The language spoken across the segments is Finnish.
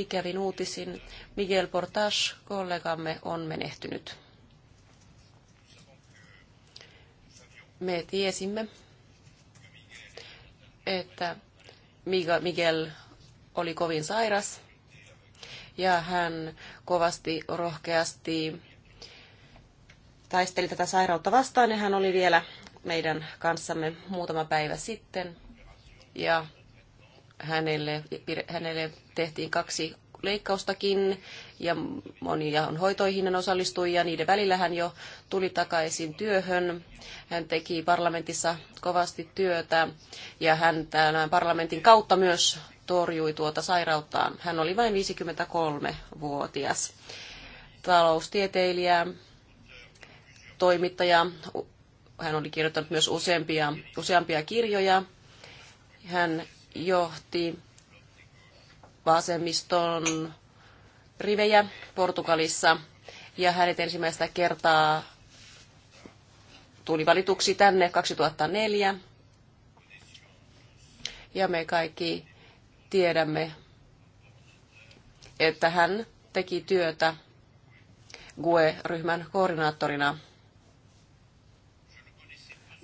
ikävin uutisin. Miguel Portas, kollegamme, on menehtynyt. Me tiesimme, että Miguel oli kovin sairas ja hän kovasti rohkeasti taisteli tätä sairautta vastaan ja hän oli vielä meidän kanssamme muutama päivä sitten. Ja hänelle, hänelle tehtiin kaksi leikkaustakin ja monia on hoitoihin osallistui ja niiden välillä hän jo tuli takaisin työhön. Hän teki parlamentissa kovasti työtä ja hän tämän parlamentin kautta myös torjui tuota sairauttaan. Hän oli vain 53-vuotias taloustieteilijä, toimittaja. Hän oli kirjoittanut myös useampia, useampia kirjoja. Hän johti vasemmiston rivejä Portugalissa ja hänet ensimmäistä kertaa tuli valituksi tänne 2004. Ja me kaikki tiedämme, että hän teki työtä GUE-ryhmän koordinaattorina.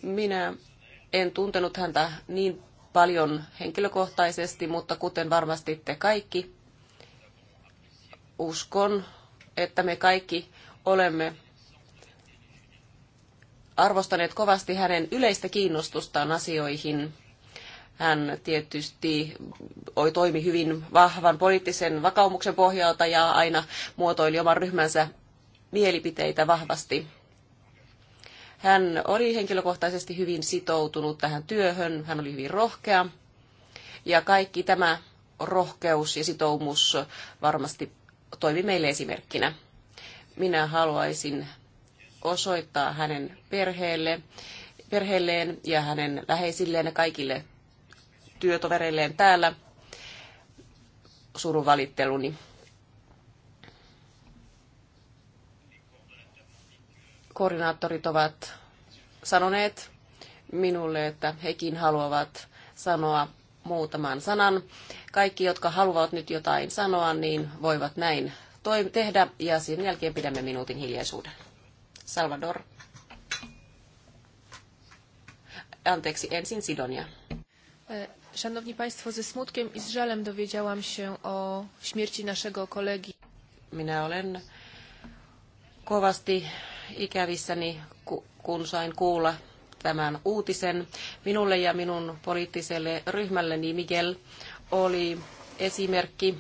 Minä en tuntenut häntä niin paljon henkilökohtaisesti, mutta kuten varmasti te kaikki, uskon, että me kaikki olemme arvostaneet kovasti hänen yleistä kiinnostustaan asioihin. Hän tietysti toimi hyvin vahvan poliittisen vakaumuksen pohjalta ja aina muotoili oman ryhmänsä mielipiteitä vahvasti. Hän oli henkilökohtaisesti hyvin sitoutunut tähän työhön, hän oli hyvin rohkea ja kaikki tämä rohkeus ja sitoumus varmasti toimi meille esimerkkinä. Minä haluaisin osoittaa hänen perheelle, perheelleen ja hänen läheisilleen ja kaikille työtovereilleen täällä surun valitteluni. koordinaattorit ovat sanoneet minulle, että hekin haluavat sanoa muutaman sanan. Kaikki, jotka haluavat nyt jotain sanoa, niin voivat näin tehdä ja sen jälkeen pidämme minuutin hiljaisuuden. Salvador. Anteeksi, ensin Sidonia. E, szanowni Państwo, ze smutkiem i z żalem dowiedziałam się o śmierci naszego kolegi. Minä olen kovasti ikävissäni, kun sain kuulla tämän uutisen. Minulle ja minun poliittiselle ryhmälleni Miguel oli esimerkki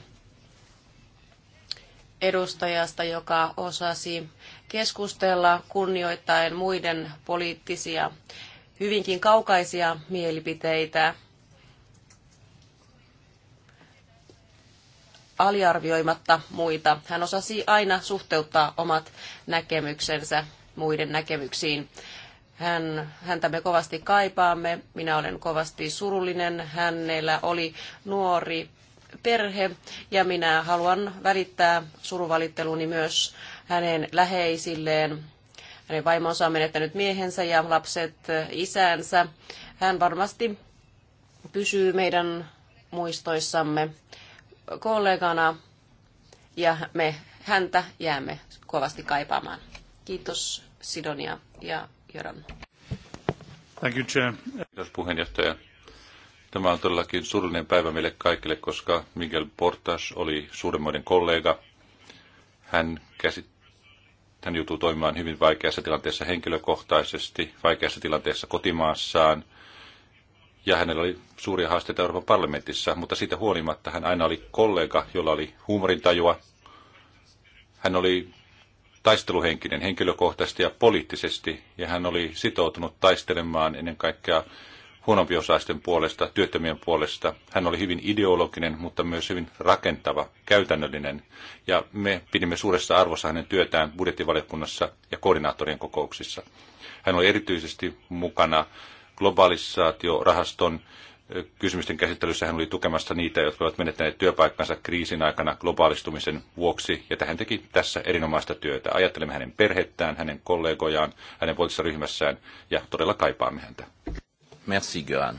edustajasta, joka osasi keskustella kunnioittaen muiden poliittisia hyvinkin kaukaisia mielipiteitä aliarvioimatta muita. Hän osasi aina suhteuttaa omat näkemyksensä muiden näkemyksiin. Hän, häntä me kovasti kaipaamme. Minä olen kovasti surullinen. Hänellä oli nuori perhe ja minä haluan välittää suruvalitteluni myös hänen läheisilleen. Hänen vaimonsa on menettänyt miehensä ja lapset isänsä. Hän varmasti pysyy meidän muistoissamme kollegana ja me häntä jäämme kovasti kaipaamaan. Kiitos Sidonia ja Joran. Thank you, Chair. Kiitos puheenjohtaja. Tämä on todellakin surullinen päivä meille kaikille, koska Miguel Portas oli suuremmoinen kollega. Hän, käsit, hän joutuu toimimaan hyvin vaikeassa tilanteessa henkilökohtaisesti, vaikeassa tilanteessa kotimaassaan – ja hänellä oli suuria haasteita Euroopan parlamentissa, mutta siitä huolimatta hän aina oli kollega, jolla oli huumorintajua. Hän oli taisteluhenkinen henkilökohtaisesti ja poliittisesti, ja hän oli sitoutunut taistelemaan ennen kaikkea huonompiosaisten puolesta, työttömien puolesta. Hän oli hyvin ideologinen, mutta myös hyvin rakentava, käytännöllinen. Ja me pidimme suuressa arvossa hänen työtään budjettivaliokunnassa ja koordinaattorien kokouksissa. Hän oli erityisesti mukana globalisaatiorahaston kysymysten käsittelyssä hän oli tukemassa niitä, jotka ovat menettäneet työpaikkansa kriisin aikana globaalistumisen vuoksi, ja hän teki tässä erinomaista työtä. Ajattelemme hänen perhettään, hänen kollegojaan, hänen poliittisessa ryhmässään, ja todella kaipaamme häntä. Merci, Göran.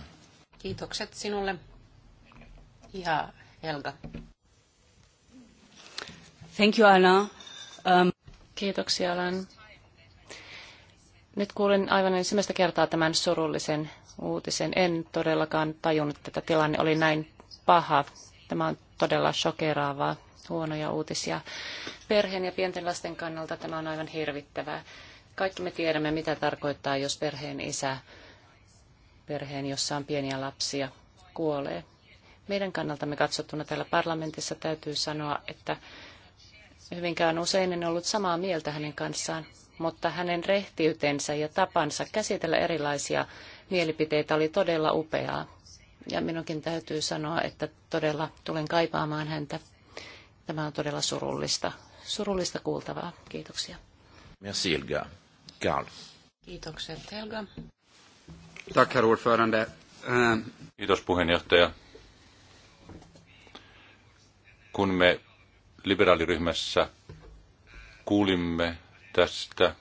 Kiitokset sinulle. Ja Helga. Thank you, Alain. Um... Kiitoksia, Alan. Nyt kuulin aivan ensimmäistä kertaa tämän surullisen uutisen. En todellakaan tajunnut, että tilanne oli näin paha. Tämä on todella shokeraavaa, huonoja uutisia. Perheen ja pienten lasten kannalta tämä on aivan hirvittävää. Kaikki me tiedämme, mitä tarkoittaa, jos perheen isä, perheen, jossa on pieniä lapsia, kuolee. Meidän kannaltamme katsottuna täällä parlamentissa täytyy sanoa, että hyvinkään usein en ollut samaa mieltä hänen kanssaan mutta hänen rehtiytensä ja tapansa käsitellä erilaisia mielipiteitä oli todella upeaa. Ja minunkin täytyy sanoa, että todella tulen kaipaamaan häntä. Tämä on todella surullista, surullista kuultavaa. Kiitoksia. Merci Helga. Karl. Kiitokset Helga. Tack herr ordförande. Eh, Kiitos puheenjohtaja. Kun me liberaaliryhmässä kuulimme tästä,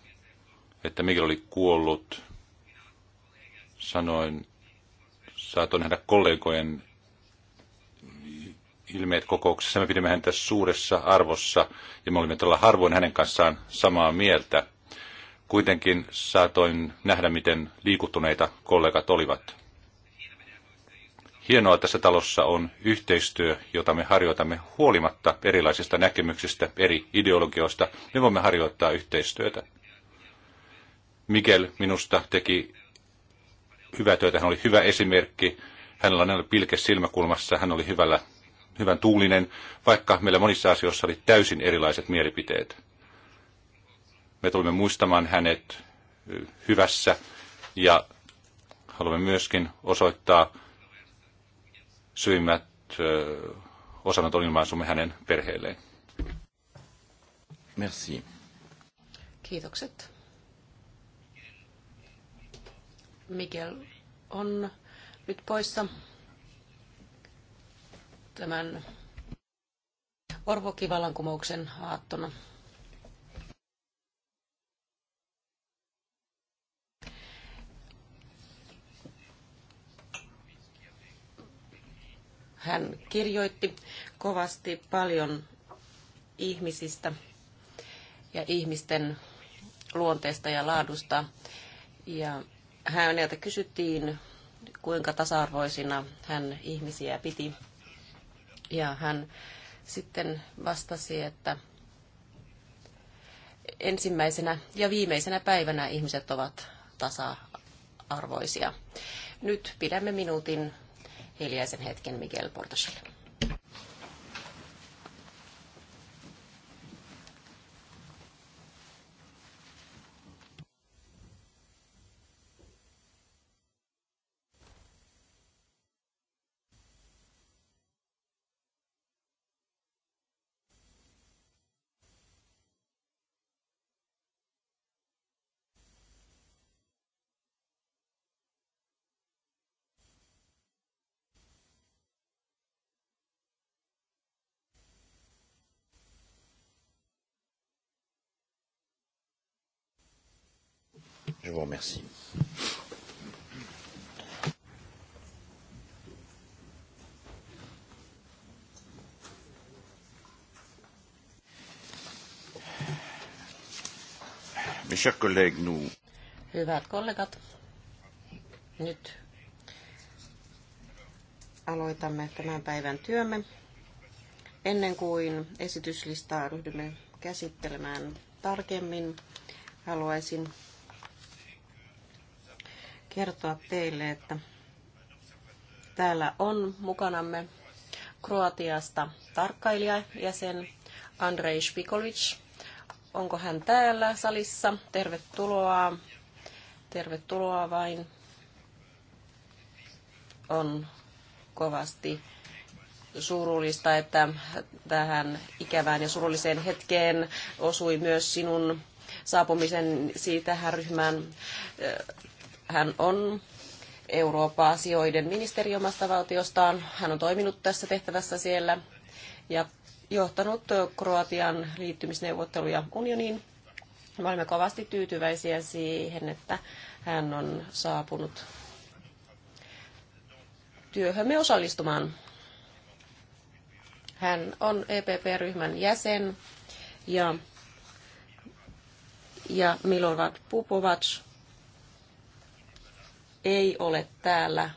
että Miguel oli kuollut. Sanoin, saatoin nähdä kollegojen ilmeet kokouksessa. Me pidimme häntä suuressa arvossa ja me olimme todella harvoin hänen kanssaan samaa mieltä. Kuitenkin saatoin nähdä, miten liikuttuneita kollegat olivat. Hienoa tässä talossa on yhteistyö, jota me harjoitamme huolimatta erilaisista näkemyksistä, eri ideologioista. Me voimme harjoittaa yhteistyötä. Mikel minusta teki hyvää työtä. Hän oli hyvä esimerkki. Hänellä oli pilke silmäkulmassa. Hän oli hyvällä, hyvän tuulinen, vaikka meillä monissa asioissa oli täysin erilaiset mielipiteet. Me tulemme muistamaan hänet hyvässä ja haluamme myöskin osoittaa syimmät osanoton ilmaisumme hänen perheelleen. Merci. Kiitokset. Miguel on nyt poissa tämän orvokivallankumouksen aattona. Hän kirjoitti kovasti paljon ihmisistä ja ihmisten luonteesta ja laadusta. Ja häneltä kysyttiin, kuinka tasa-arvoisina hän ihmisiä piti. Ja hän sitten vastasi, että ensimmäisenä ja viimeisenä päivänä ihmiset ovat tasa-arvoisia. Nyt pidämme minuutin hiljaisen hetken Miguel Portosille. vous remercie. Mes chers collègues, nous... Hyvät kollegat, nyt aloitamme tämän päivän työmme. Ennen kuin esityslistaa ryhdymme käsittelemään tarkemmin, haluaisin kertoa teille, että täällä on mukanamme Kroatiasta tarkkailija ja sen Andrei Špikovic. Onko hän täällä salissa? Tervetuloa. Tervetuloa vain. On kovasti surullista, että tähän ikävään ja surulliseen hetkeen osui myös sinun saapumisen siitä ryhmään hän on Euroopan asioiden ministeri omasta valtiostaan. Hän on toiminut tässä tehtävässä siellä ja johtanut Kroatian liittymisneuvotteluja unioniin. Me olemme kovasti tyytyväisiä siihen, että hän on saapunut työhömme osallistumaan. Hän on EPP-ryhmän jäsen ja, ja Milovat Pupovac ei ole täällä.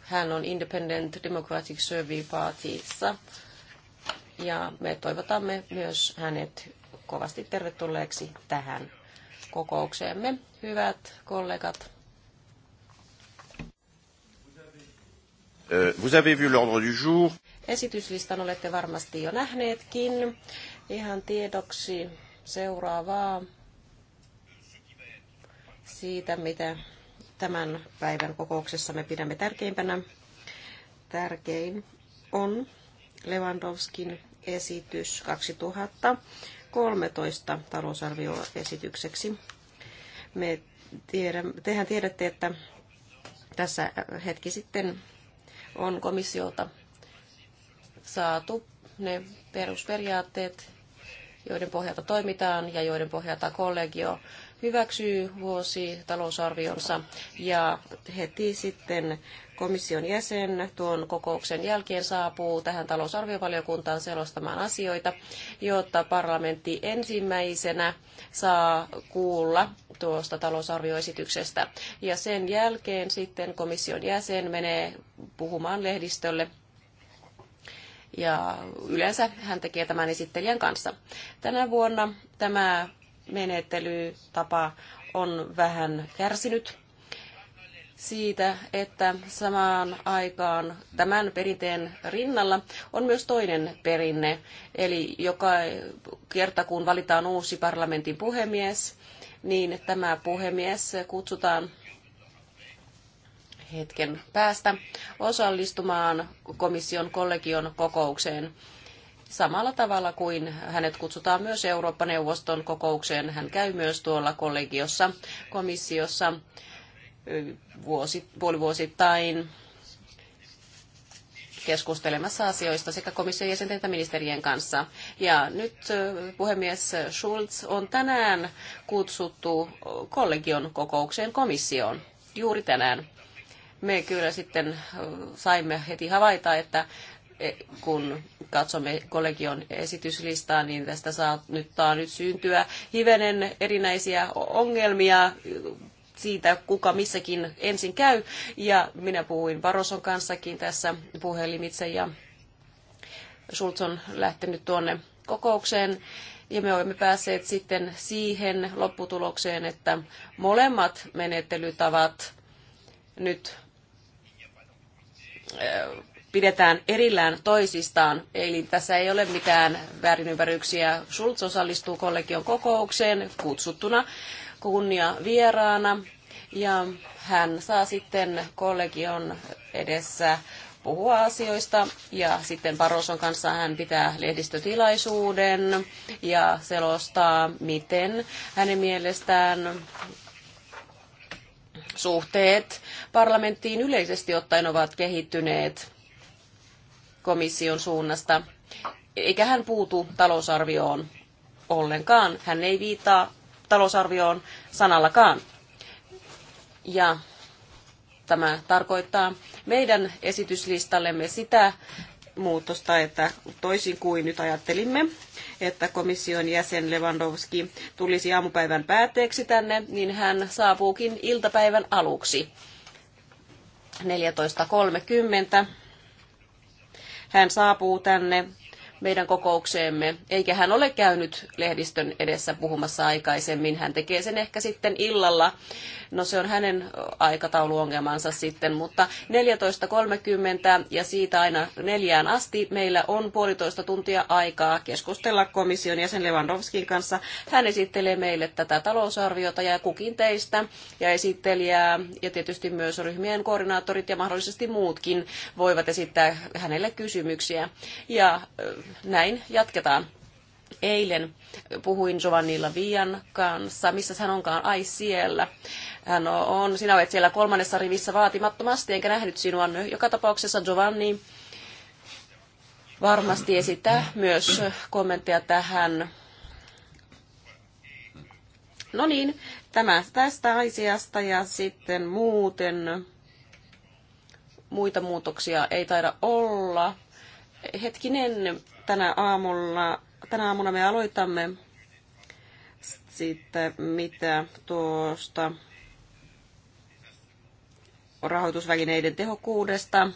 Hän on Independent Democratic Survey Partyissa. Ja me toivotamme myös hänet kovasti tervetulleeksi tähän kokoukseemme. Hyvät kollegat. Euh, vous avez vu l'ordre du jour. Esityslistan olette varmasti jo nähneetkin. Ihan tiedoksi seuraavaa siitä, mitä tämän päivän kokouksessa me pidämme tärkeimpänä. Tärkein on Lewandowskin esitys 2013 talousarvioesitykseksi. Me tiedä, tehän tiedätte, että tässä hetki sitten on komissiolta saatu ne perusperiaatteet, joiden pohjalta toimitaan ja joiden pohjalta kollegio hyväksyy vuosi talousarvionsa ja heti sitten komission jäsen tuon kokouksen jälkeen saapuu tähän talousarviovaliokuntaan selostamaan asioita, jotta parlamentti ensimmäisenä saa kuulla tuosta talousarvioesityksestä. Ja sen jälkeen sitten komission jäsen menee puhumaan lehdistölle ja yleensä hän tekee tämän esittelijän kanssa. Tänä vuonna tämä menettelytapa on vähän kärsinyt siitä, että samaan aikaan tämän perinteen rinnalla on myös toinen perinne. Eli joka kerta, kun valitaan uusi parlamentin puhemies, niin tämä puhemies kutsutaan hetken päästä osallistumaan komission kollegion kokoukseen samalla tavalla kuin hänet kutsutaan myös Eurooppa-neuvoston kokoukseen. Hän käy myös tuolla kollegiossa, komissiossa vuosi, puolivuosittain keskustelemassa asioista sekä komission jäsenten että ministerien kanssa. Ja nyt puhemies Schulz on tänään kutsuttu kollegion kokoukseen komissioon, juuri tänään. Me kyllä sitten saimme heti havaita, että kun katsomme kollegion esityslistaa, niin tästä saa nyt, saa nyt syntyä hivenen erinäisiä ongelmia siitä, kuka missäkin ensin käy. Ja minä puhuin Varoson kanssakin tässä puhelimitse ja Schulz on lähtenyt tuonne kokoukseen. Ja me olemme päässeet sitten siihen lopputulokseen, että molemmat menettelytavat nyt pidetään erillään toisistaan. Eli tässä ei ole mitään väärinymmärryksiä. Schulz osallistuu kollegion kokoukseen kutsuttuna kunnia vieraana ja hän saa sitten kollegion edessä puhua asioista ja sitten Paroson kanssa hän pitää lehdistötilaisuuden ja selostaa, miten hänen mielestään suhteet parlamenttiin yleisesti ottaen ovat kehittyneet komission suunnasta, eikä hän puutu talousarvioon ollenkaan. Hän ei viittaa talousarvioon sanallakaan. Ja tämä tarkoittaa meidän esityslistallemme sitä muutosta, että toisin kuin nyt ajattelimme, että komission jäsen Lewandowski tulisi aamupäivän päätteeksi tänne, niin hän saapuukin iltapäivän aluksi 14.30 hän saapuu tänne meidän kokoukseemme, eikä hän ole käynyt lehdistön edessä puhumassa aikaisemmin. Hän tekee sen ehkä sitten illalla. No se on hänen aikatauluongelmansa sitten, mutta 14.30 ja siitä aina neljään asti meillä on puolitoista tuntia aikaa keskustella komission jäsen Lewandowskin kanssa. Hän esittelee meille tätä talousarviota ja kukin teistä ja esittelijää ja tietysti myös ryhmien koordinaattorit ja mahdollisesti muutkin voivat esittää hänelle kysymyksiä. Ja näin jatketaan. Eilen puhuin Giovannilla Vian kanssa, missä hän onkaan, ai siellä. Hän on, sinä olet siellä kolmannessa rivissä vaatimattomasti, enkä nähnyt sinua. Joka tapauksessa Giovanni varmasti esittää myös kommentteja tähän. No niin, tämä tästä asiasta ja sitten muuten muita muutoksia ei taida olla. Hetkinen, tänä aamulla, tänä aamuna me aloitamme sitten, mitä tuosta rahoitusvälineiden tehokkuudesta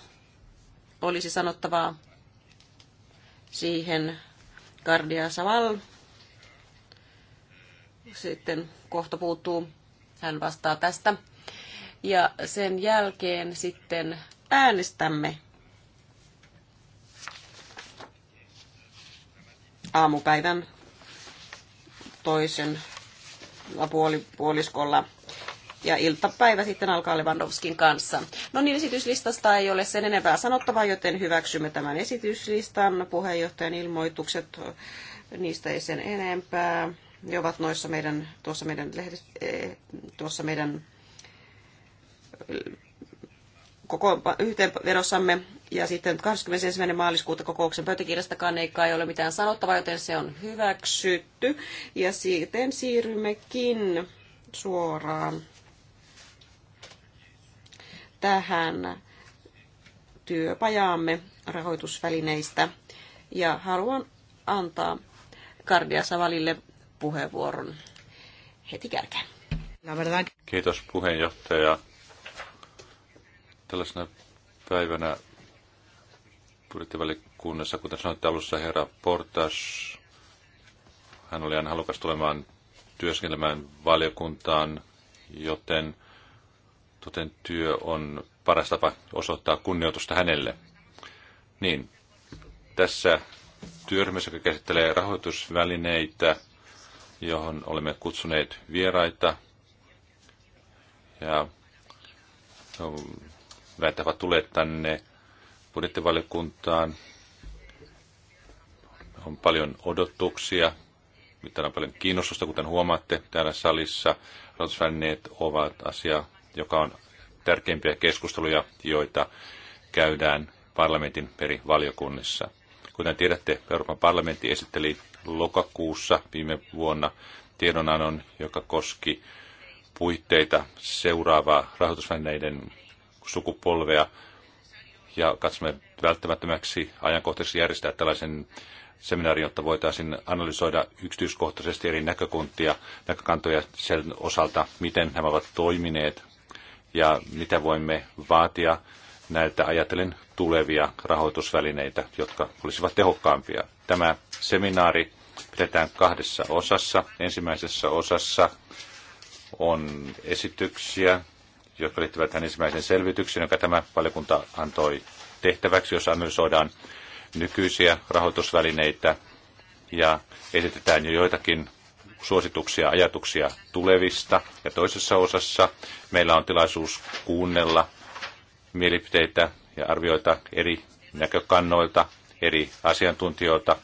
olisi sanottavaa. Siihen Gardia Saval sitten kohta puuttuu. Hän vastaa tästä. Ja sen jälkeen sitten äänestämme aamupäivän toisen puoliskolla ja iltapäivä sitten alkaa Lewandowskin kanssa. No niin, esityslistasta ei ole sen enempää sanottavaa, joten hyväksymme tämän esityslistan. Puheenjohtajan ilmoitukset, niistä ei sen enempää. Ne ovat noissa meidän, tuossa meidän, lehdist, e, tuossa meidän koko yhteenvedossamme ja sitten 21. maaliskuuta kokouksen pöytäkirjastakaan ei kai ole mitään sanottavaa, joten se on hyväksytty. Ja sitten siirrymmekin suoraan tähän työpajaamme rahoitusvälineistä. Ja haluan antaa Kardia Savalille puheenvuoron heti kärkeen. Kiitos puheenjohtaja. Tällaisena päivänä budjettivälikunnassa, kuten sanoitte alussa, herra Portas, hän oli aina halukas tulemaan työskentelemään valiokuntaan, joten toten työ on paras tapa osoittaa kunnioitusta hänelle. Niin, tässä työryhmässä, joka käsittelee rahoitusvälineitä, johon olemme kutsuneet vieraita. Ja no, väittävät tulee tänne budjettivaliokuntaan. On paljon odotuksia, mitä on paljon kiinnostusta, kuten huomaatte täällä salissa. Rahoitusvälineet ovat asia, joka on tärkeimpiä keskusteluja, joita käydään parlamentin eri valiokunnissa. Kuten tiedätte, Euroopan parlamentti esitteli lokakuussa viime vuonna tiedonannon, joka koski puitteita seuraavaa rahoitusvälineiden sukupolvea ja katsomme välttämättömäksi ajankohtaisesti järjestää tällaisen seminaari, jotta voitaisiin analysoida yksityiskohtaisesti eri näkökuntia, näkökantoja sen osalta, miten nämä ovat toimineet ja mitä voimme vaatia näiltä ajatellen tulevia rahoitusvälineitä, jotka olisivat tehokkaampia. Tämä seminaari pidetään kahdessa osassa. Ensimmäisessä osassa on esityksiä jotka liittyvät tähän ensimmäisen selvityksen, jonka tämä valiokunta antoi tehtäväksi, jossa analysoidaan nykyisiä rahoitusvälineitä ja esitetään jo joitakin suosituksia, ajatuksia tulevista. Ja toisessa osassa meillä on tilaisuus kuunnella mielipiteitä ja arvioita eri näkökannoilta, eri asiantuntijoilta,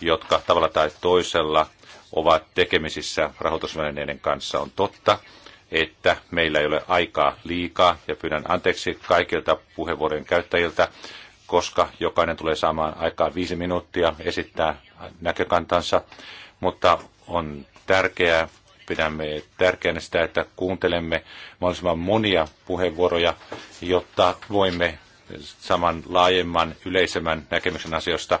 jotka tavalla tai toisella ovat tekemisissä rahoitusvälineiden kanssa. On totta, että meillä ei ole aikaa liikaa ja pyydän anteeksi kaikilta puheenvuorojen käyttäjiltä, koska jokainen tulee saamaan aikaa viisi minuuttia esittää näkökantansa, mutta on tärkeää, pidämme tärkeänä sitä, että kuuntelemme mahdollisimman monia puheenvuoroja, jotta voimme saman laajemman yleisemmän näkemyksen asioista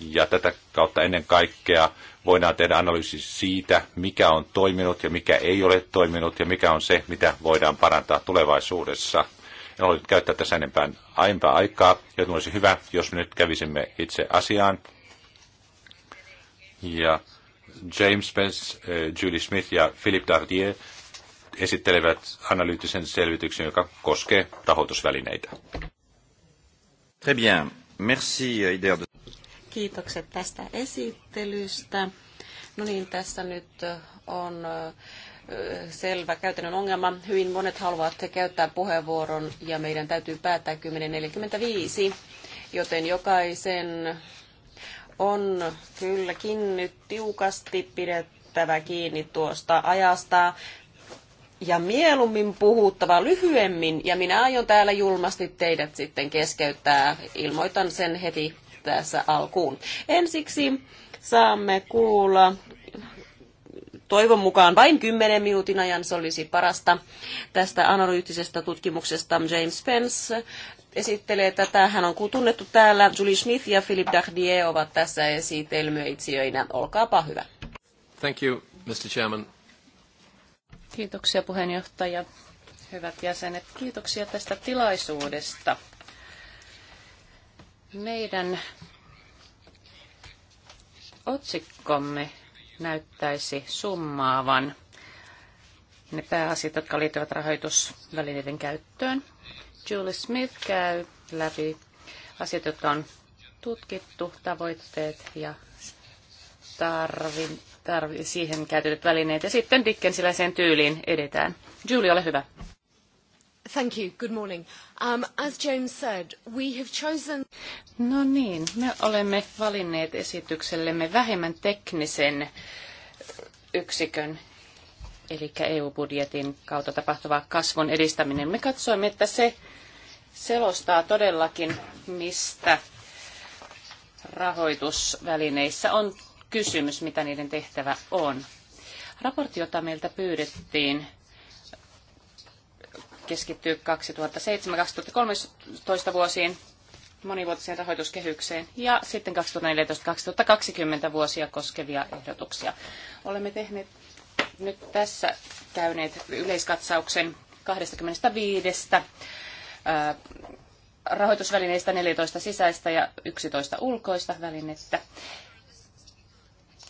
ja tätä kautta ennen kaikkea voidaan tehdä analyysi siitä, mikä on toiminut ja mikä ei ole toiminut ja mikä on se, mitä voidaan parantaa tulevaisuudessa. En ole nyt käyttää tässä enempää aiempaa aikaa, joten olisi hyvä, jos me nyt kävisimme itse asiaan. Ja James Spence, eh, Julie Smith ja Philip Dardier esittelevät analyyttisen selvityksen, joka koskee rahoitusvälineitä. Très bien. Merci, Ider. Kiitokset tästä esittelystä. No niin, tässä nyt on selvä käytännön ongelma. Hyvin monet haluavat käyttää puheenvuoron ja meidän täytyy päättää 10.45, joten jokaisen on kylläkin nyt tiukasti pidettävä kiinni tuosta ajasta ja mieluummin puhuttava lyhyemmin, ja minä aion täällä julmasti teidät sitten keskeyttää. Ilmoitan sen heti tässä alkuun. Ensiksi saamme kuulla toivon mukaan vain 10 minuutin ajan, se olisi parasta tästä analyyttisestä tutkimuksesta James Spence esittelee tätä. Hän on tunnettu täällä. Julie Smith ja Philip Dardier ovat tässä esitelmöitsijöinä. Olkaapa hyvä. Thank you, Mr. Chairman. Kiitoksia puheenjohtaja. Hyvät jäsenet, kiitoksia tästä tilaisuudesta meidän otsikkomme näyttäisi summaavan ne pääasiat, jotka liittyvät rahoitusvälineiden käyttöön. Julie Smith käy läpi asiat, jotka on tutkittu, tavoitteet ja tarvin, tarvi, siihen käytetyt välineet. Ja sitten Dickensiläiseen tyyliin edetään. Julie, ole hyvä. Thank you. Good morning. Um, as James said, we have chosen... No niin, me olemme valinneet esityksellemme vähemmän teknisen yksikön, eli EU-budjetin kautta tapahtuvaa kasvun edistäminen. Me katsoimme, että se selostaa todellakin, mistä rahoitusvälineissä on kysymys, mitä niiden tehtävä on. Raportti, jota meiltä pyydettiin, keskittyy 2007-2013 vuosiin monivuotiseen rahoituskehykseen ja sitten 2014-2020 vuosia koskevia ehdotuksia. Olemme tehneet nyt tässä käyneet yleiskatsauksen 25 rahoitusvälineistä 14 sisäistä ja 11 ulkoista välinettä.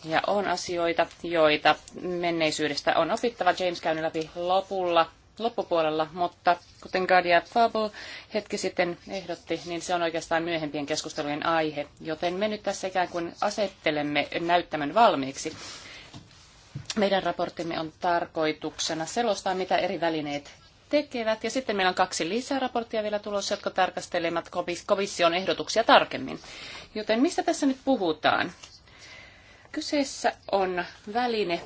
Ja on asioita, joita menneisyydestä on opittava. James käy läpi lopulla loppupuolella, mutta kuten Guardian Fable hetki sitten ehdotti, niin se on oikeastaan myöhempien keskustelujen aihe, joten me nyt tässä ikään kuin asettelemme näyttämön valmiiksi. Meidän raporttimme on tarkoituksena selostaa, mitä eri välineet tekevät. Ja sitten meillä on kaksi lisäraporttia vielä tulossa, jotka tarkastelevat komission ehdotuksia tarkemmin. Joten mistä tässä nyt puhutaan? Kyseessä on väline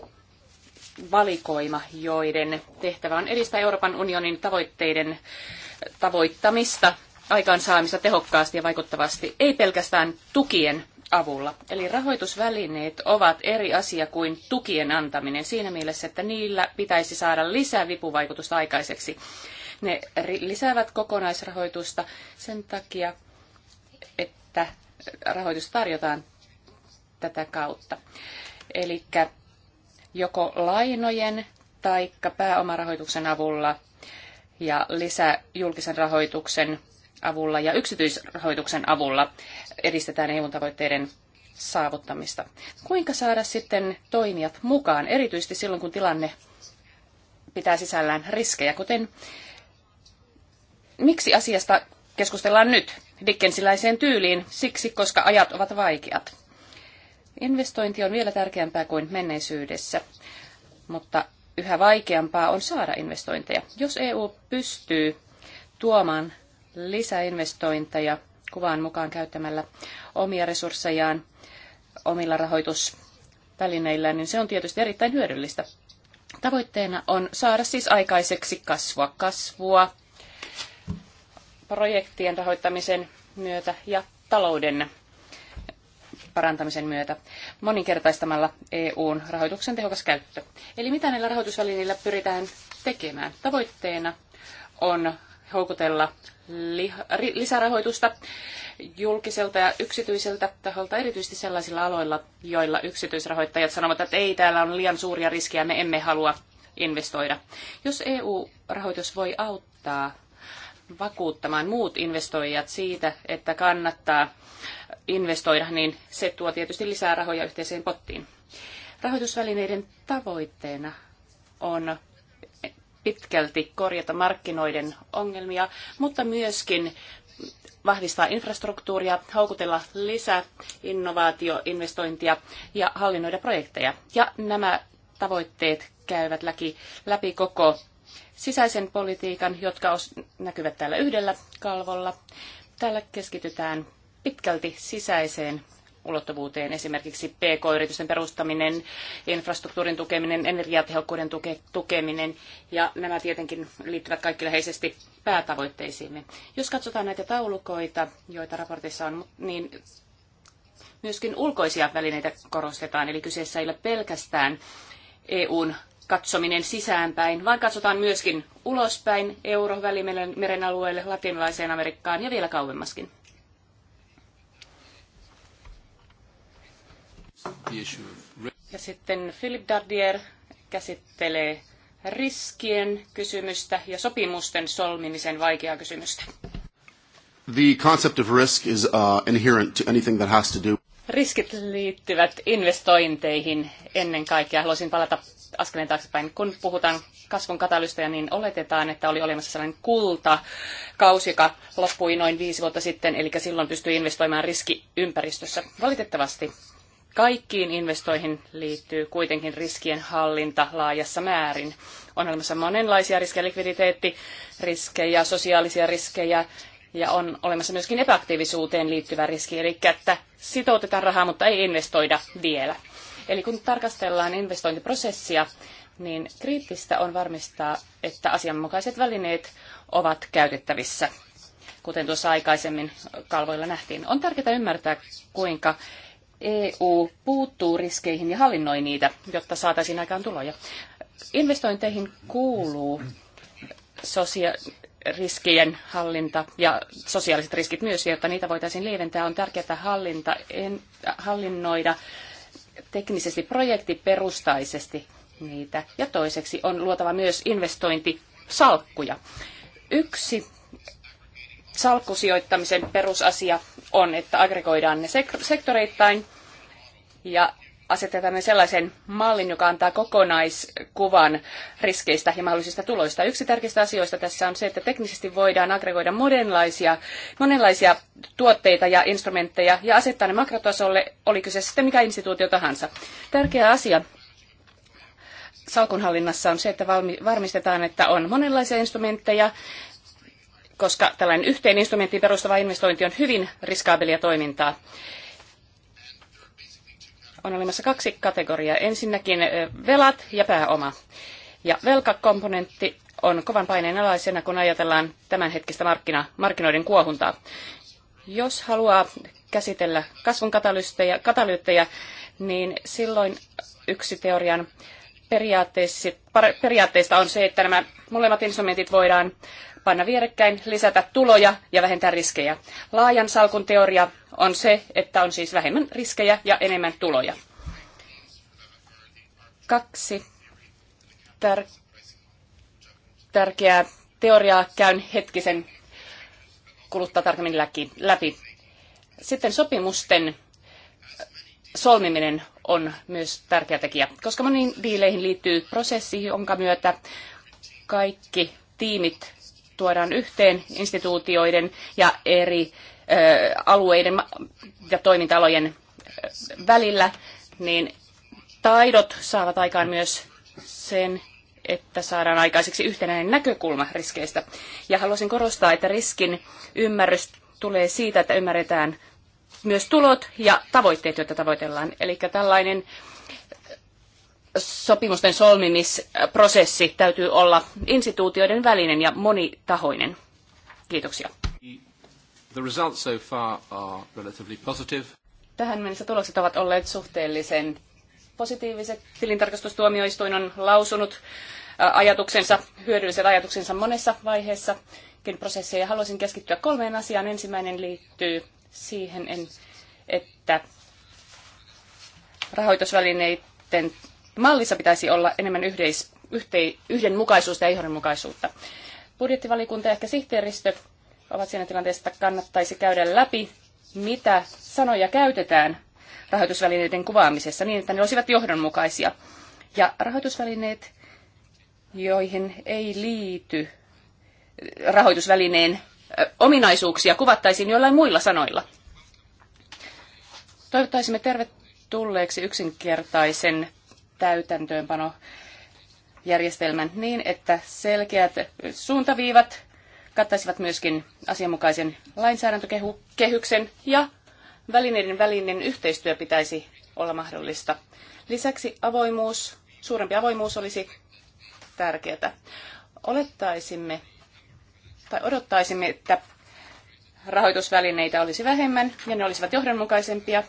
valikoima, joiden tehtävä on edistää Euroopan unionin tavoitteiden tavoittamista, aikaansaamista tehokkaasti ja vaikuttavasti, ei pelkästään tukien avulla. Eli rahoitusvälineet ovat eri asia kuin tukien antaminen siinä mielessä, että niillä pitäisi saada lisää vipuvaikutusta aikaiseksi. Ne lisäävät kokonaisrahoitusta sen takia, että rahoitus tarjotaan tätä kautta. Eli joko lainojen tai pääomarahoituksen avulla ja lisäjulkisen julkisen rahoituksen avulla ja yksityisrahoituksen avulla edistetään EUn tavoitteiden saavuttamista. Kuinka saada sitten toimijat mukaan, erityisesti silloin kun tilanne pitää sisällään riskejä, kuten miksi asiasta keskustellaan nyt Dickensiläiseen tyyliin, siksi koska ajat ovat vaikeat. Investointi on vielä tärkeämpää kuin menneisyydessä, mutta yhä vaikeampaa on saada investointeja. Jos EU pystyy tuomaan lisäinvestointeja kuvaan mukaan käyttämällä omia resurssejaan omilla rahoitusvälineillä, niin se on tietysti erittäin hyödyllistä. Tavoitteena on saada siis aikaiseksi kasvua, kasvua projektien rahoittamisen myötä ja talouden parantamisen myötä moninkertaistamalla EUn rahoituksen tehokas käyttö. Eli mitä näillä rahoitusvälineillä pyritään tekemään? Tavoitteena on houkutella lisärahoitusta julkiselta ja yksityiseltä taholta, erityisesti sellaisilla aloilla, joilla yksityisrahoittajat sanovat, että ei, täällä on liian suuria riskejä, me emme halua investoida. Jos EU-rahoitus voi auttaa vakuuttamaan muut investoijat siitä, että kannattaa investoida, niin se tuo tietysti lisää rahoja yhteiseen pottiin. Rahoitusvälineiden tavoitteena on pitkälti korjata markkinoiden ongelmia, mutta myöskin vahvistaa infrastruktuuria, houkutella lisää innovaatioinvestointia ja hallinnoida projekteja. Ja nämä tavoitteet käyvät läpi, läpi koko sisäisen politiikan, jotka näkyvät täällä yhdellä kalvolla. Täällä keskitytään pitkälti sisäiseen ulottuvuuteen, esimerkiksi PK-yritysten perustaminen, infrastruktuurin tukeminen, energiatehokkuuden tuke- tukeminen, ja nämä tietenkin liittyvät kaikki läheisesti päätavoitteisiimme. Jos katsotaan näitä taulukoita, joita raportissa on, niin myöskin ulkoisia välineitä korostetaan, eli kyseessä ei ole pelkästään EUn katsominen sisäänpäin, vaan katsotaan myöskin ulospäin euro välimeren alueelle, latinalaiseen Amerikkaan ja vielä kauemmaskin. Ja sitten Philip Dardier käsittelee riskien kysymystä ja sopimusten solmimisen vaikeaa kysymystä. The concept of risk is uh, inherent to anything that has to do Riskit liittyvät investointeihin ennen kaikkea. Haluaisin palata askeleen taaksepäin. Kun puhutaan kasvun katalystä, niin oletetaan, että oli olemassa sellainen kulta kausi, joka loppui noin viisi vuotta sitten, eli silloin pystyi investoimaan riskiympäristössä. Valitettavasti kaikkiin investoihin liittyy kuitenkin riskien hallinta laajassa määrin. On olemassa monenlaisia riskejä, likviditeettiriskejä, sosiaalisia riskejä, ja on olemassa myöskin epäaktiivisuuteen liittyvä riski, eli että sitoutetaan rahaa, mutta ei investoida vielä. Eli kun tarkastellaan investointiprosessia, niin kriittistä on varmistaa, että asianmukaiset välineet ovat käytettävissä. Kuten tuossa aikaisemmin kalvoilla nähtiin, on tärkeää ymmärtää, kuinka EU puuttuu riskeihin ja hallinnoi niitä, jotta saataisiin aikaan tuloja. Investointeihin kuuluu sosia- riskien hallinta ja sosiaaliset riskit myös, jotta niitä voitaisiin lieventää. On tärkeää hallinta, en, hallinnoida teknisesti projektiperustaisesti niitä. Ja toiseksi on luotava myös investointisalkkuja. Yksi salkkusijoittamisen perusasia on, että aggregoidaan ne sektoreittain ja asetetaan sellaisen mallin, joka antaa kokonaiskuvan riskeistä ja mahdollisista tuloista. Yksi tärkeistä asioista tässä on se, että teknisesti voidaan aggregoida monenlaisia, monenlaisia tuotteita ja instrumentteja ja asettaa ne makrotasolle, oli kyse sitten mikä instituutio tahansa. Tärkeä asia salkunhallinnassa on se, että varmistetaan, että on monenlaisia instrumentteja, koska tällainen yhteen instrumenttiin perustava investointi on hyvin riskaabelia toimintaa on olemassa kaksi kategoriaa. Ensinnäkin velat ja pääoma. Ja velkakomponentti on kovan paineen alaisena, kun ajatellaan tämänhetkistä markkina, markkinoiden kuohuntaa. Jos haluaa käsitellä kasvun katalyyttejä, niin silloin yksi teorian periaatteista on se, että nämä molemmat instrumentit voidaan panna vierekkäin, lisätä tuloja ja vähentää riskejä. Laajan salkun teoria on se, että on siis vähemmän riskejä ja enemmän tuloja. Kaksi tär- tärkeää teoriaa käyn hetkisen kuluttaa tarkemmin läpi. Sitten sopimusten solmiminen on myös tärkeä tekijä, koska moniin diileihin liittyy prosessi, jonka myötä kaikki tiimit tuodaan yhteen instituutioiden ja eri alueiden ja toimintalojen välillä, niin taidot saavat aikaan myös sen, että saadaan aikaiseksi yhtenäinen näkökulma riskeistä. Ja haluaisin korostaa, että riskin ymmärrys tulee siitä, että ymmärretään myös tulot ja tavoitteet, joita tavoitellaan. Eli tällainen sopimusten solmimisprosessi täytyy olla instituutioiden välinen ja monitahoinen. Kiitoksia. The results so far are relatively positive. Tähän mennessä tulokset ovat olleet suhteellisen positiiviset. Tilintarkastustuomioistuin on lausunut ajatuksensa, hyödylliset ajatuksensa monessa vaiheessa prosesseja. Haluaisin keskittyä kolmeen asiaan. Ensimmäinen liittyy siihen, en, että rahoitusvälineiden mallissa pitäisi olla enemmän yhdeis, yhtei, yhdenmukaisuutta ja johdonmukaisuutta. Budjettivalikunta ja ehkä sihteeristö ovat siinä tilanteessa, että kannattaisi käydä läpi, mitä sanoja käytetään rahoitusvälineiden kuvaamisessa niin, että ne olisivat johdonmukaisia. Ja rahoitusvälineet, joihin ei liity rahoitusvälineen ominaisuuksia kuvattaisiin jollain muilla sanoilla. Toivottaisimme tervetulleeksi yksinkertaisen täytäntöönpano järjestelmän niin, että selkeät suuntaviivat kattaisivat myöskin asianmukaisen lainsäädäntökehyksen ja välineiden välinen yhteistyö pitäisi olla mahdollista. Lisäksi avoimuus, suurempi avoimuus olisi tärkeää. Olettaisimme, tai odottaisimme, että rahoitusvälineitä olisi vähemmän ja ne olisivat johdonmukaisempia.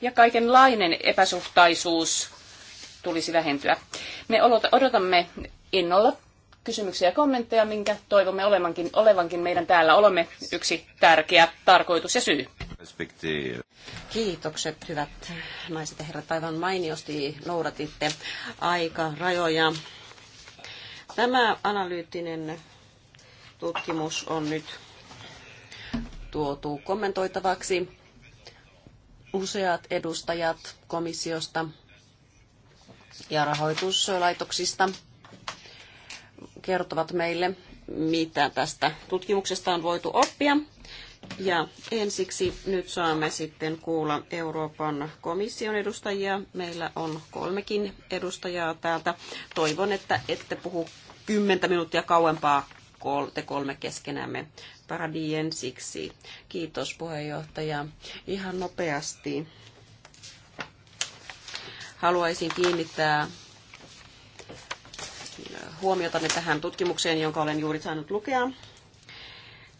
Ja kaikenlainen epäsuhtaisuus tulisi vähentyä. Me odotamme innolla kysymyksiä ja kommentteja, minkä toivomme olevankin, olevankin meidän täällä olemme yksi tärkeä tarkoitus ja syy. Kiitokset, hyvät naiset ja herrat. Aivan mainiosti noudatitte rajoja. Tämä analyyttinen tutkimus on nyt tuotu kommentoitavaksi. Useat edustajat komissiosta ja rahoituslaitoksista kertovat meille, mitä tästä tutkimuksesta on voitu oppia. Ja ensiksi nyt saamme sitten kuulla Euroopan komission edustajia. Meillä on kolmekin edustajaa täältä. Toivon, että ette puhu kymmentä minuuttia kauempaa te kolme keskenämme paradiensiksi. Kiitos puheenjohtaja. Ihan nopeasti haluaisin kiinnittää huomiota tähän tutkimukseen, jonka olen juuri saanut lukea.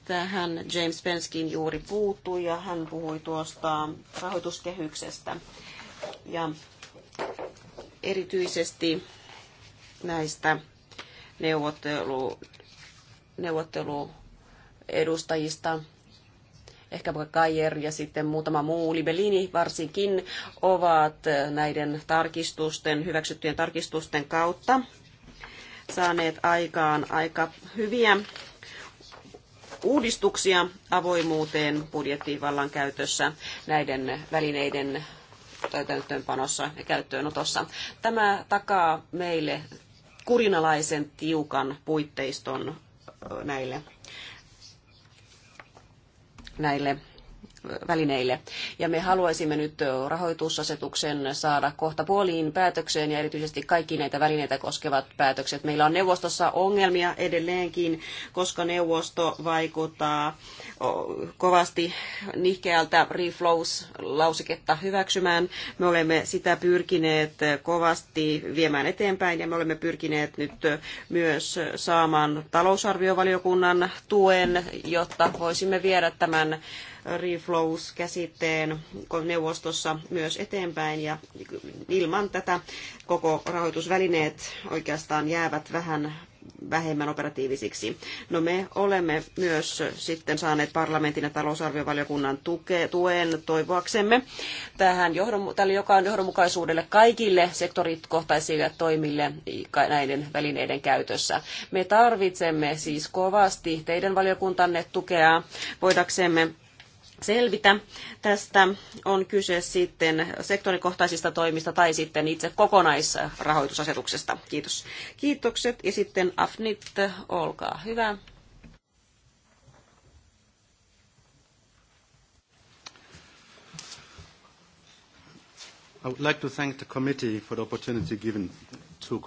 Tähän James Penskin juuri puuttui ja hän puhui tuosta rahoituskehyksestä. Ja erityisesti näistä neuvottelu, neuvottelu edustajista, ehkä Kajer ja sitten muutama muu, Libelini varsinkin, ovat näiden tarkistusten, hyväksyttyjen tarkistusten kautta saaneet aikaan aika hyviä uudistuksia avoimuuteen budjettivallan käytössä näiden välineiden täytäntöönpanossa ja käyttöönotossa. Tämä takaa meille kurinalaisen tiukan puitteiston näille, näille välineille. Ja me haluaisimme nyt rahoitusasetuksen saada kohta puoliin päätökseen ja erityisesti kaikki näitä välineitä koskevat päätökset. Meillä on neuvostossa ongelmia edelleenkin, koska neuvosto vaikuttaa kovasti nihkeältä reflows-lausiketta hyväksymään. Me olemme sitä pyrkineet kovasti viemään eteenpäin ja me olemme pyrkineet nyt myös saamaan talousarviovaliokunnan tuen, jotta voisimme viedä tämän reflows-käsitteen neuvostossa myös eteenpäin ja ilman tätä koko rahoitusvälineet oikeastaan jäävät vähän vähemmän operatiivisiksi. No me olemme myös sitten saaneet parlamentin ja talousarviovaliokunnan tuke, tuen toivoaksemme tähän johdon, tälle joka on johdonmukaisuudelle kaikille sektorikohtaisille toimille näiden välineiden käytössä. Me tarvitsemme siis kovasti teidän valiokuntanne tukea voidaksemme selvitä. Tästä on kyse sitten sektorikohtaisista toimista tai sitten itse kokonaisrahoitusasetuksesta. Kiitos. Kiitokset ja sitten Afnit, olkaa hyvä. I would like to thank the committee for the opportunity given to...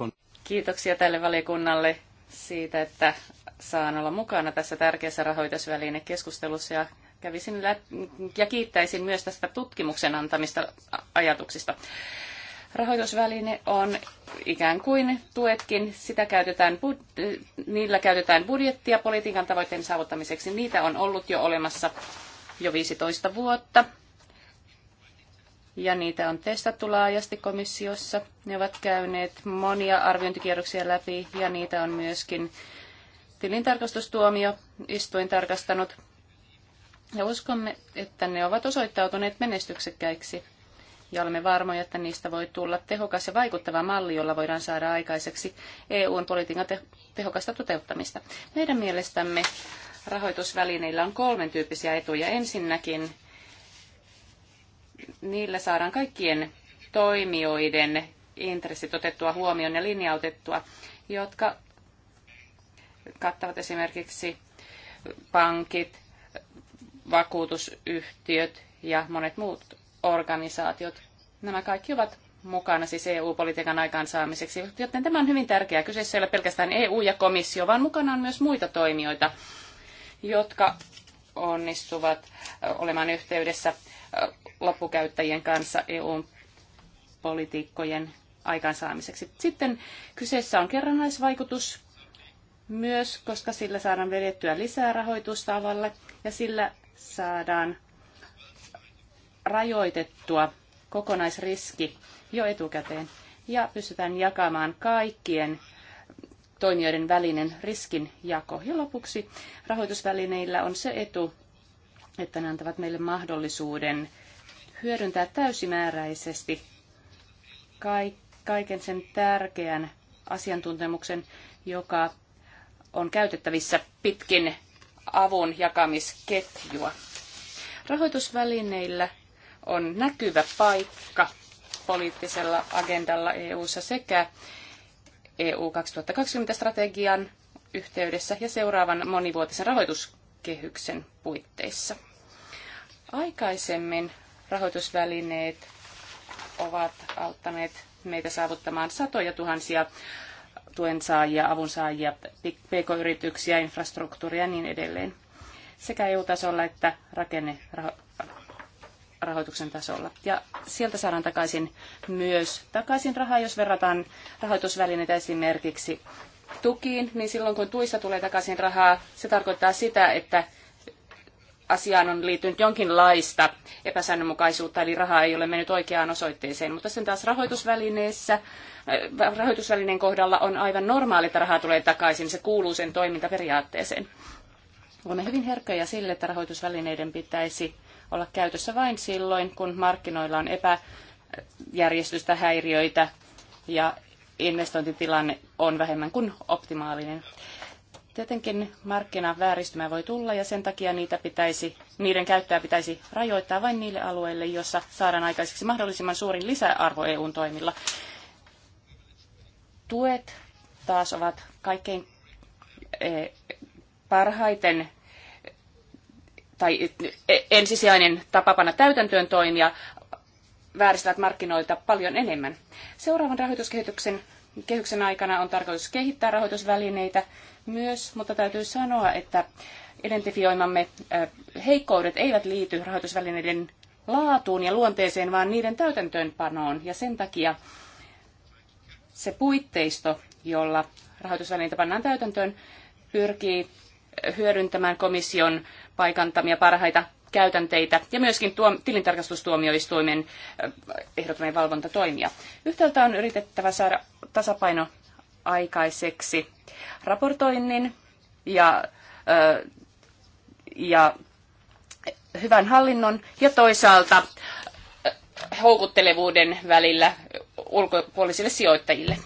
Kiitoksia tälle valiokunnalle siitä, että saan olla mukana tässä tärkeässä rahoitusvälinekeskustelussa ja kävisin läpi ja kiittäisin myös tästä tutkimuksen antamista ajatuksista. Rahoitusväline on ikään kuin tuetkin, sitä käytetään, niillä käytetään budjettia politiikan tavoitteen saavuttamiseksi. Niitä on ollut jo olemassa jo 15 vuotta. Ja niitä on testattu laajasti komissiossa. Ne ovat käyneet monia arviointikierroksia läpi ja niitä on myöskin tilintarkastustuomio istuin tarkastanut ja uskomme, että ne ovat osoittautuneet menestyksekkäiksi ja olemme varmoja, että niistä voi tulla tehokas ja vaikuttava malli, jolla voidaan saada aikaiseksi EUn politiikan te- tehokasta toteuttamista. Meidän mielestämme rahoitusvälineillä on kolmen tyyppisiä etuja. Ensinnäkin niillä saadaan kaikkien toimijoiden intressit otettua huomioon ja linjautettua, jotka kattavat esimerkiksi pankit, vakuutusyhtiöt ja monet muut organisaatiot. Nämä kaikki ovat mukana siis EU-politiikan aikaansaamiseksi, joten tämä on hyvin tärkeää. Kyseessä ei ole pelkästään EU ja komissio, vaan mukana on myös muita toimijoita, jotka onnistuvat äh, olemaan yhteydessä äh, loppukäyttäjien kanssa eu politiikkojen aikaansaamiseksi. Sitten kyseessä on kerrannaisvaikutus myös, koska sillä saadaan vedettyä lisää rahoitusta avalle ja sillä saadaan rajoitettua kokonaisriski jo etukäteen ja pystytään jakamaan kaikkien toimijoiden välinen riskinjako. Ja lopuksi rahoitusvälineillä on se etu, että ne antavat meille mahdollisuuden hyödyntää täysimääräisesti kaiken sen tärkeän asiantuntemuksen, joka on käytettävissä pitkin avun jakamisketjua. Rahoitusvälineillä on näkyvä paikka poliittisella agendalla EU:ssa sekä EU 2020-strategian yhteydessä ja seuraavan monivuotisen rahoituskehyksen puitteissa. Aikaisemmin rahoitusvälineet ovat auttaneet meitä saavuttamaan satoja tuhansia tuensaajia, avunsaajia, pk-yrityksiä, infrastruktuuria ja niin edelleen. Sekä EU-tasolla että rakennerahoituksen tasolla. Ja sieltä saadaan takaisin myös takaisin rahaa, jos verrataan rahoitusvälineitä esimerkiksi tukiin, niin silloin kun tuissa tulee takaisin rahaa, se tarkoittaa sitä, että asiaan on liittynyt jonkinlaista epäsäännönmukaisuutta, eli rahaa ei ole mennyt oikeaan osoitteeseen. Mutta sen taas rahoitusvälineessä, äh, rahoitusvälineen kohdalla on aivan normaali, että raha tulee takaisin. Se kuuluu sen toimintaperiaatteeseen. Olemme hyvin herkkiä sille, että rahoitusvälineiden pitäisi olla käytössä vain silloin, kun markkinoilla on epäjärjestystä, häiriöitä ja investointitilanne on vähemmän kuin optimaalinen. Tietenkin vääristymä voi tulla ja sen takia niitä pitäisi, niiden käyttöä pitäisi rajoittaa vain niille alueille, joissa saadaan aikaiseksi mahdollisimman suurin lisäarvo EUn toimilla. Tuet taas ovat kaikkein e, parhaiten tai e, ensisijainen tapa panna täytäntöön toimia vääristävät markkinoilta paljon enemmän. Seuraavan rahoituskehityksen kehyksen aikana on tarkoitus kehittää rahoitusvälineitä myös, mutta täytyy sanoa, että identifioimamme heikkoudet eivät liity rahoitusvälineiden laatuun ja luonteeseen, vaan niiden täytäntöönpanoon. Ja sen takia se puitteisto, jolla rahoitusvälineitä pannaan täytäntöön, pyrkii hyödyntämään komission paikantamia parhaita käytänteitä ja myöskin tuo, tilintarkastustuomioistuimen äh, ehdottomia valvontatoimia. Yhtäältä on yritettävä saada tasapaino aikaiseksi raportoinnin ja, äh, ja hyvän hallinnon ja toisaalta äh, houkuttelevuuden välillä ulkopuolisille sijoittajille.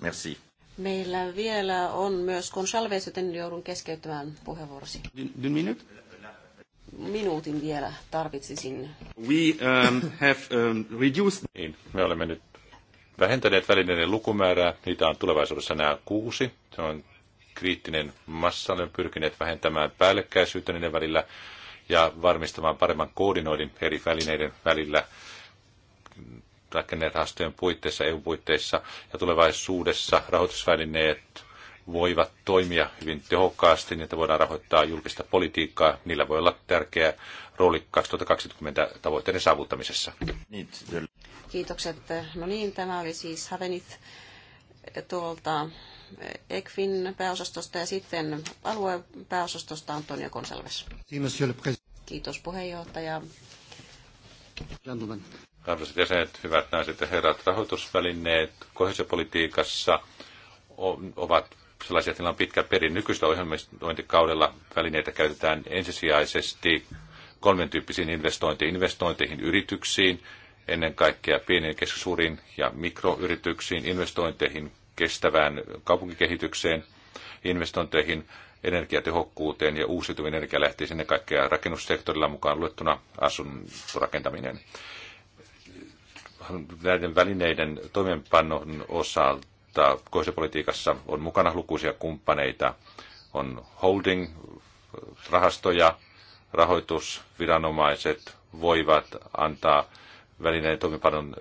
Merci. Meillä vielä on myös Gonsalves, joten joudun keskeyttämään puheenvuorosi. d- minute minuutin vielä tarvitsisin. We um, have um, reduced... Niin, me olemme nyt vähentäneet välineiden lukumäärää. Niitä on tulevaisuudessa nämä kuusi. Se on kriittinen massa. Olemme pyrkineet vähentämään päällekkäisyyttä niiden välillä ja varmistamaan paremman koordinoidin eri välineiden välillä rakennerahastojen puitteissa, EU-puitteissa ja tulevaisuudessa rahoitusvälineet voivat toimia hyvin tehokkaasti, niin että voidaan rahoittaa julkista politiikkaa. Niillä voi olla tärkeä rooli 2020 tavoitteiden saavuttamisessa. Kiitokset. No niin, tämä oli siis Havenit tuolta ECFin pääosastosta ja sitten aluepääosastosta Antonio Konsalves. Kiitos puheenjohtaja. Arvoisat jäsenet, hyvät naiset ja herrat, rahoitusvälineet kohesiopolitiikassa ovat sellaisia, että on pitkä perin. Nykyistä ohjelmointikaudella välineitä käytetään ensisijaisesti kolmen tyyppisiin investointeihin, investointeihin yrityksiin, ennen kaikkea pieniin, keskisuuriin ja mikroyrityksiin, investointeihin kestävään kaupunkikehitykseen, investointeihin energiatehokkuuteen ja uusiutuvien energialähteisiin ennen kaikkea rakennussektorilla mukaan luettuna asuntorakentaminen. Näiden välineiden toimeenpannon osalta mutta kohdepolitiikassa on mukana lukuisia kumppaneita. On holding, rahastoja, rahoitusviranomaiset voivat antaa välineen toimipanon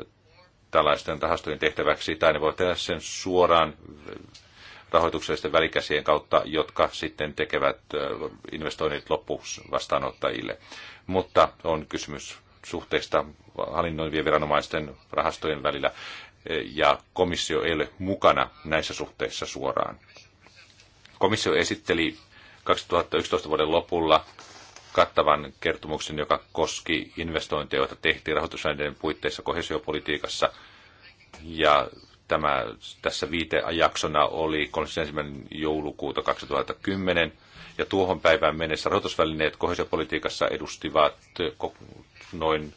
tällaisten rahastojen tehtäväksi, tai ne voivat tehdä sen suoraan rahoituksellisten välikäsien kautta, jotka sitten tekevät investoinnit loppuvastaanottajille. Mutta on kysymys suhteista hallinnoivien viranomaisten rahastojen välillä ja komissio ei ole mukana näissä suhteissa suoraan. Komissio esitteli 2011 vuoden lopulla kattavan kertomuksen, joka koski investointeja, joita tehtiin rahoitusvälineiden puitteissa kohesiopolitiikassa. Ja tämä tässä viiteajaksona oli 31. joulukuuta 2010. Ja tuohon päivään mennessä rahoitusvälineet kohesiopolitiikassa edustivat noin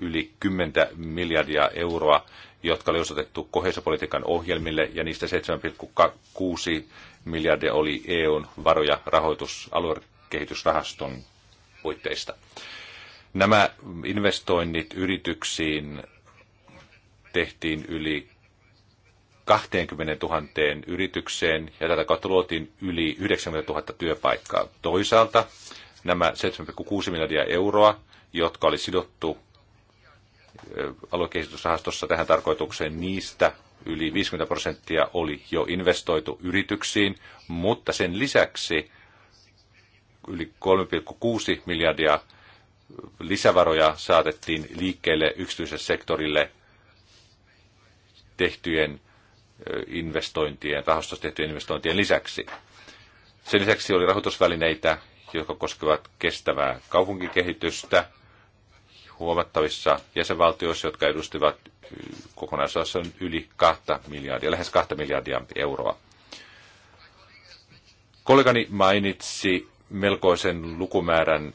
yli 10 miljardia euroa jotka oli osoitettu kohesopolitiikan ohjelmille, ja niistä 7,6 miljardia oli EUn varoja rahoitus aluekehitysrahaston puitteista. Nämä investoinnit yrityksiin tehtiin yli 20 000 yritykseen ja tätä kautta luotiin yli 90 000 työpaikkaa. Toisaalta nämä 7,6 miljardia euroa, jotka oli sidottu aluekehitysrahastossa tähän tarkoitukseen niistä yli 50 prosenttia oli jo investoitu yrityksiin, mutta sen lisäksi yli 3,6 miljardia lisävaroja saatettiin liikkeelle yksityiselle sektorille tehtyjen investointien, rahastossa tehtyjen investointien lisäksi. Sen lisäksi oli rahoitusvälineitä, jotka koskevat kestävää kaupunkikehitystä, huomattavissa jäsenvaltioissa, jotka edustivat mm, kokonaisuudessaan yli 2 miljardia, lähes 2 miljardia euroa. Kollegani mainitsi melkoisen lukumäärän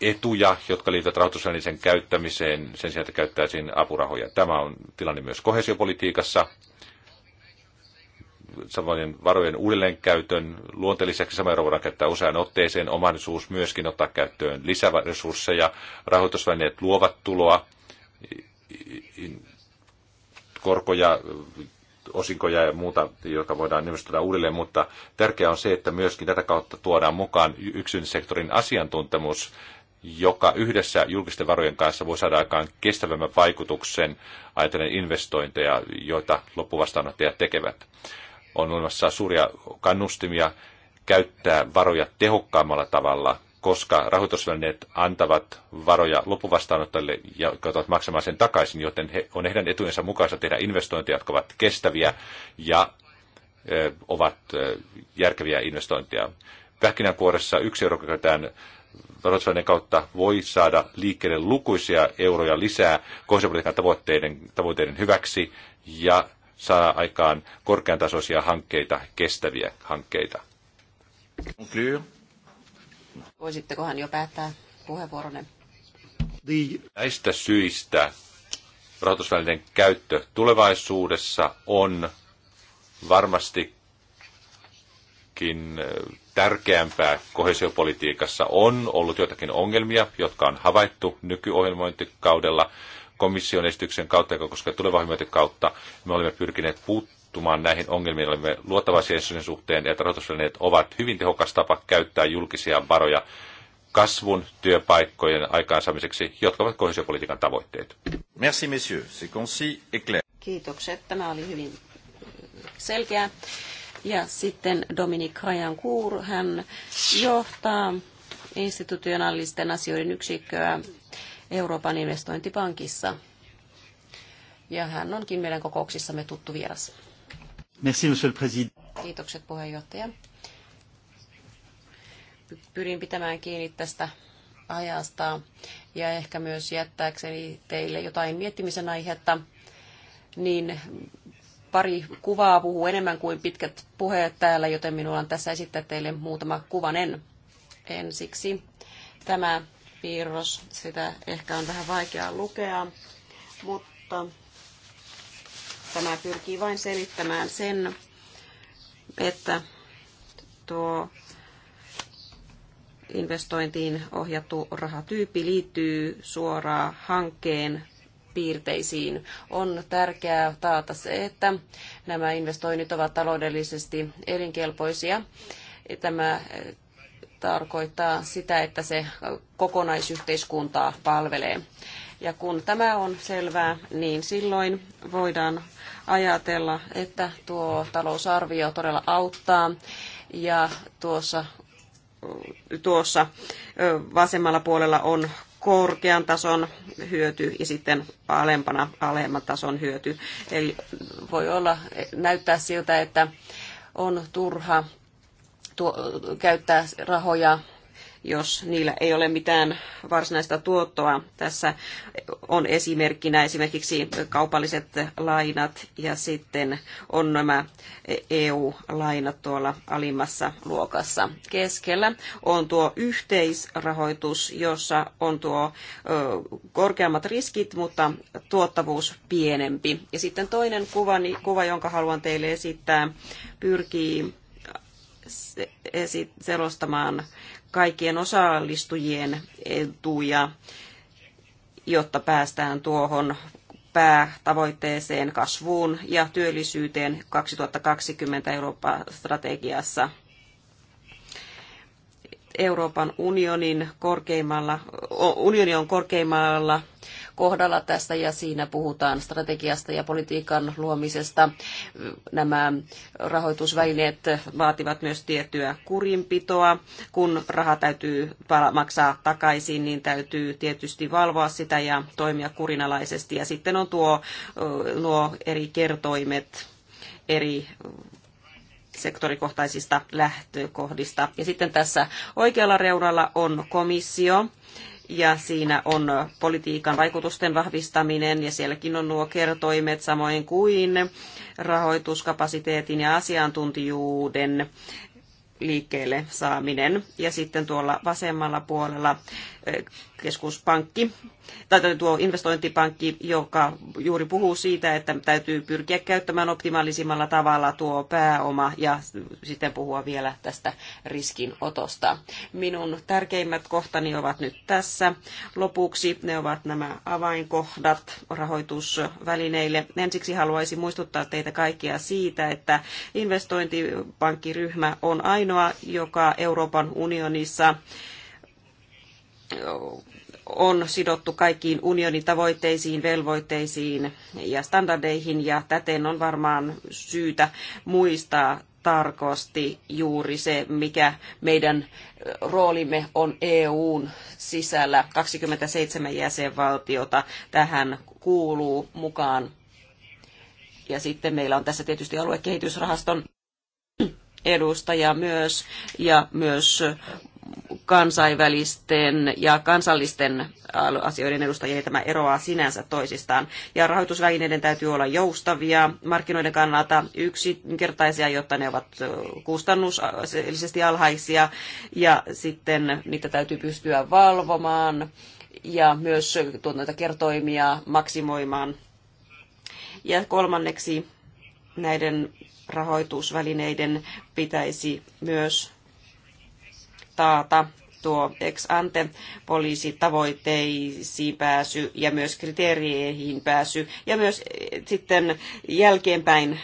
etuja, jotka liittyvät rahoitusvälineen käyttämiseen sen sijaan, että käyttäisiin apurahoja. Tämä on tilanne myös kohesiopolitiikassa samojen varojen uudelleenkäytön Luonteelliseksi samoja voidaan käyttää usean otteeseen, omaisuus myöskin ottaa käyttöön lisäresursseja, rahoitusvälineet luovat tuloa, korkoja, osinkoja ja muuta, joka voidaan nimestää uudelleen, mutta tärkeää on se, että myöskin tätä kautta tuodaan mukaan yksityisen sektorin asiantuntemus, joka yhdessä julkisten varojen kanssa voi saada aikaan kestävämmän vaikutuksen ajatellen investointeja, joita loppuvastaanottajat tekevät on olemassa suuria kannustimia käyttää varoja tehokkaammalla tavalla, koska rahoitusvälineet antavat varoja loppuvastaanottajille, jotka ovat maksamaan sen takaisin, joten he, on heidän etujensa mukaista tehdä investointeja, jotka ovat kestäviä ja e, ovat e, järkeviä investointeja. Pähkinänkuoressa yksi euro käytetään rahoitusvälineen kautta voi saada liikkeelle lukuisia euroja lisää kohdistopolitiikan tavoitteiden, tavoitteiden hyväksi ja saa aikaan korkean tasoisia hankkeita, kestäviä hankkeita. Voisittekohan jo päättää puheenvuoronne? Näistä syistä rahoitusvälineen käyttö tulevaisuudessa on varmastikin äh, tärkeämpää kohesiopolitiikassa. On ollut joitakin ongelmia, jotka on havaittu nykyohjelmointikaudella, komission esityksen kautta, joka koskee hyvinvointi kautta. Me olemme pyrkineet puuttumaan näihin ongelmiin, olemme luottavaisia sen suhteen, että rahoitusvälineet ovat hyvin tehokas tapa käyttää julkisia varoja kasvun työpaikkojen aikaansaamiseksi, jotka ovat kohesiopolitiikan tavoitteet. Merci messieurs, c'est concis et clair. Kiitokset, tämä oli hyvin äh, selkeä. Ja sitten Dominik Rajankuur, hän johtaa institutionaalisten asioiden yksikköä Euroopan investointipankissa. Ja hän onkin meidän kokouksissamme tuttu vieras. Merci, monsieur le président. Kiitokset puheenjohtaja. Pyrin pitämään kiinni tästä ajasta ja ehkä myös jättääkseni teille jotain miettimisen aihetta, niin pari kuvaa puhuu enemmän kuin pitkät puheet täällä, joten minulla on tässä esittää teille muutama kuvanen. Ensiksi tämä piirros. Sitä ehkä on vähän vaikea lukea, mutta tämä pyrkii vain selittämään sen, että tuo investointiin ohjattu rahatyyppi liittyy suoraan hankkeen piirteisiin. On tärkeää taata se, että nämä investoinnit ovat taloudellisesti elinkelpoisia. Tämä tarkoittaa sitä, että se kokonaisyhteiskuntaa palvelee. Ja kun tämä on selvää, niin silloin voidaan ajatella, että tuo talousarvio todella auttaa ja tuossa, tuossa vasemmalla puolella on korkean tason hyöty ja sitten alempana alemman tason hyöty. Eli voi olla, näyttää siltä, että on turha tuo, käyttää rahoja jos niillä ei ole mitään varsinaista tuottoa. Tässä on esimerkkinä esimerkiksi kaupalliset lainat ja sitten on nämä EU-lainat tuolla alimmassa luokassa. Keskellä on tuo yhteisrahoitus, jossa on tuo korkeammat riskit, mutta tuottavuus pienempi. Ja sitten toinen kuva, niin, kuva jonka haluan teille esittää, pyrkii selostamaan kaikkien osallistujien etuja, jotta päästään tuohon päätavoitteeseen kasvuun ja työllisyyteen 2020 Euroopan strategiassa Euroopan unionin korkeimmalla, unioni on korkeimmalla kohdalla tästä ja siinä puhutaan strategiasta ja politiikan luomisesta. Nämä rahoitusvälineet vaativat myös tiettyä kurinpitoa. Kun raha täytyy maksaa takaisin, niin täytyy tietysti valvoa sitä ja toimia kurinalaisesti. Ja sitten on tuo, nuo eri kertoimet eri sektorikohtaisista lähtökohdista. Ja sitten tässä oikealla reunalla on komissio ja siinä on politiikan vaikutusten vahvistaminen ja sielläkin on nuo kertoimet samoin kuin rahoituskapasiteetin ja asiantuntijuuden liikkeelle saaminen. Ja sitten tuolla vasemmalla puolella keskuspankki, tai tuo investointipankki, joka juuri puhuu siitä, että täytyy pyrkiä käyttämään optimaalisimmalla tavalla tuo pääoma ja sitten puhua vielä tästä riskinotosta. Minun tärkeimmät kohtani ovat nyt tässä. Lopuksi ne ovat nämä avainkohdat rahoitusvälineille. Ensiksi haluaisin muistuttaa teitä kaikkia siitä, että investointipankkiryhmä on ainoa, joka Euroopan unionissa on sidottu kaikkiin unionin tavoitteisiin, velvoitteisiin ja standardeihin, ja täten on varmaan syytä muistaa tarkasti juuri se, mikä meidän roolimme on EUn sisällä. 27 jäsenvaltiota tähän kuuluu mukaan. Ja sitten meillä on tässä tietysti aluekehitysrahaston edustaja myös ja myös kansainvälisten ja kansallisten asioiden edustajia tämä eroaa sinänsä toisistaan. Ja rahoitusvälineiden täytyy olla joustavia, markkinoiden kannalta yksinkertaisia, jotta ne ovat kustannuksellisesti alhaisia ja sitten niitä täytyy pystyä valvomaan ja myös tuota kertoimia maksimoimaan. Ja kolmanneksi näiden rahoitusvälineiden pitäisi myös taata tuo ex ante poliisitavoitteisiin pääsy ja myös kriteereihin pääsy ja myös eh, sitten jälkeenpäin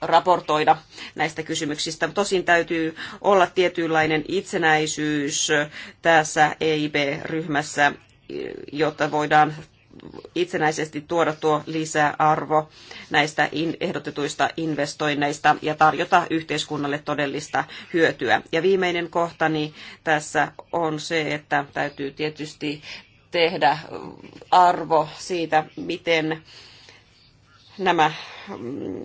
raportoida näistä kysymyksistä. Tosin täytyy olla tietynlainen itsenäisyys tässä EIB-ryhmässä, eh, jotta voidaan itsenäisesti tuoda tuo lisäarvo näistä in, ehdotetuista investoinneista ja tarjota yhteiskunnalle todellista hyötyä. Ja viimeinen kohtani niin tässä on se, että täytyy tietysti tehdä arvo siitä, miten nämä mm,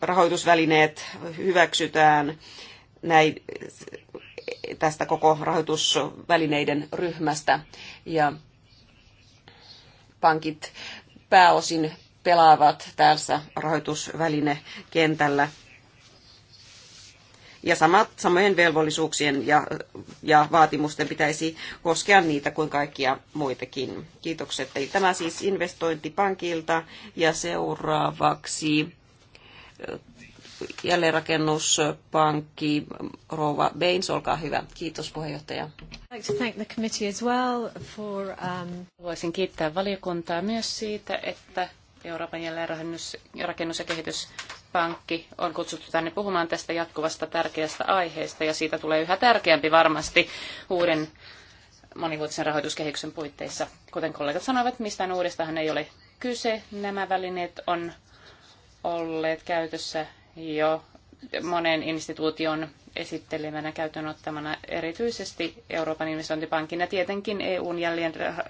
rahoitusvälineet hyväksytään näin, tästä koko rahoitusvälineiden ryhmästä. Ja pankit pääosin pelaavat tässä rahoitusvälinekentällä ja samat, samojen velvollisuuksien ja, ja vaatimusten pitäisi koskea niitä kuin kaikkia muitakin. Kiitokset. Eli tämä siis investointipankilta ja seuraavaksi jälleenrakennuspankki Rova Baines, olkaa hyvä. Kiitos puheenjohtaja. Voisin um, kiittää valiokuntaa myös siitä, että Euroopan jälleenrakennus- ja kehityspankki on kutsuttu tänne puhumaan tästä jatkuvasta tärkeästä aiheesta ja siitä tulee yhä tärkeämpi varmasti uuden monivuotisen rahoituskehityksen puitteissa. Kuten kollegat sanoivat, mistään uudestahan ei ole kyse. Nämä välineet on olleet käytössä jo monen instituution esittelemänä käytön ottamana erityisesti Euroopan investointipankin ja tietenkin EUn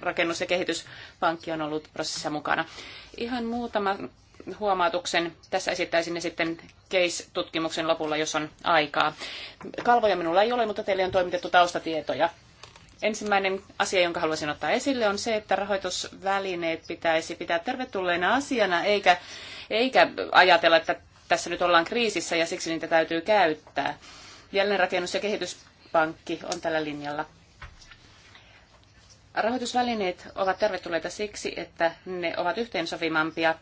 rakennus ja kehityspankki on ollut prosessissa mukana. Ihan muutama huomautuksen. Tässä esittäisin ne sitten case-tutkimuksen lopulla, jos on aikaa. Kalvoja minulla ei ole, mutta teille on toimitettu taustatietoja. Ensimmäinen asia, jonka haluaisin ottaa esille, on se, että rahoitusvälineet pitäisi pitää tervetulleena asiana, eikä, eikä ajatella, että tässä nyt ollaan kriisissä ja siksi niitä täytyy käyttää. Jälleenrakennus- ja kehityspankki on tällä linjalla. Rahoitusvälineet ovat tervetulleita siksi, että ne ovat yhteensovimampia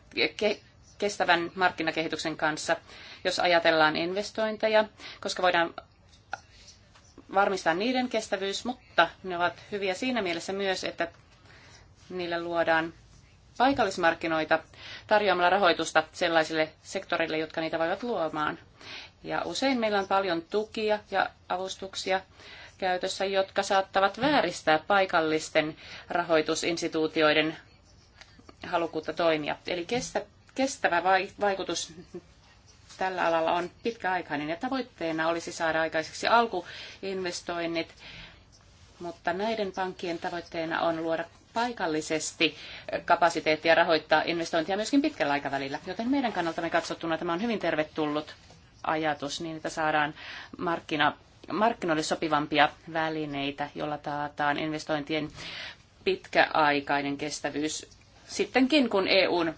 kestävän markkinakehityksen kanssa, jos ajatellaan investointeja, koska voidaan varmistaa niiden kestävyys, mutta ne ovat hyviä siinä mielessä myös, että niillä luodaan paikallismarkkinoita tarjoamalla rahoitusta sellaisille sektoreille, jotka niitä voivat luomaan. Ja usein meillä on paljon tukia ja avustuksia käytössä, jotka saattavat vääristää paikallisten rahoitusinstituutioiden halukkuutta toimia. Eli kestä, kestävä vaikutus tällä alalla on pitkäaikainen ja tavoitteena olisi saada aikaiseksi alkuinvestoinnit, mutta näiden pankkien tavoitteena on luoda paikallisesti kapasiteettia rahoittaa investointia myöskin pitkällä aikavälillä. Joten meidän kannaltamme katsottuna tämä on hyvin tervetullut ajatus niin, että saadaan markkina, markkinoille sopivampia välineitä, jolla taataan investointien pitkäaikainen kestävyys sittenkin, kun EUn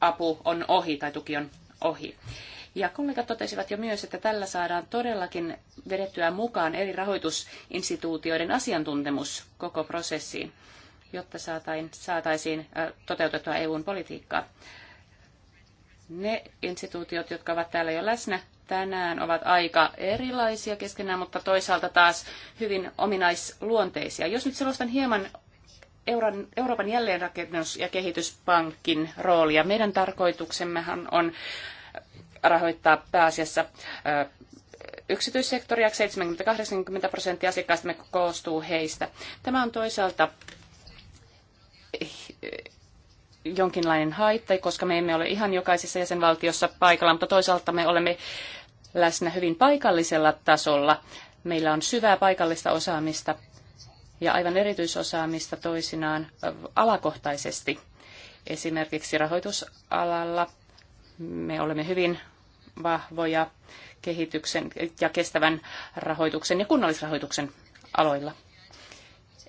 apu on ohi tai tuki on ohi. Ja kollegat totesivat jo myös, että tällä saadaan todellakin vedettyä mukaan eri rahoitusinstituutioiden asiantuntemus koko prosessiin jotta saataisiin toteutettua EUn politiikkaa. Ne instituutiot, jotka ovat täällä jo läsnä tänään, ovat aika erilaisia keskenään, mutta toisaalta taas hyvin ominaisluonteisia. Jos nyt selostan hieman Euroopan jälleenrakennus- ja kehityspankin roolia. Meidän tarkoituksemmehan on rahoittaa pääasiassa yksityissektoria. 70-80 prosenttia asiakkaistamme koostuu heistä. Tämä on toisaalta jonkinlainen haitta, koska me emme ole ihan jokaisessa jäsenvaltiossa paikalla, mutta toisaalta me olemme läsnä hyvin paikallisella tasolla. Meillä on syvää paikallista osaamista ja aivan erityisosaamista toisinaan alakohtaisesti. Esimerkiksi rahoitusalalla me olemme hyvin vahvoja kehityksen ja kestävän rahoituksen ja kunnallisrahoituksen aloilla.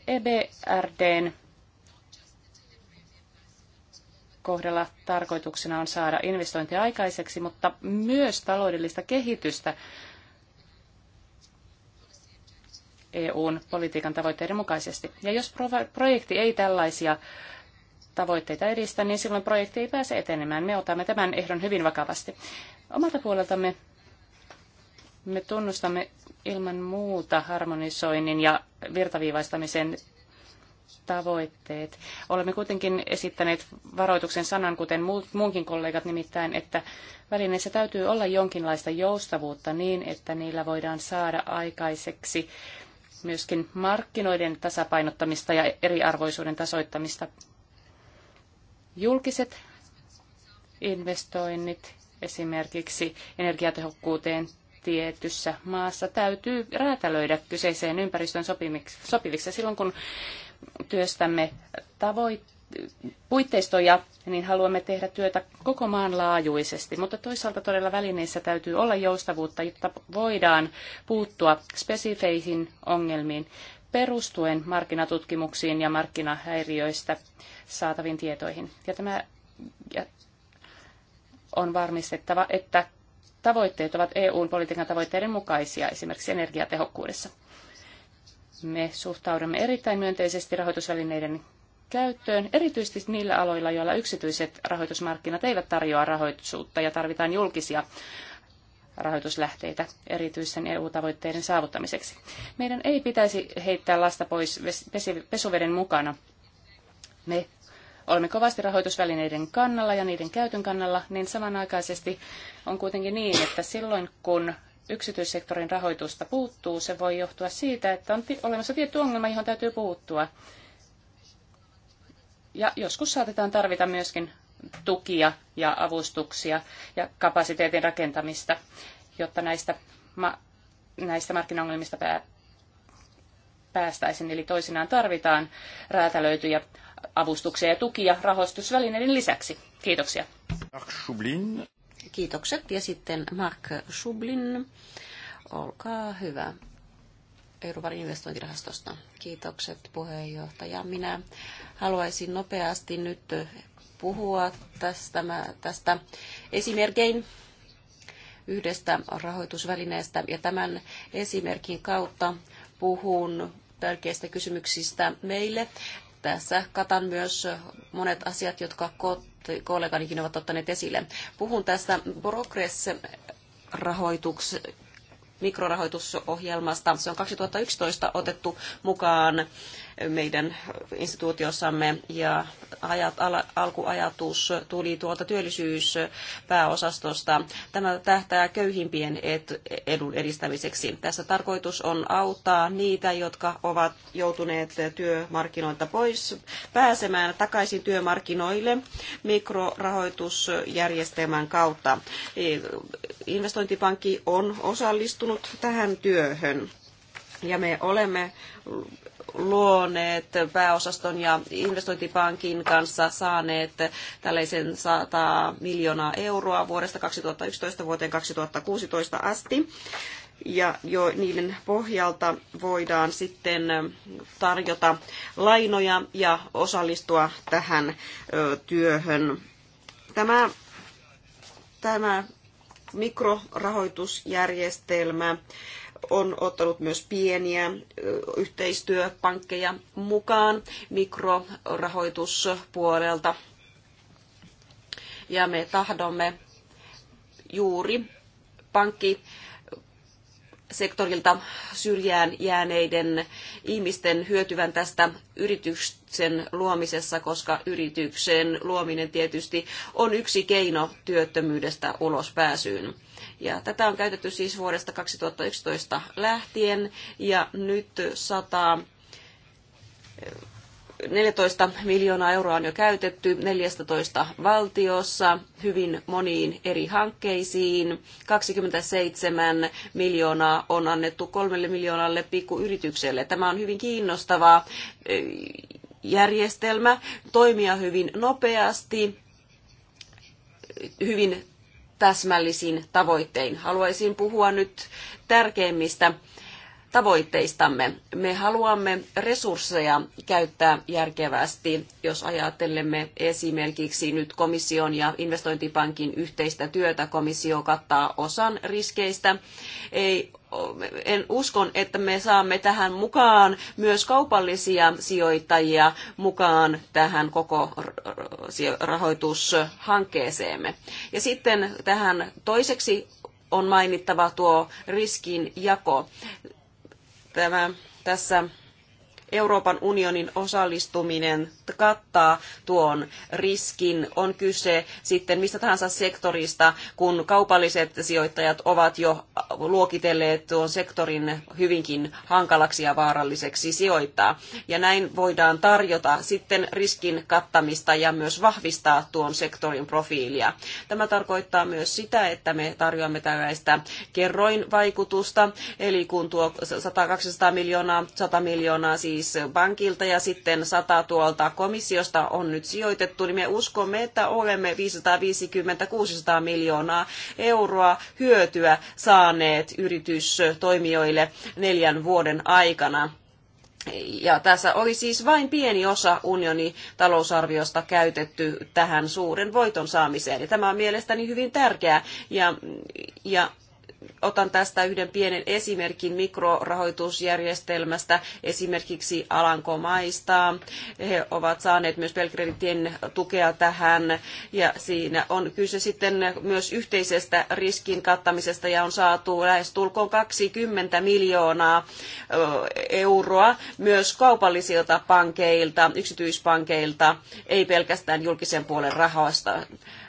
EBRDn kohdalla tarkoituksena on saada investointia aikaiseksi, mutta myös taloudellista kehitystä EUn politiikan tavoitteiden mukaisesti. Ja jos projekti ei tällaisia tavoitteita edistä, niin silloin projekti ei pääse etenemään. Me otamme tämän ehdon hyvin vakavasti. Omalta puoleltamme me tunnustamme ilman muuta harmonisoinnin ja virtaviivaistamisen tavoitteet. Olemme kuitenkin esittäneet varoituksen sanan, kuten muunkin kollegat nimittäin, että välineissä täytyy olla jonkinlaista joustavuutta niin, että niillä voidaan saada aikaiseksi myöskin markkinoiden tasapainottamista ja eriarvoisuuden tasoittamista. Julkiset investoinnit esimerkiksi energiatehokkuuteen tietyssä maassa täytyy räätälöidä kyseiseen ympäristöön sopiviksi silloin, kun työstämme tavoitteita puitteistoja, niin haluamme tehdä työtä koko maan laajuisesti, mutta toisaalta todella välineissä täytyy olla joustavuutta, jotta voidaan puuttua spesifeihin ongelmiin perustuen markkinatutkimuksiin ja markkinahäiriöistä saataviin tietoihin. Ja tämä on varmistettava, että tavoitteet ovat EUn politiikan tavoitteiden mukaisia esimerkiksi energiatehokkuudessa. Me suhtaudumme erittäin myönteisesti rahoitusvälineiden käyttöön, erityisesti niillä aloilla, joilla yksityiset rahoitusmarkkinat eivät tarjoa rahoitusuutta ja tarvitaan julkisia rahoituslähteitä erityisen EU-tavoitteiden saavuttamiseksi. Meidän ei pitäisi heittää lasta pois pesuveden mukana. Me olemme kovasti rahoitusvälineiden kannalla ja niiden käytön kannalla, niin samanaikaisesti on kuitenkin niin, että silloin kun yksityissektorin rahoitusta puuttuu, se voi johtua siitä, että on olemassa tietty ongelma, johon täytyy puuttua. Ja joskus saatetaan tarvita myöskin tukia ja avustuksia ja kapasiteetin rakentamista, jotta näistä, ma- näistä markkinaongelmista pää- päästäisiin. Eli toisinaan tarvitaan räätälöityjä avustuksia ja tukia rahoitusvälineiden lisäksi. Kiitoksia. Kiitokset. Ja sitten Mark Schublin, olkaa hyvä. Euroopan investointirahastosta. Kiitokset puheenjohtaja. Minä haluaisin nopeasti nyt puhua tästä, tästä esimerkein yhdestä rahoitusvälineestä ja tämän esimerkin kautta puhun tärkeistä kysymyksistä meille tässä katan myös monet asiat, jotka kolleganikin ovat ottaneet esille. Puhun tästä progress mikrorahoitusohjelmasta. Se on 2011 otettu mukaan meidän instituutiossamme ja ajat, al, alkuajatus tuli tuolta työllisyyspääosastosta. Tämä tähtää köyhimpien et, edun edistämiseksi. Tässä tarkoitus on auttaa niitä, jotka ovat joutuneet työmarkkinoilta pois pääsemään takaisin työmarkkinoille mikrorahoitusjärjestelmän kautta. Investointipankki on osallistunut tähän työhön ja me olemme luoneet pääosaston ja investointipankin kanssa saaneet tällaisen 100 miljoonaa euroa vuodesta 2011 vuoteen 2016 asti. Ja jo niiden pohjalta voidaan sitten tarjota lainoja ja osallistua tähän työhön. Tämä, tämä mikrorahoitusjärjestelmä on ottanut myös pieniä yhteistyöpankkeja mukaan mikrorahoituspuolelta. Ja me tahdomme juuri pankki sektorilta syrjään jääneiden ihmisten hyötyvän tästä yrityksen luomisessa, koska yrityksen luominen tietysti on yksi keino työttömyydestä ulospääsyyn. Ja tätä on käytetty siis vuodesta 2011 lähtien ja nyt 114 eh, miljoonaa euroa on jo käytetty 14 valtiossa hyvin moniin eri hankkeisiin. 27 miljoonaa on annettu kolmelle miljoonalle pikkuyritykselle. Tämä on hyvin kiinnostava eh, järjestelmä toimia hyvin nopeasti hyvin täsmällisin tavoittein. Haluaisin puhua nyt tärkeimmistä tavoitteistamme. Me haluamme resursseja käyttää järkevästi, jos ajattelemme esimerkiksi nyt komission ja investointipankin yhteistä työtä. Komissio kattaa osan riskeistä. Ei en uskon, että me saamme tähän mukaan myös kaupallisia sijoittajia mukaan tähän koko rahoitushankkeeseemme. Ja sitten tähän toiseksi on mainittava tuo riskin jako. Tämä tässä Euroopan unionin osallistuminen kattaa tuon riskin. On kyse sitten mistä tahansa sektorista, kun kaupalliset sijoittajat ovat jo luokitelleet tuon sektorin hyvinkin hankalaksi ja vaaralliseksi sijoittaa. Ja näin voidaan tarjota sitten riskin kattamista ja myös vahvistaa tuon sektorin profiilia. Tämä tarkoittaa myös sitä, että me tarjoamme tällaista kerroinvaikutusta, eli kun tuo 100-200 miljoonaa, 100 miljoonaa siis siis pankilta ja sitten 100 tuolta komissiosta on nyt sijoitettu, niin me uskomme, että olemme 550-600 miljoonaa euroa hyötyä saaneet yritystoimijoille neljän vuoden aikana. Ja tässä oli siis vain pieni osa unionin talousarviosta käytetty tähän suuren voiton saamiseen. Ja tämä on mielestäni hyvin tärkeää. Ja, ja Otan tästä yhden pienen esimerkin mikrorahoitusjärjestelmästä, esimerkiksi Alankomaista. He ovat saaneet myös Belgradin tukea tähän, ja siinä on kyse sitten myös yhteisestä riskin kattamisesta, ja on saatu lähes tulkoon 20 miljoonaa euroa myös kaupallisilta pankeilta, yksityispankeilta, ei pelkästään julkisen puolen rahasta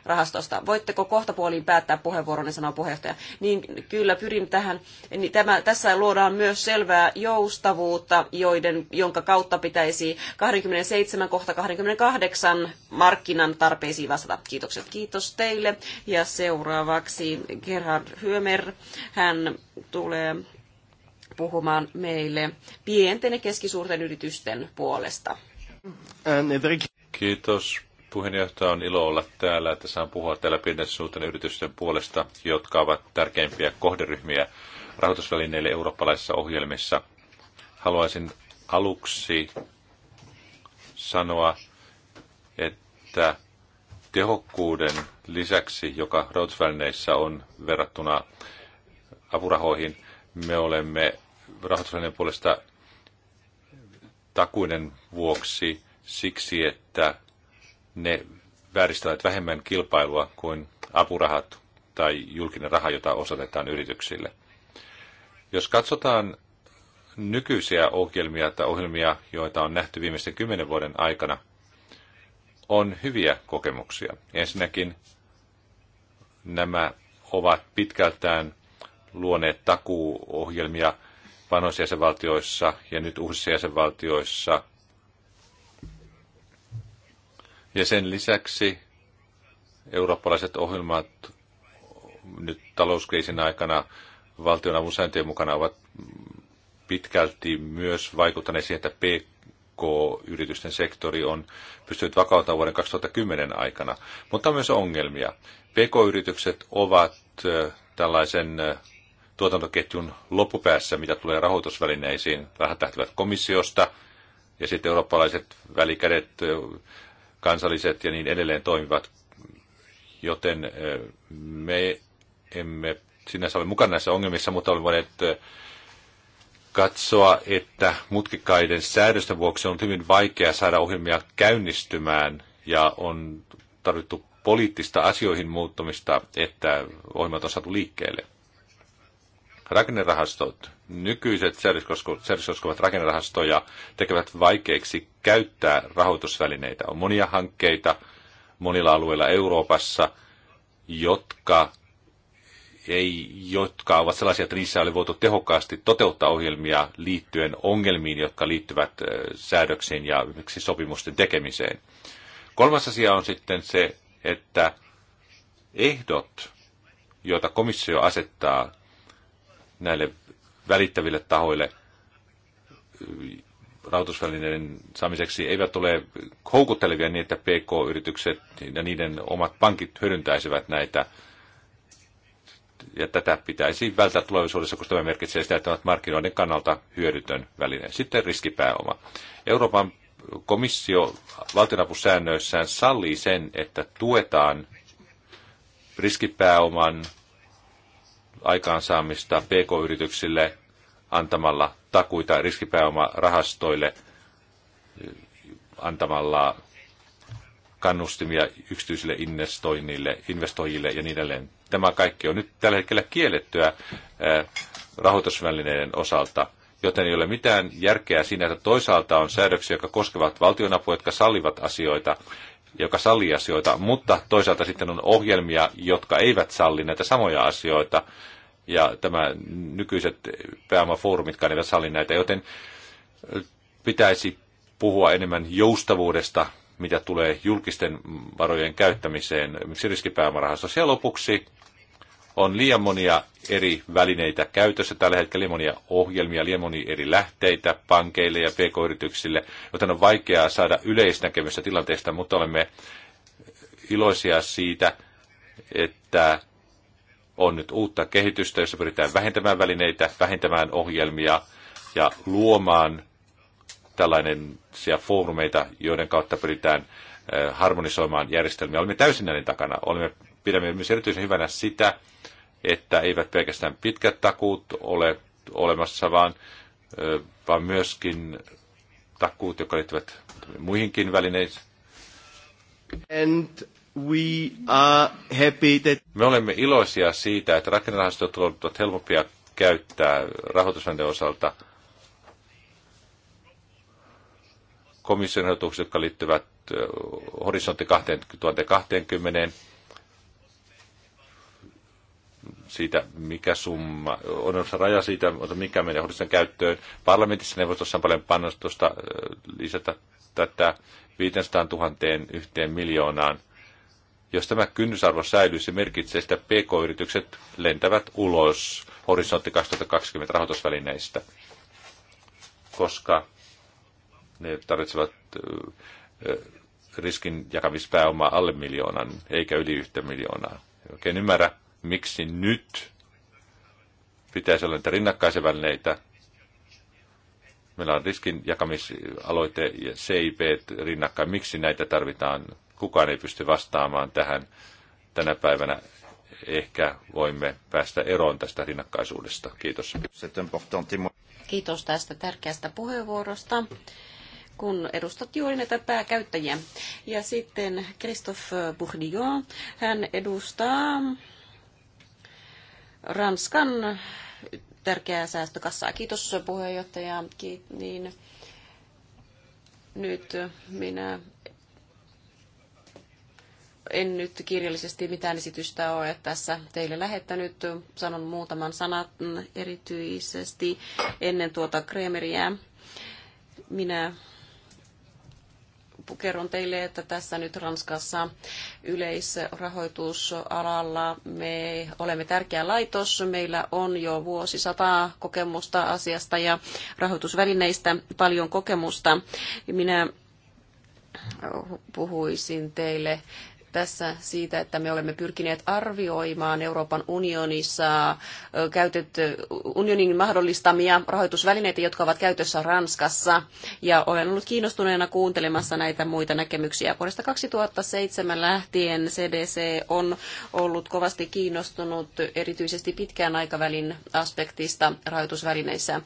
rahastosta. Voitteko kohta puoliin päättää puheenvuoron, niin sanoo puheenjohtaja. Niin kyllä kyllä pyrin tähän. Niin tämä, tässä luodaan myös selvää joustavuutta, joiden, jonka kautta pitäisi 27 kohta 28 markkinan tarpeisiin vastata. Kiitokset kiitos teille. Ja seuraavaksi Gerhard Hyömer, hän tulee puhumaan meille pienten ja keskisuurten yritysten puolesta. Kiitos puheenjohtaja. On ilo olla täällä, että saan puhua täällä pienten yritysten puolesta, jotka ovat tärkeimpiä kohderyhmiä rahoitusvälineille eurooppalaisissa ohjelmissa. Haluaisin aluksi sanoa, että tehokkuuden lisäksi, joka rahoitusvälineissä on verrattuna apurahoihin, me olemme rahoitusvälineen puolesta takuinen vuoksi siksi, että ne vääristävät vähemmän kilpailua kuin apurahat tai julkinen raha, jota osoitetaan yrityksille. Jos katsotaan nykyisiä ohjelmia tai ohjelmia, joita on nähty viimeisten kymmenen vuoden aikana, on hyviä kokemuksia. Ensinnäkin nämä ovat pitkältään luoneet takuuohjelmia vanhoissa jäsenvaltioissa ja nyt uusissa jäsenvaltioissa – ja sen lisäksi eurooppalaiset ohjelmat nyt talouskriisin aikana valtionavun sääntöjen mukana ovat pitkälti myös vaikuttaneet siihen, että PK-yritysten sektori on pystynyt vakauttamaan vuoden 2010 aikana, mutta on myös ongelmia. PK-yritykset ovat tällaisen tuotantoketjun loppupäässä, mitä tulee rahoitusvälineisiin. Rahat lähtevät komissiosta ja sitten eurooppalaiset välikädet kansalliset ja niin edelleen toimivat, joten me emme sinänsä ole mukana näissä ongelmissa, mutta olemme voineet katsoa, että mutkikkaiden säädösten vuoksi on hyvin vaikea saada ohjelmia käynnistymään ja on tarvittu poliittista asioihin muuttumista, että ohjelmat on saatu liikkeelle. Rakennerahastot, nykyiset säädöskoskuvat rakennerahastoja tekevät vaikeiksi käyttää rahoitusvälineitä. On monia hankkeita monilla alueilla Euroopassa, jotka, ei, jotka ovat sellaisia, että niissä oli voitu tehokkaasti toteuttaa ohjelmia liittyen ongelmiin, jotka liittyvät säädöksiin ja sopimusten tekemiseen. Kolmas asia on sitten se, että ehdot, joita komissio asettaa näille välittäville tahoille äh, rahoitusvälineiden saamiseksi eivät ole houkuttelevia niin, että PK-yritykset ja niiden omat pankit hyödyntäisivät näitä. Ja tätä pitäisi välttää tulevaisuudessa, koska tämä merkitsee sitä, että markkinoiden kannalta hyödytön väline. Sitten riskipääoma. Euroopan komissio valtionapusäännöissään sallii sen, että tuetaan riskipääoman aikaansaamista pk-yrityksille antamalla takuita riskipääomarahastoille, antamalla kannustimia yksityisille investoinnille, investoijille ja niin edelleen. Tämä kaikki on nyt tällä hetkellä kiellettyä eh, rahoitusvälineiden osalta, joten ei ole mitään järkeä siinä, että toisaalta on säädöksiä, jotka koskevat valtionapua, jotka sallivat asioita, joka sallii asioita, mutta toisaalta sitten on ohjelmia, jotka eivät salli näitä samoja asioita, ja tämä nykyiset pääomafoorumitkaan eivät salli näitä, joten pitäisi puhua enemmän joustavuudesta, mitä tulee julkisten varojen käyttämiseen, esimerkiksi riskipääomarahastossa. Ja lopuksi on liian monia eri välineitä käytössä tällä hetkellä, liian monia ohjelmia, liian monia eri lähteitä pankeille ja pk-yrityksille, joten on vaikeaa saada yleisnäkemystä tilanteesta, mutta olemme iloisia siitä, että on nyt uutta kehitystä, jossa pyritään vähentämään välineitä, vähentämään ohjelmia ja luomaan tällainen foorumeita, joiden kautta pyritään eh, harmonisoimaan järjestelmiä. Olemme täysin näiden takana. Olemme Pidämme myös erityisen hyvänä sitä, että eivät pelkästään pitkät takuut ole olemassa, vaan, vaan myöskin takuut, jotka liittyvät muihinkin välineisiin. And we are happy that... Me olemme iloisia siitä, että rakennerahastot ovat helpompia käyttää rahoitusvälineen osalta komission ehdotukset, jotka liittyvät horisontti 2020 siitä, mikä summa, on se raja siitä, mikä menee hoidon käyttöön. Parlamentissa neuvostossa on paljon panostusta lisätä tätä 500 000 yhteen miljoonaan. Jos tämä kynnysarvo säilyy, se merkitsee, että PK-yritykset lentävät ulos horisontti 2020 rahoitusvälineistä, koska ne tarvitsevat riskin jakamispääomaa alle miljoonan, eikä yli yhtä miljoonaa. Oikein ymmärrä, miksi nyt pitäisi olla niitä rinnakkaisvälineitä. Meillä on riskin jakamisaloite ja CIP rinnakkain. Miksi näitä tarvitaan? Kukaan ei pysty vastaamaan tähän tänä päivänä. Ehkä voimme päästä eroon tästä rinnakkaisuudesta. Kiitos. Kiitos tästä tärkeästä puheenvuorosta kun edustat juuri näitä pääkäyttäjiä. Ja sitten Christophe Bourdieu, hän edustaa Ranskan tärkeää säästökassaa. Kiitos puheenjohtaja. Kiit, niin, nyt minä en nyt kirjallisesti mitään esitystä ole tässä teille lähettänyt. Sanon muutaman sanat erityisesti ennen tuota Kremeriä. Minä kerron teille, että tässä nyt Ranskassa yleisrahoitusalalla me olemme tärkeä laitos. Meillä on jo vuosisataa kokemusta asiasta ja rahoitusvälineistä paljon kokemusta. Minä puhuisin teille tässä siitä, että me olemme pyrkineet arvioimaan Euroopan unionissa käytetty, unionin mahdollistamia rahoitusvälineitä, jotka ovat käytössä Ranskassa. Ja olen ollut kiinnostuneena kuuntelemassa näitä muita näkemyksiä. Vuodesta 2007 lähtien CDC on ollut kovasti kiinnostunut erityisesti pitkään aikavälin aspektista rahoitusvälineissä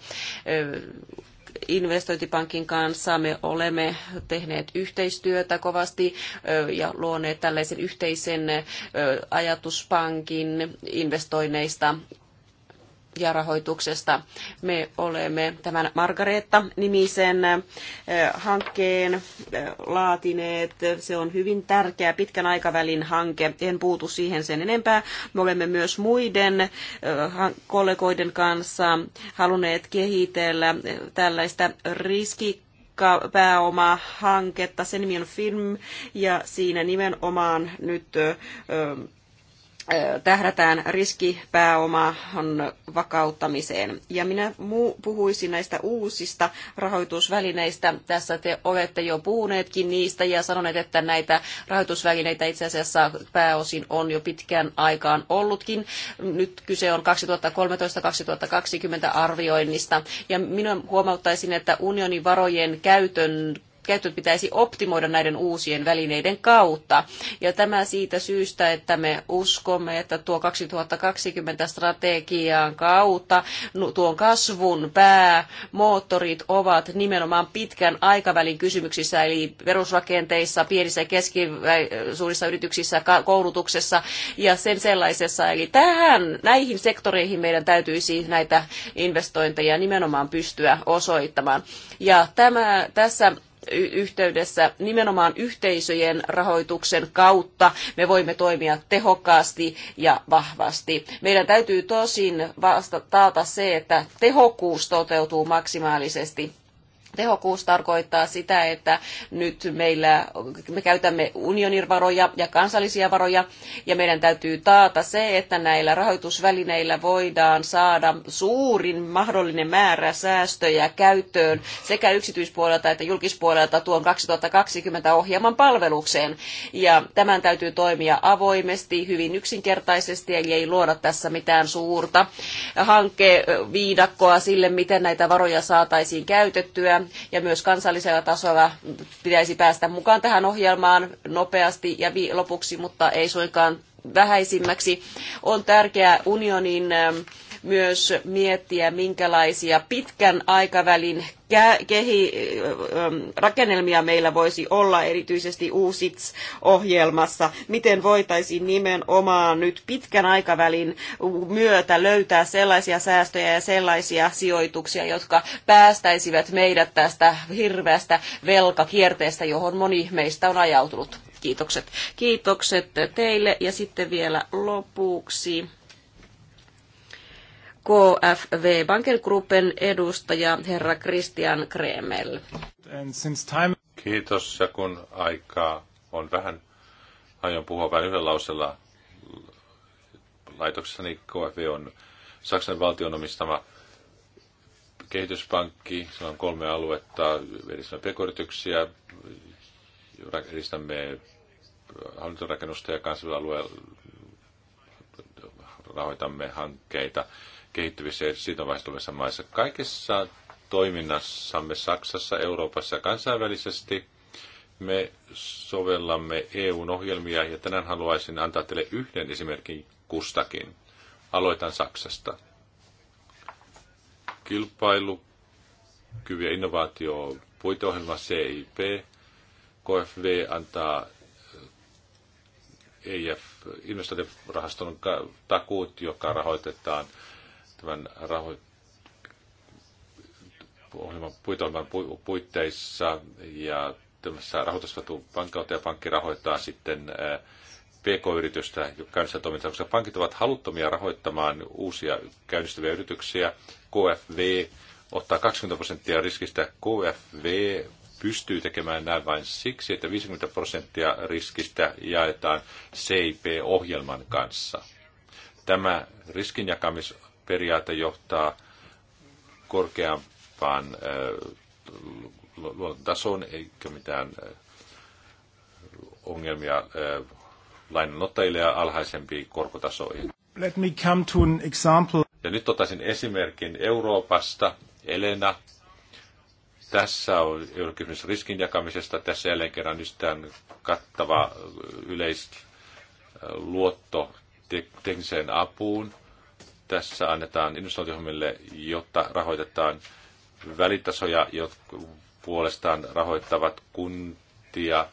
investointipankin kanssa. Me olemme tehneet yhteistyötä kovasti ja luoneet tällaisen yhteisen ajatuspankin investoinneista ja rahoituksesta. Me olemme tämän Margareetta-nimisen hankkeen laatineet. Se on hyvin tärkeä pitkän aikavälin hanke. En puutu siihen sen enempää. Me olemme myös muiden kollegoiden kanssa halunneet kehitellä tällaista riski pääomahanketta. Sen nimi on Film ja siinä nimenomaan nyt tähdätään riskipääoman vakauttamiseen. Ja minä puhuisin näistä uusista rahoitusvälineistä. Tässä te olette jo puhuneetkin niistä ja sanoneet, että näitä rahoitusvälineitä itse asiassa pääosin on jo pitkään aikaan ollutkin. Nyt kyse on 2013-2020 arvioinnista. Ja minä huomauttaisin, että unionin varojen käytön käyttöt pitäisi optimoida näiden uusien välineiden kautta. Ja tämä siitä syystä, että me uskomme, että tuo 2020 strategian kautta tuon kasvun päämoottorit ovat nimenomaan pitkän aikavälin kysymyksissä, eli perusrakenteissa, pienissä ja keskisuurissa yrityksissä, koulutuksessa ja sen sellaisessa. Eli tähän, näihin sektoreihin meidän täytyisi näitä investointeja nimenomaan pystyä osoittamaan. Ja tämä, tässä yhteydessä nimenomaan yhteisöjen rahoituksen kautta me voimme toimia tehokkaasti ja vahvasti. Meidän täytyy tosin vasta taata se, että tehokkuus toteutuu maksimaalisesti Tehokkuus tarkoittaa sitä, että nyt meillä, me käytämme unionin varoja ja kansallisia varoja, ja meidän täytyy taata se, että näillä rahoitusvälineillä voidaan saada suurin mahdollinen määrä säästöjä käyttöön sekä yksityispuolelta että julkispuolelta tuon 2020 ohjelman palvelukseen. Ja tämän täytyy toimia avoimesti, hyvin yksinkertaisesti, eli ei luoda tässä mitään suurta hankkeviidakkoa sille, miten näitä varoja saataisiin käytettyä ja myös kansallisella tasolla pitäisi päästä mukaan tähän ohjelmaan nopeasti ja lopuksi, mutta ei suinkaan vähäisimmäksi. On tärkeää unionin ähm, myös miettiä, minkälaisia pitkän aikavälin kehi, ähm, rakennelmia meillä voisi olla erityisesti uusits-ohjelmassa. Miten voitaisiin nimenomaan nyt pitkän aikavälin myötä löytää sellaisia säästöjä ja sellaisia sijoituksia, jotka päästäisivät meidät tästä hirveästä velkakierteestä, johon moni meistä on ajautunut. Kiitokset. Kiitokset teille ja sitten vielä lopuksi KFV Bankergruppen edustaja herra Christian Kremel. Time... Kiitos ja kun aikaa on vähän, aion puhua vain yhden lausella niin KFV on Saksan valtion omistama kehityspankki. Sillä on kolme aluetta. Edistämme pekoyrityksiä, edistämme hallintorakennusta ja kansallisella alueella rahoitamme hankkeita, kehittyvissä ja sitovaistuvissa maissa. Kaikessa toiminnassamme Saksassa, Euroopassa ja kansainvälisesti me sovellamme eu ohjelmia ja tänään haluaisin antaa teille yhden esimerkin kustakin. Aloitan Saksasta. Kilpailu, kyky ja innovaatio puiteohjelma CIP, KFV antaa EIF investointirahaston takuut, joka rahoitetaan – tämän rahoit- ohjelman puitoilman pu- puitteissa ja tämmöisessä rahoitusvatu pankkautta ja pankki rahoittaa sitten PK-yritystä käynnistää toimintaa, koska pankit ovat haluttomia rahoittamaan uusia käynnistäviä yrityksiä. KFV ottaa 20 prosenttia riskistä. KFV pystyy tekemään näin vain siksi, että 50 prosenttia riskistä jaetaan CIP-ohjelman kanssa. Tämä riskinjakamis periaate johtaa korkeampaan äh, luontotasoon, eikä mitään äh, ongelmia äh, lainanottajille ja alhaisempiin korkotasoihin. Let me come to an example. Ja nyt ottaisin esimerkin Euroopasta, Elena. Tässä on kysymys riskin jakamisesta. Tässä jälleen kerran yhtään kattava yleisluotto tekniseen apuun tässä annetaan investointihommille, jotta rahoitetaan välitasoja, jotka puolestaan rahoittavat kuntia,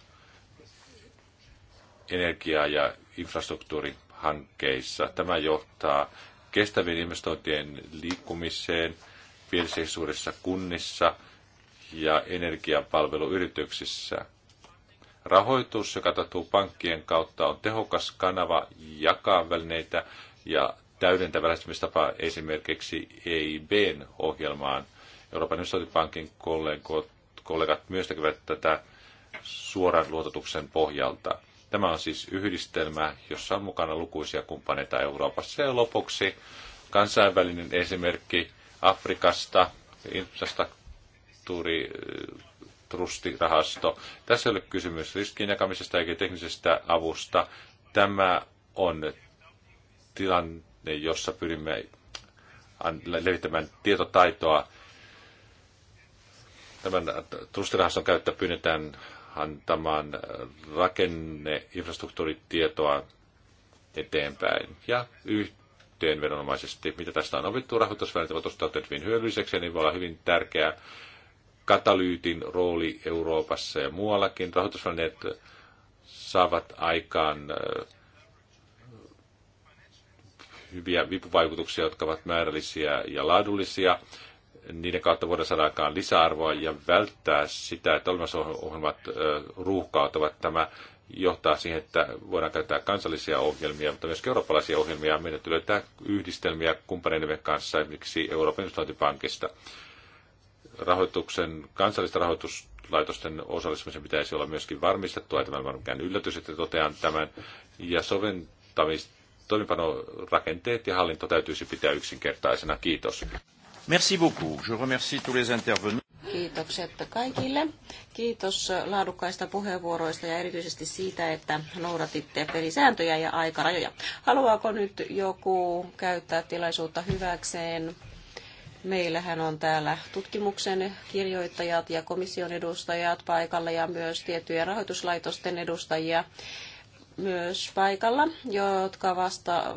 energiaa ja infrastruktuurihankkeissa. Tämä johtaa kestävien investointien liikkumiseen pienissä suurissa kunnissa ja energiapalveluyrityksissä. Rahoitus, joka tapahtuu pankkien kautta, on tehokas kanava jakaa välineitä ja täydentävä lähestymistapa esimerkiksi EIBn ohjelmaan. Euroopan investointipankin kollegat myös tekevät tätä suoran luototuksen pohjalta. Tämä on siis yhdistelmä, jossa on mukana lukuisia kumppaneita Euroopassa. Ja lopuksi kansainvälinen esimerkki Afrikasta, infrastruktuuri, trustirahasto. Tässä ei ole kysymys riskin jakamisesta eikä teknisestä avusta. Tämä on tilan, jossa pyrimme levittämään tietotaitoa. Tämän trustirahaston käyttö pyydetään antamaan rakenneinfrastruktuuritietoa eteenpäin ja yhteenvedonomaisesti, mitä tästä on opittu, rahoitusvälineet ovat osoittautuneet hyvin hyödylliseksi niin voi olla hyvin tärkeä katalyytin rooli Euroopassa ja muuallakin. Rahoitusvälineet saavat aikaan hyviä vipuvaikutuksia, jotka ovat määrällisiä ja laadullisia. Niiden kautta voidaan saada aikaan lisäarvoa ja välttää sitä, että olemassa ohjelmat ruuhkautuvat. Tämä johtaa siihen, että voidaan käyttää kansallisia ohjelmia, mutta myös eurooppalaisia ohjelmia. Meidän tulee löytää yhdistelmiä kumppaneidemme kanssa, esimerkiksi Euroopan investointipankista. Rahoituksen, kansallista rahoituslaitosten osallistumisen pitäisi olla myöskin varmistettua. Tämä on mikään yllätys, että totean tämän. Ja soventamista toimipanorakenteet ja hallinto täytyisi pitää yksinkertaisena. Kiitos. Merci beaucoup. Je remercie tous les intervenants. Kiitokset kaikille. Kiitos laadukkaista puheenvuoroista ja erityisesti siitä, että noudatitte pelisääntöjä ja aikarajoja. Haluaako nyt joku käyttää tilaisuutta hyväkseen? Meillähän on täällä tutkimuksen kirjoittajat ja komission edustajat paikalla ja myös tiettyjen rahoituslaitosten edustajia myös paikalla, jotka vasta,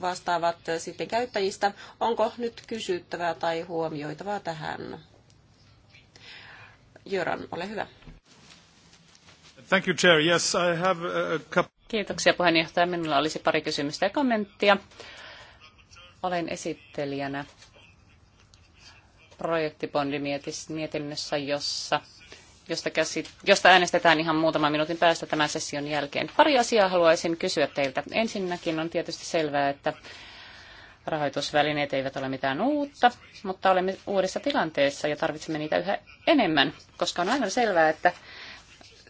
vastaavat sitten käyttäjistä. Onko nyt kysyttävää tai huomioitavaa tähän? Jöran, ole hyvä. Thank you, Chair. Yes, I have a Kiitoksia puheenjohtaja. Minulla olisi pari kysymystä ja kommenttia. Olen esittelijänä projektibondimietinnössä, jossa josta, käsit, josta äänestetään ihan muutaman minuutin päästä tämän session jälkeen. Pari asiaa haluaisin kysyä teiltä. Ensinnäkin on tietysti selvää, että rahoitusvälineet eivät ole mitään uutta, mutta olemme uudessa tilanteessa ja tarvitsemme niitä yhä enemmän, koska on aivan selvää, että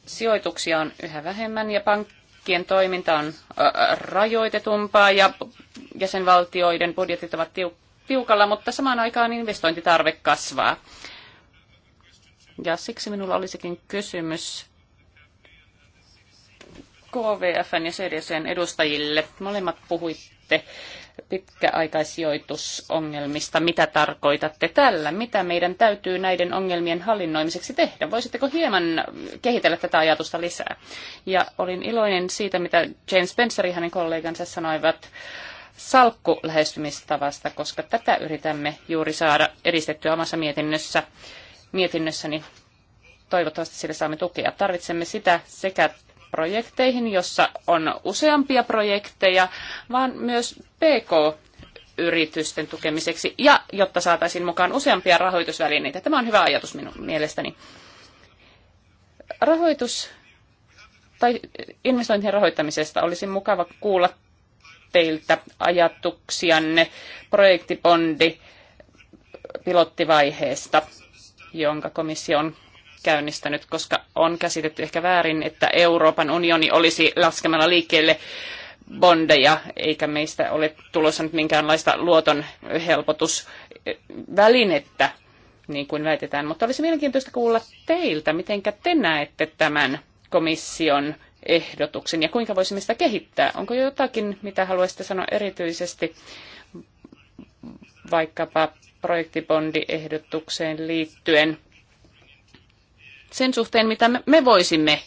sijoituksia on yhä vähemmän ja pankkien toiminta on rajoitetumpaa ja jäsenvaltioiden budjetit ovat tiukalla, mutta samaan aikaan investointitarve kasvaa. Ja siksi minulla olisikin kysymys KVFn ja CDCn edustajille. Molemmat puhuitte pitkäaikaisijoitusongelmista. Mitä tarkoitatte tällä? Mitä meidän täytyy näiden ongelmien hallinnoimiseksi tehdä? Voisitteko hieman kehitellä tätä ajatusta lisää? Ja olin iloinen siitä, mitä James Spencer ja hänen kollegansa sanoivat salkkulähestymistavasta, koska tätä yritämme juuri saada edistettyä omassa mietinnössä mietinnössäni. Toivottavasti sille saamme tukea. Tarvitsemme sitä sekä projekteihin, jossa on useampia projekteja, vaan myös PK yritysten tukemiseksi ja jotta saataisiin mukaan useampia rahoitusvälineitä. Tämä on hyvä ajatus minun mielestäni. Rahoitus tai investointien rahoittamisesta olisi mukava kuulla teiltä ajatuksianne projektibondi pilottivaiheesta jonka komissio on käynnistänyt, koska on käsitetty ehkä väärin, että Euroopan unioni olisi laskemalla liikkeelle bondeja, eikä meistä ole tulossa nyt minkäänlaista luoton helpotusvälinettä, niin kuin väitetään. Mutta olisi mielenkiintoista kuulla teiltä, miten te näette tämän komission ehdotuksen ja kuinka voisimme sitä kehittää. Onko jotakin, mitä haluaisitte sanoa erityisesti vaikkapa projektibondiehdotukseen liittyen sen suhteen, mitä me voisimme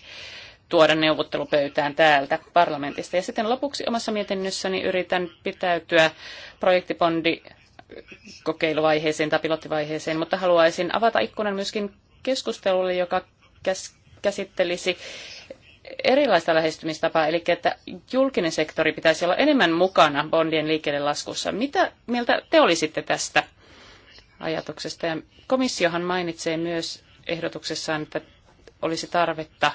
tuoda neuvottelupöytään täältä parlamentista. Ja sitten lopuksi omassa mietinnössäni yritän pitäytyä projektibondi kokeiluvaiheeseen tai pilottivaiheeseen, mutta haluaisin avata ikkunan myöskin keskustelulle, joka käs, käsittelisi erilaista lähestymistapaa, eli että julkinen sektori pitäisi olla enemmän mukana bondien liikkeelle laskussa. Mitä mieltä te olisitte tästä? ajatuksesta. Ja komissiohan mainitsee myös ehdotuksessaan, että olisi tarvetta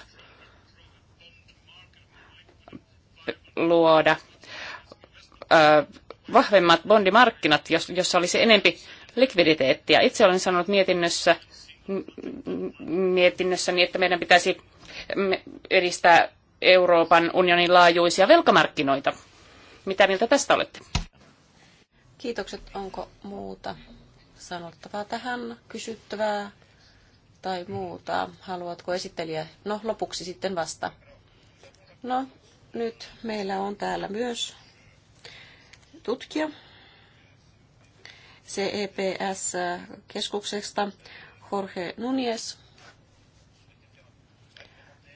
luoda vahvemmat bondimarkkinat, jossa olisi enempi likviditeettiä. Itse olen sanonut mietinnössä, mietinnössäni, että meidän pitäisi edistää Euroopan unionin laajuisia velkamarkkinoita. Mitä mieltä tästä olette? Kiitokset. Onko muuta sanottavaa tähän, kysyttävää tai muuta? Haluatko esittelijä? No, lopuksi sitten vasta. No, nyt meillä on täällä myös tutkija CEPS-keskuksesta e Jorge Nunes.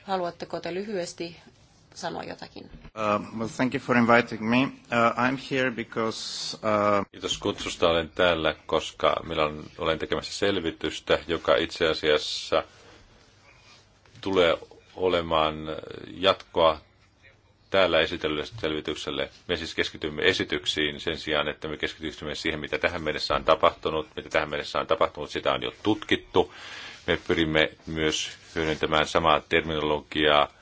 Haluatteko te lyhyesti sanoa jotakin? Uh, uh, uh, Kiitos kutsusta. Olen täällä, koska minä olen tekemässä selvitystä, joka itse asiassa tulee olemaan jatkoa täällä esitellylle selvitykselle. Me siis keskitymme esityksiin sen sijaan, että me keskitymme siihen, mitä tähän mennessä on tapahtunut, mitä tähän mennessä on tapahtunut, sitä on jo tutkittu. Me pyrimme myös hyödyntämään samaa terminologiaa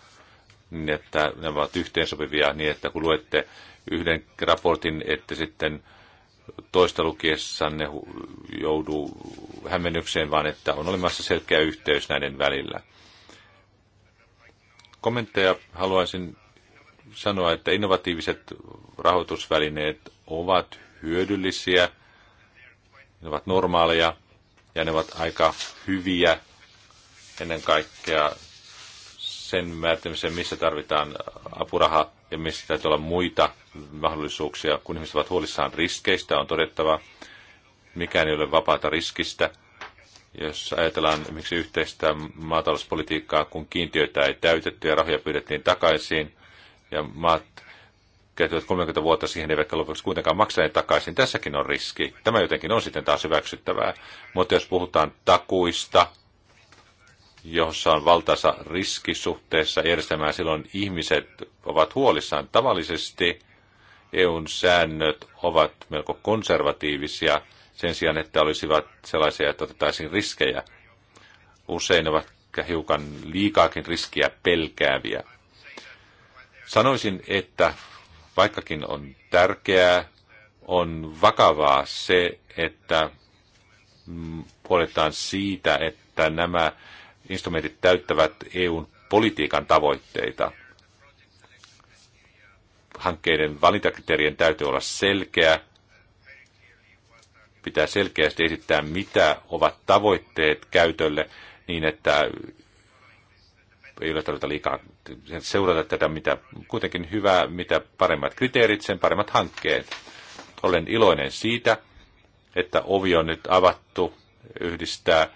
niin että ne ovat yhteensopivia niin, että kun luette yhden raportin, että sitten toista lukiessanne joudu hämmennykseen, vaan että on olemassa selkeä yhteys näiden välillä. Kommentteja haluaisin sanoa, että innovatiiviset rahoitusvälineet ovat hyödyllisiä, ne ovat normaaleja ja ne ovat aika hyviä ennen kaikkea sen määrittämiseen, missä tarvitaan apuraha ja missä täytyy olla muita mahdollisuuksia. Kun ihmiset ovat huolissaan riskeistä, on todettava, mikään ei ole vapaata riskistä. Jos ajatellaan miksi yhteistä maatalouspolitiikkaa, kun kiintiöitä ei täytetty ja rahoja pyydettiin takaisin, ja maat käytetään 30 vuotta siihen, eivätkä lopuksi kuitenkaan maksaneet takaisin. Tässäkin on riski. Tämä jotenkin on sitten taas hyväksyttävää. Mutta jos puhutaan takuista, jossa on valtaisa riski suhteessa järjestelmään, silloin ihmiset ovat huolissaan. Tavallisesti EUn säännöt ovat melko konservatiivisia sen sijaan, että olisivat sellaisia, että otettaisiin riskejä. Usein ovat hiukan liikaakin riskiä pelkääviä. Sanoisin, että vaikkakin on tärkeää, on vakavaa se, että puoletaan mm, siitä, että nämä instrumentit täyttävät EUn politiikan tavoitteita. Hankkeiden valintakriteerien täytyy olla selkeä. Pitää selkeästi esittää, mitä ovat tavoitteet käytölle niin, että ei ole tarvita liikaa seurata tätä, mitä kuitenkin hyvää, mitä paremmat kriteerit, sen paremmat hankkeet. Olen iloinen siitä, että ovi on nyt avattu yhdistää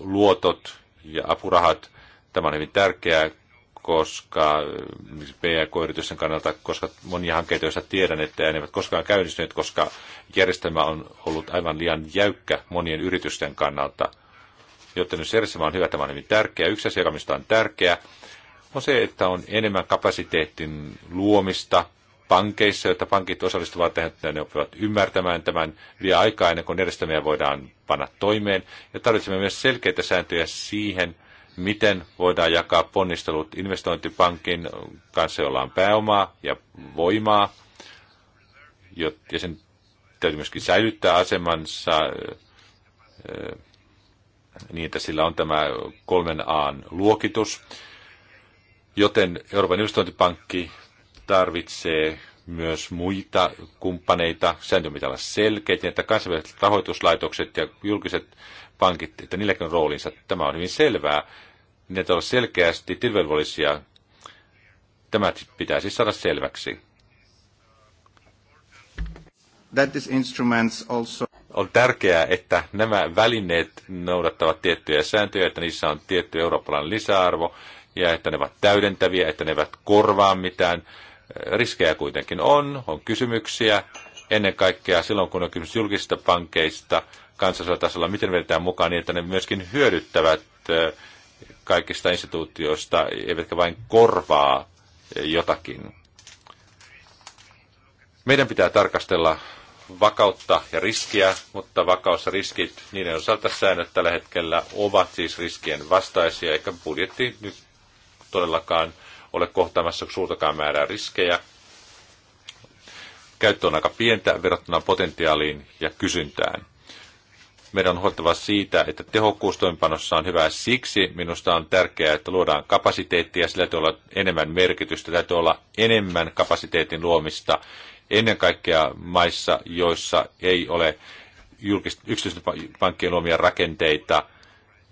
luotot ja apurahat. Tämä on hyvin tärkeää, koska PK-yritysten kannalta, koska monia hankkeita, joissa tiedän, että ne eivät koskaan käynnistyneet, koska järjestelmä on ollut aivan liian jäykkä monien yritysten kannalta. Joten nyt järjestelmä on hyvä, tämä on hyvin tärkeä. Yksi asia, mistä on tärkeä, on se, että on enemmän kapasiteetin luomista pankeissa, jotta pankit osallistuvat tähän, että ne oppivat ymmärtämään tämän, vielä aikaa ennen kuin järjestelmiä voidaan panna toimeen. Ja tarvitsemme myös selkeitä sääntöjä siihen, miten voidaan jakaa ponnistelut investointipankin kanssa, jolla on pääomaa ja voimaa, ja sen täytyy myöskin säilyttää asemansa eh, niin, että sillä on tämä kolmen a luokitus. Joten Euroopan investointipankki tarvitsee myös muita kumppaneita. Sääntöjä pitää olla selkeät, että kansainväliset rahoituslaitokset ja julkiset pankit, että niilläkin on roolinsa. Tämä on hyvin selvää. Ne pitää olla selkeästi tilvelvollisia. Tämä pitää siis saada selväksi. That is instruments also on tärkeää, että nämä välineet noudattavat tiettyjä sääntöjä, että niissä on tietty eurooppalainen lisäarvo ja että ne ovat täydentäviä, että ne eivät korvaa mitään Riskejä kuitenkin on, on kysymyksiä, ennen kaikkea silloin, kun on kysymys julkisista pankeista kansallisella tasolla, miten vedetään mukaan niin, että ne myöskin hyödyttävät kaikista instituutioista, eivätkä vain korvaa jotakin. Meidän pitää tarkastella vakautta ja riskiä, mutta vakaus ja riskit, niiden osalta säännöt tällä hetkellä ovat siis riskien vastaisia, eikä budjetti nyt todellakaan ole kohtaamassa suurtakaan määrää riskejä. Käyttö on aika pientä verrattuna potentiaaliin ja kysyntään. Meidän on huoltava siitä, että tehokkuustoimpanossa on hyvä. Siksi minusta on tärkeää, että luodaan kapasiteettia. Sillä täytyy olla enemmän merkitystä, täytyy olla enemmän kapasiteetin luomista. Ennen kaikkea maissa, joissa ei ole julkist- yksityisten pankkien luomia rakenteita,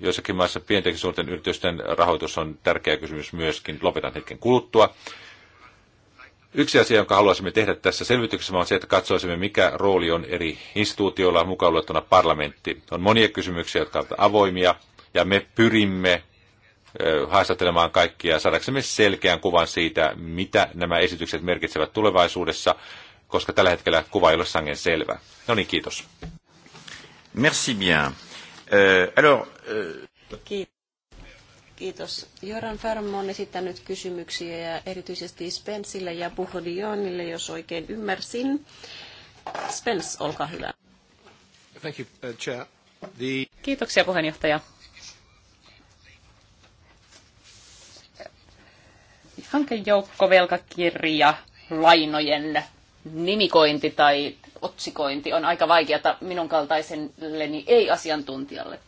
Joissakin maissa pienten suurten yritysten rahoitus on tärkeä kysymys myöskin. Lopetan hetken kuluttua. Yksi asia, jonka haluaisimme tehdä tässä selvityksessä, on se, että katsoisimme, mikä rooli on eri instituutioilla mukaan luettuna parlamentti. On monia kysymyksiä, jotka ovat avoimia, ja me pyrimme haastattelemaan kaikkia saadaksemme selkeän kuvan siitä, mitä nämä esitykset merkitsevät tulevaisuudessa, koska tällä hetkellä kuva ei ole sangen selvä. No niin, kiitos. Merci bien. Euh, alors, euh, Kiitos. Kiitos. Joran Färm on esittänyt kysymyksiä ja erityisesti Spensille ja Buhdionille, jos oikein ymmärsin. Spens, olkaa hyvä. Thank you, uh, chair. The... Kiitoksia puheenjohtaja. Hankejoukkovelkakirja lainojen nimikointi tai otsikointi on aika vaikeata minun kaltaiselleni ei-asiantuntijalle.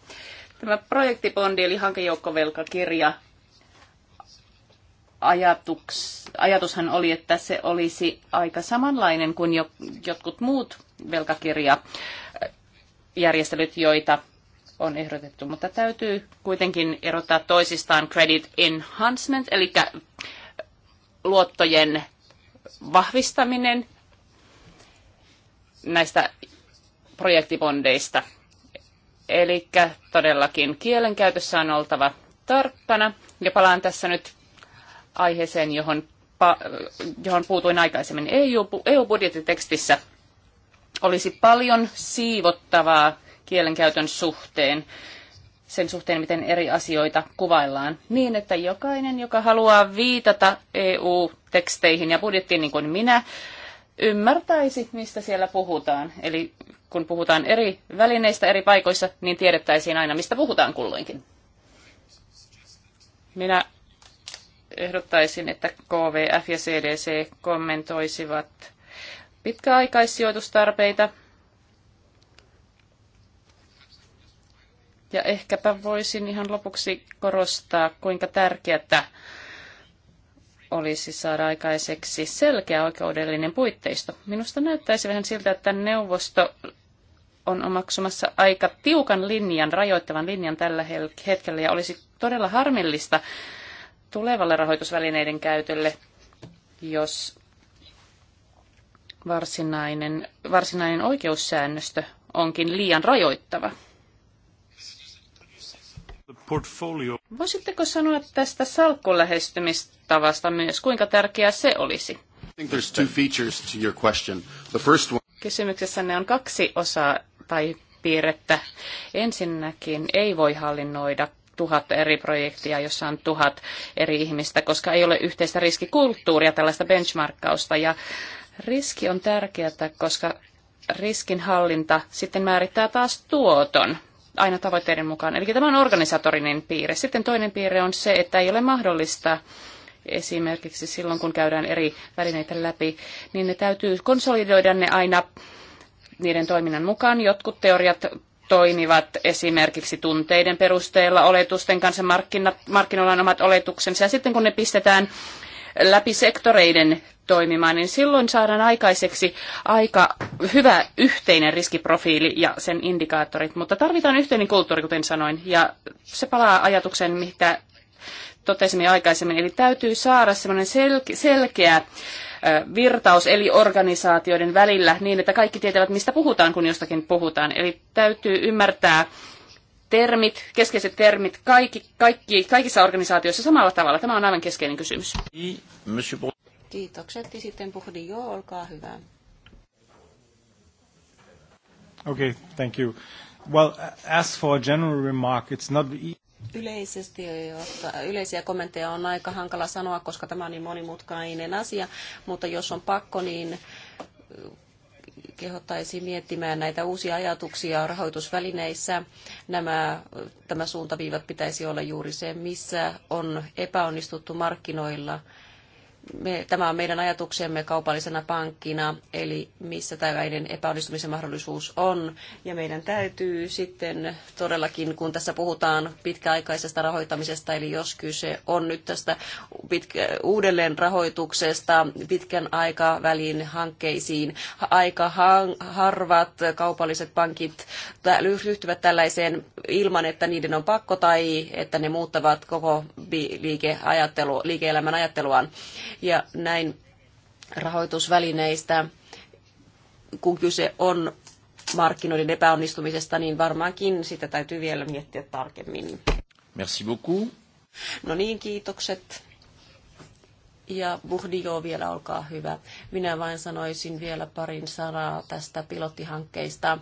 Tämä projektibondi eli hankejoukkovelkakirja ajatuks, ajatushan oli, että se olisi aika samanlainen kuin jo, jotkut muut velkakirjajärjestelyt, joita on ehdotettu, mutta täytyy kuitenkin erottaa toisistaan credit enhancement, eli luottojen vahvistaminen näistä projektibondeista. Eli todellakin kielenkäytössä on oltava tarkkana. Ja palaan tässä nyt aiheeseen, johon, johon puutuin aikaisemmin. EU-budjettitekstissä e olisi paljon siivottavaa kielenkäytön suhteen, sen suhteen, miten eri asioita kuvaillaan, niin että jokainen, joka haluaa viitata EU-teksteihin ja budjettiin niin kuin minä, ymmärtäisi, mistä siellä puhutaan. Eli kun puhutaan eri välineistä eri paikoissa, niin tiedettäisiin aina, mistä puhutaan kulloinkin. Minä ehdottaisin, että KVF ja CDC kommentoisivat pitkäaikaissijoitustarpeita. Ja ehkäpä voisin ihan lopuksi korostaa, kuinka tärkeää olisi saada aikaiseksi selkeä oikeudellinen puitteisto. Minusta näyttäisi vähän siltä, että neuvosto on omaksumassa aika tiukan linjan, rajoittavan linjan tällä hetkellä ja olisi todella harmillista tulevalle rahoitusvälineiden käytölle, jos varsinainen, varsinainen oikeussäännöstö onkin liian rajoittava. Voisitteko sanoa tästä salkkulähestymistavasta myös, kuinka tärkeää se olisi? Kysymyksessänne on kaksi osaa tai piirrettä. Ensinnäkin ei voi hallinnoida tuhat eri projektia, jossa on tuhat eri ihmistä, koska ei ole yhteistä riskikulttuuria, tällaista benchmarkkausta. Ja riski on tärkeää, koska riskinhallinta sitten määrittää taas tuoton aina tavoitteiden mukaan. Eli tämä on organisatorinen piirre. Sitten toinen piirre on se, että ei ole mahdollista esimerkiksi silloin, kun käydään eri välineitä läpi, niin ne täytyy konsolidoida ne aina niiden toiminnan mukaan. Jotkut teoriat toimivat esimerkiksi tunteiden perusteella, oletusten kanssa, markkinoilla on omat oletuksensa, ja sitten kun ne pistetään läpi sektoreiden toimimaan, niin silloin saadaan aikaiseksi aika hyvä yhteinen riskiprofiili ja sen indikaattorit. Mutta tarvitaan yhteinen kulttuuri, kuten sanoin, ja se palaa ajatuksen, mitä totesimme aikaisemmin. Eli täytyy saada semmoinen sel- selkeä virtaus eli organisaatioiden välillä niin, että kaikki tietävät, mistä puhutaan, kun jostakin puhutaan. Eli täytyy ymmärtää termit, keskeiset termit kaikki, kaikki, kaikissa organisaatioissa samalla tavalla. Tämä on aivan keskeinen kysymys. Kiitokset. Ja sitten jo, olkaa hyvä. Okay, thank you. Well, as for a general remark, it's not... E- Yleisesti, yleisiä kommentteja on aika hankala sanoa, koska tämä on niin monimutkainen asia, mutta jos on pakko, niin eh, kehottaisin miettimään näitä uusia ajatuksia rahoitusvälineissä. Nämä, eh, tämä suuntaviivat pitäisi olla juuri se, missä on epäonnistuttu markkinoilla – me, tämä on meidän ajatuksemme kaupallisena pankkina, eli missä tällainen epäonnistumisen mahdollisuus on. Ja meidän täytyy sitten todellakin, kun tässä puhutaan pitkäaikaisesta rahoittamisesta, eli jos kyse on nyt tästä pitkä, uudelleenrahoituksesta pitkän aikavälin hankkeisiin, aika harvat kaupalliset pankit ryhtyvät tällaiseen ilman, että niiden on pakko tai että ne muuttavat koko liike-elämän ajatteluaan ja näin rahoitusvälineistä, kun kyse on markkinoiden epäonnistumisesta, niin varmaankin sitä täytyy vielä miettiä tarkemmin. Merci beaucoup. No niin, kiitokset. Ja Buhdio vielä, olkaa hyvä. Minä vain sanoisin vielä parin sanaa tästä pilottihankkeista.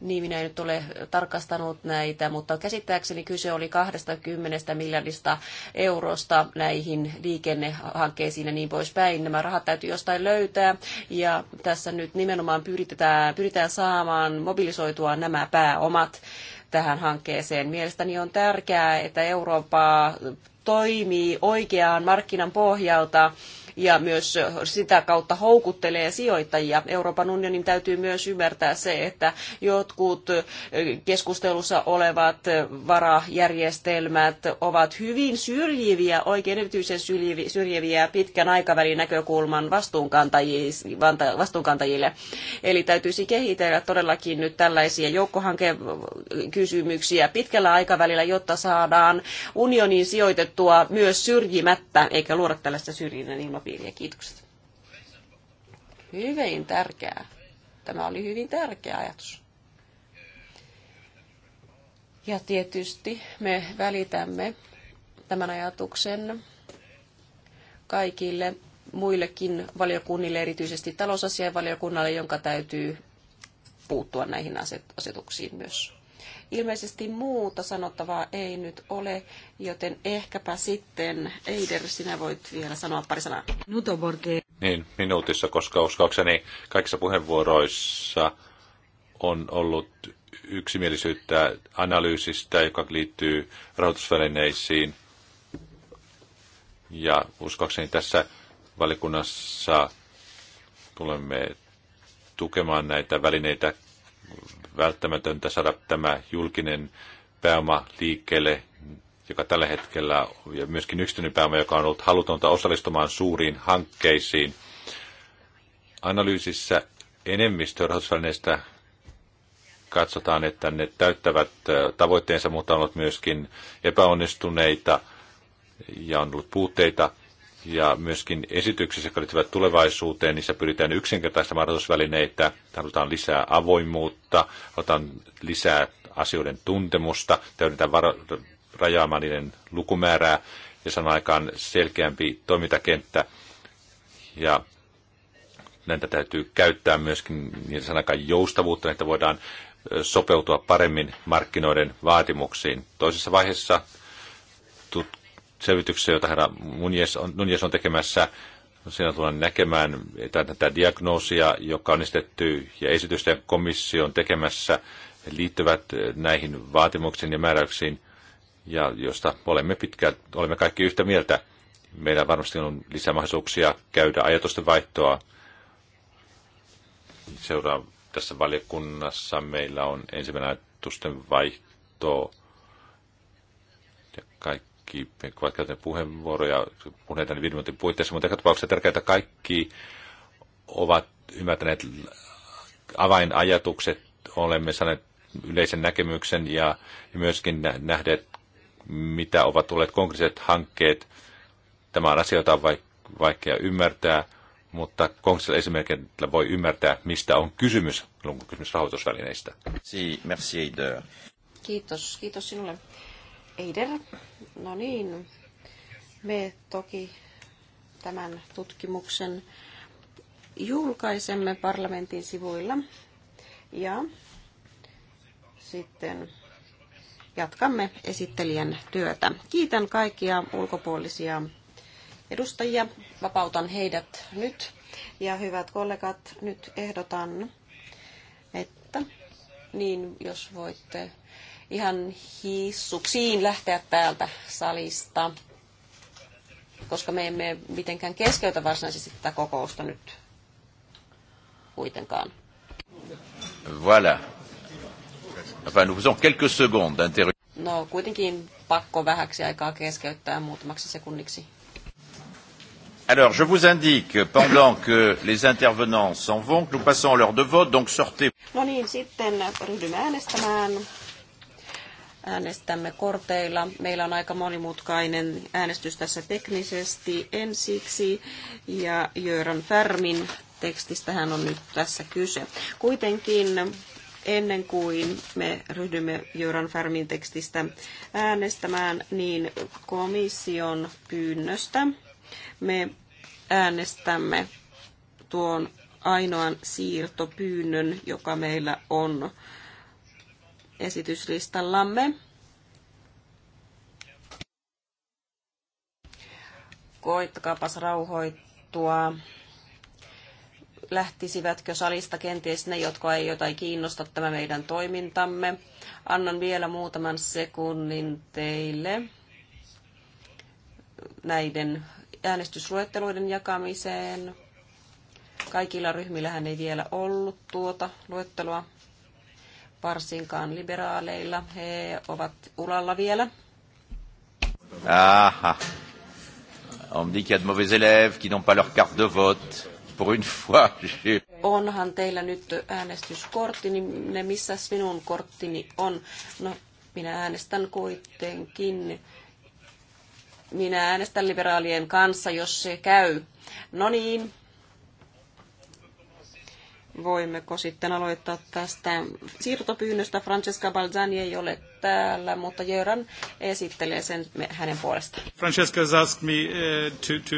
Niin minä en nyt ole tarkastanut näitä, mutta käsittääkseni kyse oli 20 miljardista eurosta näihin liikennehankkeisiin ja niin poispäin. Nämä rahat täytyy jostain löytää ja tässä nyt nimenomaan pyritään, pyritään saamaan mobilisoitua nämä pääomat tähän hankkeeseen. Mielestäni on tärkeää, että Eurooppaa toimii oikeaan markkinan pohjalta ja myös sitä kautta houkuttelee sijoittajia. Euroopan unionin täytyy myös ymmärtää se, että jotkut keskustelussa olevat varajärjestelmät ovat hyvin syrjiviä, oikein erityisen syrjiviä pitkän aikavälin näkökulman vastuunkantajille. Eli täytyisi kehitellä todellakin nyt tällaisia joukkohankekysymyksiä pitkällä aikavälillä, jotta saadaan unioniin sijoitettua myös syrjimättä, eikä luoda tällaista syrjinnän ilmapiiriä ilmapiiriä. Kiitokset. Hyvin tärkeää. Tämä oli hyvin tärkeä ajatus. Ja tietysti me välitämme tämän ajatuksen kaikille muillekin valiokunnille, erityisesti talousasiavaliokunnalle, jonka täytyy puuttua näihin asetuksiin myös. Ilmeisesti muuta sanottavaa ei nyt ole, joten ehkäpä sitten, Eider, sinä voit vielä sanoa pari sanaa. Niin, minuutissa, koska uskoakseni kaikissa puheenvuoroissa on ollut yksimielisyyttä analyysistä, joka liittyy rahoitusvälineisiin. Ja uskoakseni tässä valikunnassa tulemme tukemaan näitä välineitä välttämätöntä saada tämä julkinen pääoma liikkeelle, joka tällä hetkellä, ja myöskin yksityinen pääoma, joka on ollut halutonta osallistumaan suuriin hankkeisiin. Analyysissä enemmistö rahoitusvälineistä katsotaan, että ne täyttävät tavoitteensa, mutta on ollut myöskin epäonnistuneita ja on ollut puutteita – ja myöskin esityksissä, jotka liittyvät tulevaisuuteen, niissä pyritään yksinkertaistamaan rahoitusvälineitä, tarvitaan lisää avoimuutta, otan lisää asioiden tuntemusta, täydetään var- rajaamaan niiden lukumäärää ja samaan aikaan selkeämpi toimintakenttä. Ja näitä täytyy käyttää myöskin niin sanakaan joustavuutta, että voidaan sopeutua paremmin markkinoiden vaatimuksiin. Toisessa vaiheessa tut- selvityksessä, jota herra Munjes on, Munjes on tekemässä, siinä tullaan näkemään tätä diagnoosia, joka on esitetty ja Komissio komission tekemässä liittyvät näihin vaatimuksiin ja määräyksiin, ja josta olemme pitkään, olemme kaikki yhtä mieltä. Meillä varmasti on lisämahdollisuuksia käydä ajatusten vaihtoa. Seuraa tässä valiokunnassa meillä on ensimmäinen ajatusten vaihto ja kaikki kaikki ovat käytän puheenvuoroja puheita niin viiden puitteissa, mutta joka tapauksessa tärkeää, että kaikki ovat ymmärtäneet avainajatukset, olemme saaneet yleisen näkemyksen ja myöskin nähneet, mitä ovat olleet konkreettiset hankkeet. Tämä on asioita on vaikea ymmärtää, mutta konkreettisella esimerkillä voi ymmärtää, mistä on kysymys, kun on kysymys rahoitusvälineistä. Si, merci, Kiitos, kiitos sinulle. Eider. No niin, me toki tämän tutkimuksen julkaisemme parlamentin sivuilla. Ja sitten jatkamme esittelijän työtä. Kiitän kaikkia ulkopuolisia edustajia. Vapautan heidät nyt. Ja hyvät kollegat, nyt ehdotan, että niin jos voitte ihan hissuksiin lähteä täältä salista, koska me emme mitenkään keskeytä varsinaisesti tätä kokousta nyt kuitenkaan. Voilà. Enfin, nous faisons quelques secondes d'interruption. No, kuitenkin pakko vähäksi aikaa keskeyttää muutamaksi sekunniksi. Alors, je vous indique, pendant que les intervenants s'en vont, que nous passons à l'heure de vote, donc sortez. No niin, sitten ryhdymme äänestämään äänestämme korteilla. Meillä on aika monimutkainen äänestys tässä teknisesti ensiksi ja Jöran Färmin tekstistähän on nyt tässä kyse. Kuitenkin ennen kuin me ryhdymme Jöran Färmin tekstistä äänestämään, niin komission pyynnöstä me äänestämme tuon ainoan siirtopyynnön, joka meillä on esityslistallamme. Koittakaapas rauhoittua. Lähtisivätkö salista kenties ne, jotka ei jotain kiinnosta tämä meidän toimintamme? Annan vielä muutaman sekunnin teille näiden äänestysluetteluiden jakamiseen. Kaikilla ryhmillähän ei vielä ollut tuota luettelua varsinkaan liberaaleilla. He ovat ulalla vielä. Aha. Ah. On me dit qu'il y a de mauvais élèves qui n'ont pas leur carte de vote. Pour une fois, Onhan teillä nyt äänestyskortti, niin missä sinun korttini on? No, minä äänestän kuitenkin. Minä äänestän liberaalien kanssa, jos se käy. No niin, voimmeko sitten aloittaa tästä siirtopyynnöstä. Francesca Balzani ei ole täällä, mutta Jöran esittelee sen hänen puolestaan. Francesca asked me uh, to, to...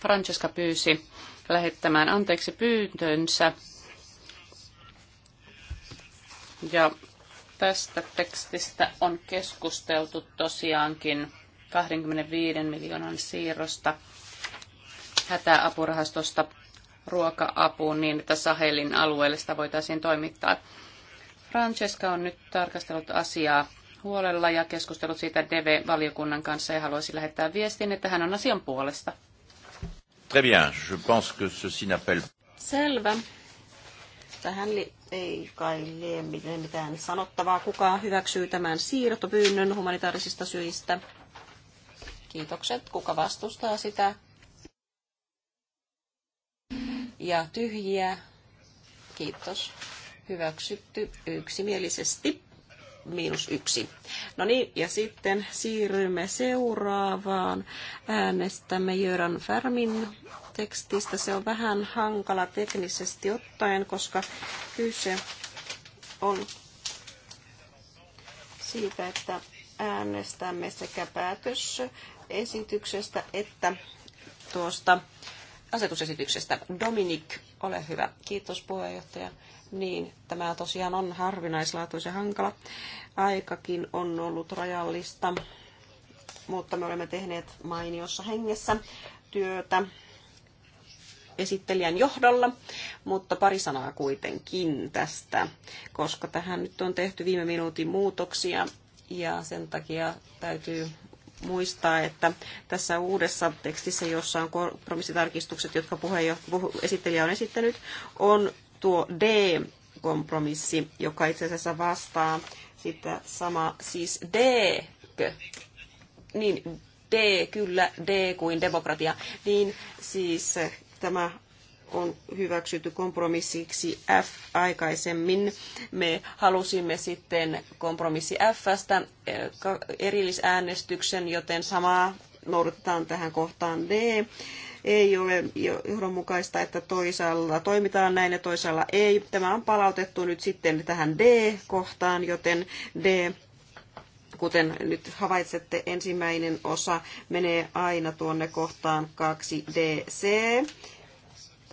Francesca pyysi lähettämään anteeksi pyyntönsä. Ja tästä tekstistä on keskusteltu tosiaankin 25 miljoonan siirrosta hätäapurahastosta ruoka-apuun niin, että Sahelin alueelle sitä voitaisiin toimittaa. Francesca on nyt tarkastellut asiaa huolella ja keskustellut siitä DV-valiokunnan kanssa ja haluaisi lähettää viestin, että hän on asian puolesta. Très bien, je pense que ceci Selvä. Tähän li- ei kai lie mitään sanottavaa. Kuka hyväksyy tämän siirtopyynnön humanitaarisista syistä? Kiitokset. Kuka vastustaa sitä? ja tyhjiä. Kiitos. Hyväksytty yksimielisesti. Miinus yksi. No niin, ja sitten siirrymme seuraavaan. Äänestämme Jöran Färmin tekstistä. Se on vähän hankala teknisesti ottaen, koska kyse on siitä, että äänestämme sekä päätösesityksestä että tuosta asetusesityksestä. Dominik, ole hyvä. Kiitos puheenjohtaja. Niin, tämä tosiaan on harvinaislaatuisen hankala. Aikakin on ollut rajallista, mutta me olemme tehneet mainiossa hengessä työtä esittelijän johdolla, mutta pari sanaa kuitenkin tästä, koska tähän nyt on tehty viime minuutin muutoksia ja sen takia täytyy muistaa, että tässä uudessa tekstissä, jossa on kompromissitarkistukset, jotka esittelijä on esittänyt, on tuo D-kompromissi, joka itse asiassa vastaa sitä sama, siis D, niin D, kyllä D kuin demokratia, niin siis eh, tämä on hyväksytty kompromissiksi F aikaisemmin. Me halusimme sitten kompromissi Fstä eh, erillisäänestyksen, joten samaa noudatetaan tähän kohtaan D ei ole johdonmukaista, että toisaalla toimitaan näin ja toisaalla ei. Tämä on palautettu nyt sitten tähän D-kohtaan, joten D, kuten nyt havaitsette, ensimmäinen osa menee aina tuonne kohtaan 2DC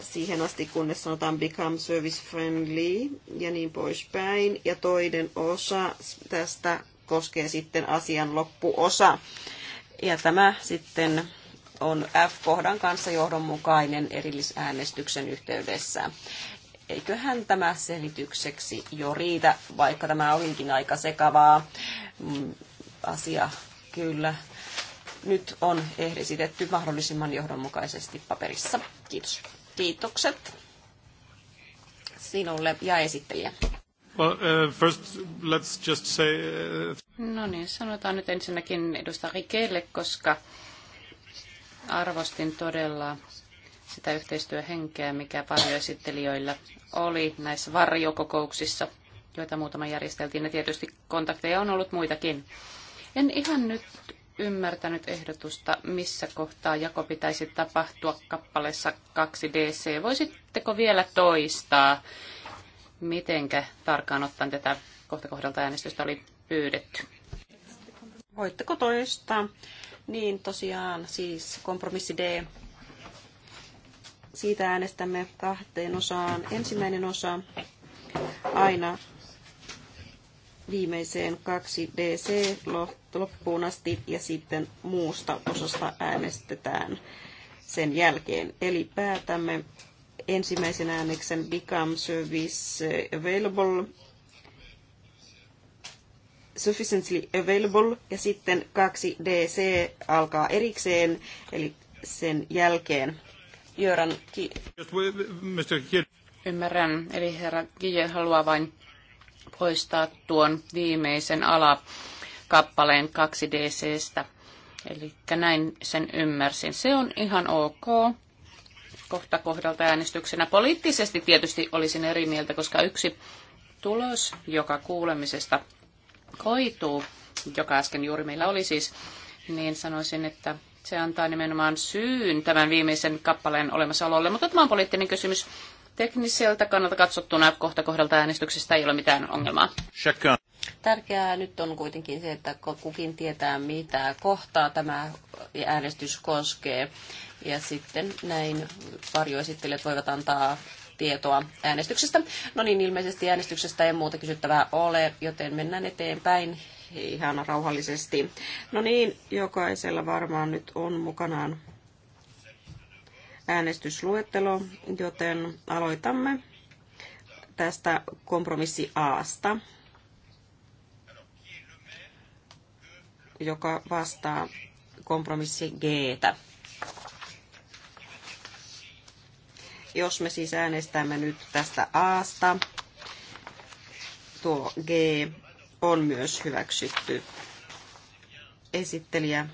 siihen asti, kunnes sanotaan become service friendly ja niin poispäin. Ja toinen osa tästä koskee sitten asian loppuosa. Ja tämä sitten on F-kohdan kanssa johdonmukainen erillisäänestyksen yhteydessä. Eiköhän tämä selitykseksi jo riitä, vaikka tämä olinkin aika sekavaa mm, asia kyllä. Nyt on esitetty mahdollisimman johdonmukaisesti paperissa. Kiitos. Kiitokset sinulle ja esittelijä. Well, uh, first let's just say... Uh... No niin, sanotaan nyt ensinnäkin edustaja Rikeelle, koska arvostin todella sitä yhteistyöhenkeä, mikä esittelijöillä oli näissä varjokokouksissa, joita muutama järjesteltiin. Ja tietysti kontakteja on ollut muitakin. En ihan nyt ymmärtänyt ehdotusta, missä kohtaa jako pitäisi tapahtua kappaleessa 2DC. Voisitteko vielä toistaa, mitenkä tarkkaan ottaen tätä kohta kohdalta äänestystä oli pyydetty? Voitteko toistaa? Niin tosiaan siis kompromissi D. Siitä äänestämme kahteen osaan. Ensimmäinen osa aina viimeiseen 2DC loppuun asti ja sitten muusta osasta äänestetään sen jälkeen. Eli päätämme ensimmäisen ääneksen Become Service Available, Sufficiently Available ja sitten 2DC alkaa erikseen, eli sen jälkeen. Jöran, ki- Ymmärrän, eli herra Gille haluaa vain poistaa tuon viimeisen alakappaleen 2DCstä. Eli näin sen ymmärsin. Se on ihan ok kohta kohdalta äänestyksenä. Poliittisesti tietysti olisin eri mieltä, koska yksi tulos, joka kuulemisesta koituu, joka äsken juuri meillä oli siis, niin sanoisin, että se antaa nimenomaan syyn tämän viimeisen kappaleen olemassaololle. Mutta tämä on poliittinen kysymys tekniseltä kannalta katsottuna kohta kohdalta äänestyksestä ei ole mitään ongelmaa. Shaka. Tärkeää nyt on kuitenkin se, että kukin tietää, mitä kohtaa tämä äänestys koskee. Ja sitten näin varjoesittelijät voivat antaa tietoa äänestyksestä. No niin, ilmeisesti äänestyksestä ei muuta kysyttävää ole, joten mennään eteenpäin ihan rauhallisesti. No niin, jokaisella varmaan nyt on mukanaan äänestysluettelo, joten aloitamme tästä kompromissi Asta, joka vastaa kompromissi g -tä. Jos me siis äänestämme nyt tästä Asta, tuo G on myös hyväksytty. Esittelijä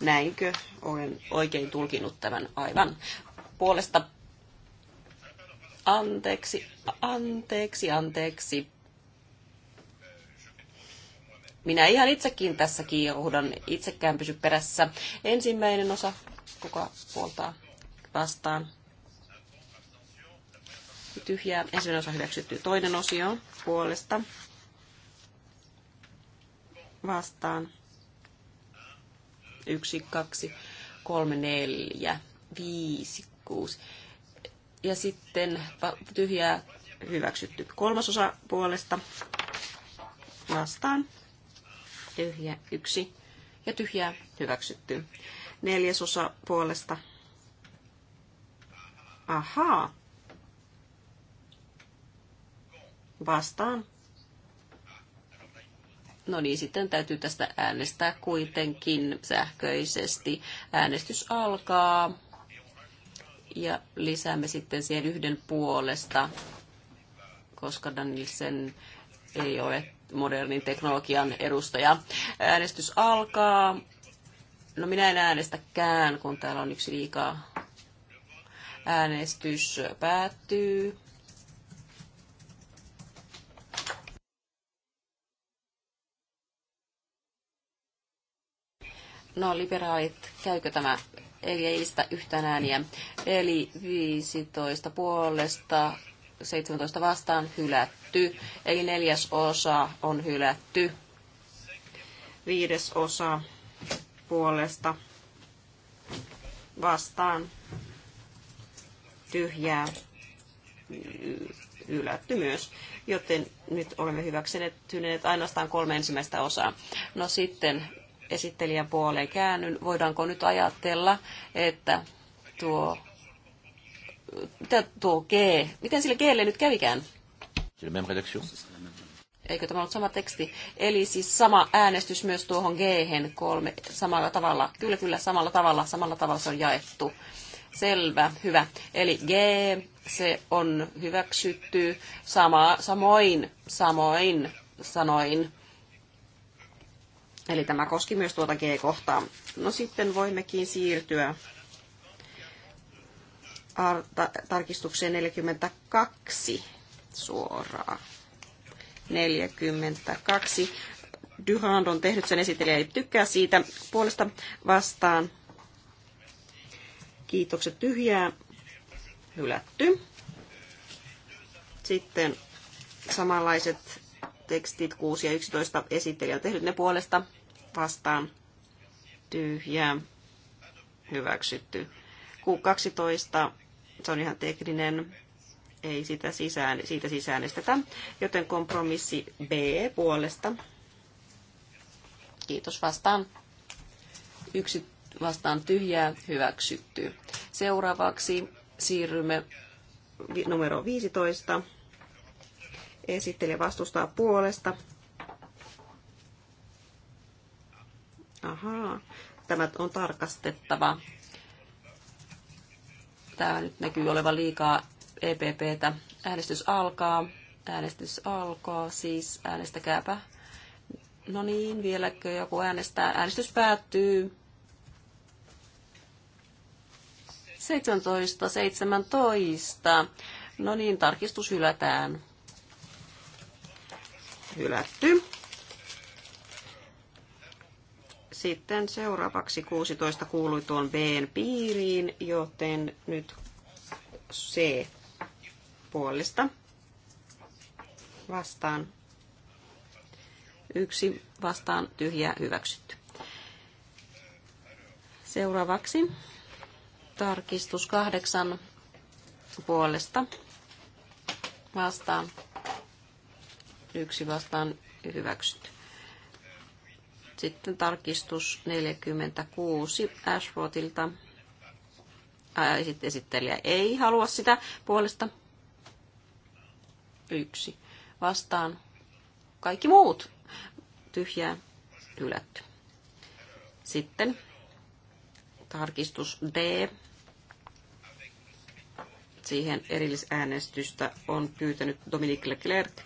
Näinkö olen oikein tulkinut tämän aivan puolesta? Anteeksi, anteeksi, anteeksi. Minä ihan itsekin tässä kiiruhdan, itsekään pysy perässä. Ensimmäinen osa, kuka puoltaa vastaan. Tyhjää. Ensimmäinen osa hyväksytty. Toinen osio puolesta vastaan Yksi, kaksi, kolme, neljä, viisi, kuusi. Ja sitten tyhjää hyväksytty. Kolmasosa puolesta vastaan. Tyhjä yksi ja tyhjää hyväksytty. Neljäsosa puolesta. Ahaa. Vastaan No niin, sitten täytyy tästä äänestää kuitenkin sähköisesti. Äänestys alkaa ja lisäämme sitten siihen yhden puolesta, koska Danielsen ei ole modernin teknologian edustaja. Äänestys alkaa. No minä en äänestäkään, kun täällä on yksi liikaa. Äänestys päättyy. No, liberaalit, käykö tämä? Eli ei lista yhtään ääniä. Eli 15 puolesta, 17 vastaan hylätty. Eli neljäs osa on hylätty. Viides osa puolesta vastaan tyhjää ylätty myös, joten nyt olemme hyväksyneet ainoastaan kolme ensimmäistä osaa. No sitten esittelijän puoleen käännyn. Voidaanko nyt ajatella, että tuo, mitä tuo G, miten sille Glle nyt kävikään? Eikö tämä ollut sama teksti? Eli siis sama äänestys myös tuohon g kolme samalla tavalla. Kyllä, kyllä, samalla tavalla. Samalla tavalla se on jaettu. Selvä, hyvä. Eli G, se on hyväksytty sama, samoin, samoin sanoin Eli tämä koski myös tuota G-kohtaa. No sitten voimmekin siirtyä tarkistukseen 42 suoraan. 42. Durand on tehnyt sen esittelijä, ei tykkää siitä puolesta vastaan. Kiitokset tyhjää. Hylätty. Sitten samanlaiset tekstit 6 ja 11 esittelijä on tehnyt ne puolesta vastaan tyhjä hyväksytty. Q12, se on ihan tekninen, ei sitä sisään, siitä sisäänestetä, joten kompromissi B puolesta. Kiitos vastaan. Yksi vastaan tyhjää hyväksytty. Seuraavaksi siirrymme numero 15. Esittelijä vastustaa puolesta Ahaa, tämä on tarkastettava. Tämä nyt näkyy olevan liikaa EPPtä. Äänestys alkaa. Äänestys alkaa, siis äänestäkääpä. No niin, vieläkö joku äänestää? Äänestys päättyy. 17, 17. No niin, tarkistus hylätään. Hylätty sitten seuraavaksi 16 kuului tuon Bn piiriin, joten nyt C puolesta vastaan. Yksi vastaan tyhjä hyväksytty. Seuraavaksi tarkistus kahdeksan puolesta vastaan. Yksi vastaan hyväksytty. Sitten tarkistus 46 Ashfordilta. sitten esittelijä ei halua sitä puolesta. Yksi. Vastaan. Kaikki muut. Tyhjää. Hylätty. Sitten tarkistus D. Siihen erillisäänestystä on pyytänyt Dominique Leclerc.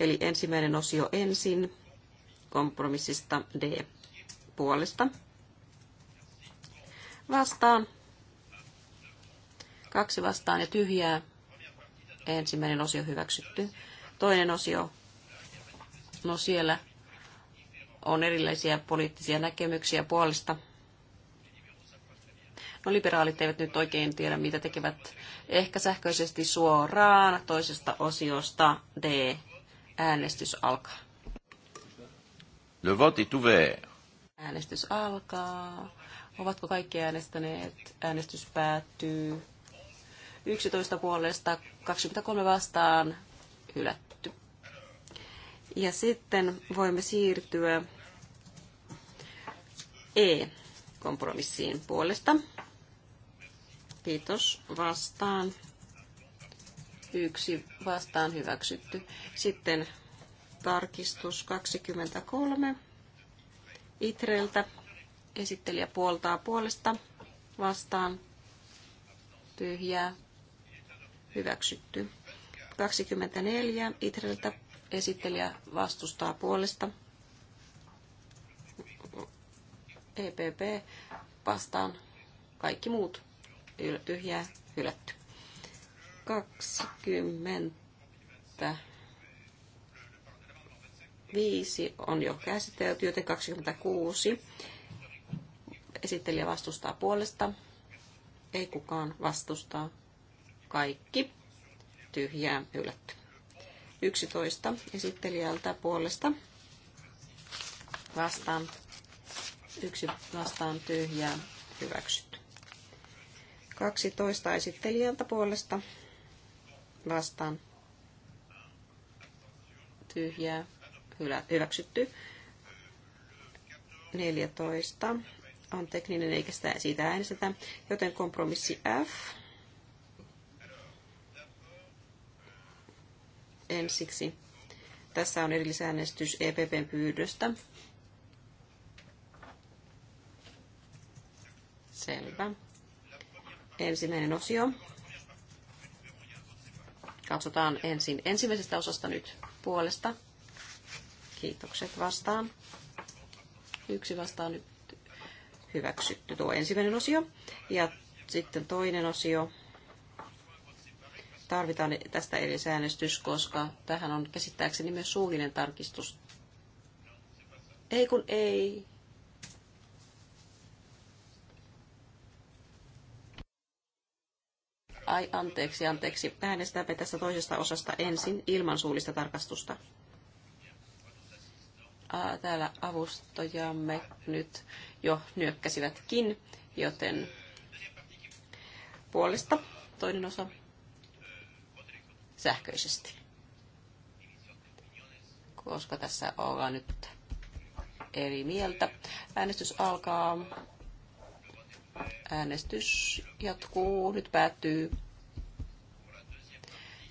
Eli ensimmäinen osio ensin kompromissista D puolesta. Vastaan. Kaksi vastaan ja tyhjää. Ensimmäinen osio hyväksytty. Toinen osio. No siellä on erilaisia poliittisia näkemyksiä puolesta. No liberaalit eivät nyt oikein tiedä, mitä tekevät. Ehkä sähköisesti suoraan toisesta osiosta D. Äänestys alkaa. Le vote est ouvert. Äänestys alkaa. Ovatko kaikki äänestäneet? Äänestys päättyy. 11 puolesta, 23 vastaan, hylätty. Ja sitten voimme siirtyä E-kompromissiin puolesta. Kiitos vastaan. Yksi vastaan hyväksytty. Sitten tarkistus 23 Itreltä. Esittelijä puoltaa puolesta vastaan tyhjää hyväksytty. 24 Itreltä esittelijä vastustaa puolesta. EPP vastaan kaikki muut tyhjää hylätty. 20 25 on jo käsitelty, joten 26 esittelijä vastustaa puolesta. Ei kukaan vastustaa. Kaikki tyhjää hylätty. 11 esittelijältä puolesta vastaan. Yksi vastaan tyhjää hyväksytty. 12 esittelijältä puolesta vastaan tyhjää hyväksytty. 14 on tekninen eikä sitä, siitä äänestetä, joten kompromissi F. Ensiksi. Tässä on erillisäänestys EPPn pyydöstä. Selvä. Ensimmäinen osio. Katsotaan ensin ensimmäisestä osasta nyt puolesta Kiitokset vastaan. Yksi vastaan nyt hyväksytty tuo ensimmäinen osio. Ja sitten toinen osio. Tarvitaan tästä säännöstys, koska tähän on käsittääkseni myös suullinen tarkistus. Ei kun ei. Ai anteeksi, anteeksi. Äänestämme tästä toisesta osasta ensin ilman suullista tarkastusta täällä avustajamme nyt jo nyökkäsivätkin, joten puolesta toinen osa sähköisesti. Koska tässä ollaan nyt eri mieltä. Äänestys alkaa. Äänestys jatkuu. Nyt päättyy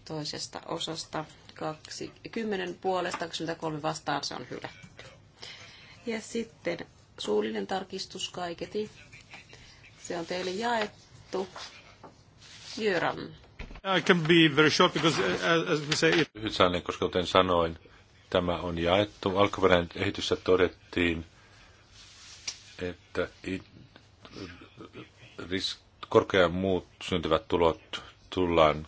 toisesta osasta. 20 puolesta, 23 vastaan se on hyvä ja sitten suullinen tarkistus kaiketi. Se on teille jaettu. Jöran. I can be very short because uh, as we say... Lyhyt saaneen, koska kuten sanoin, tämä on jaettu. Alkuperäinen ehdyssä todettiin, että risk, korkea muut syntyvät tulot tullaan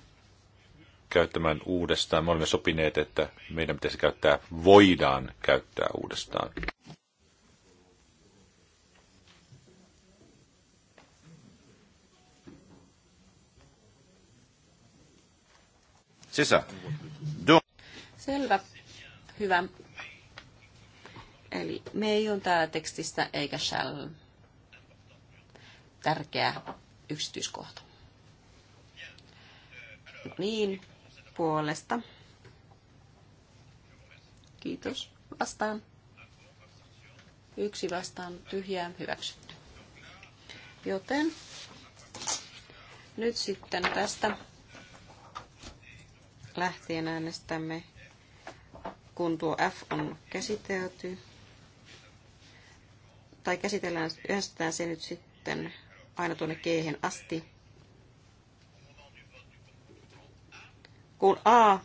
käyttämään uudestaan. Me olemme sopineet, että meidän pitäisi käyttää, voidaan käyttää uudestaan. Sisä. Selvä. Hyvä. Eli mei on täällä tekstistä eikä shall. Tärkeä yksityiskohta. No niin, puolesta. Kiitos. Vastaan. Yksi vastaan tyhjää hyväksytty. Joten nyt sitten tästä lähtien äänestämme, kun tuo F on käsitelty, tai käsitellään, yhdistetään se nyt sitten aina tuonne g asti. Kun A,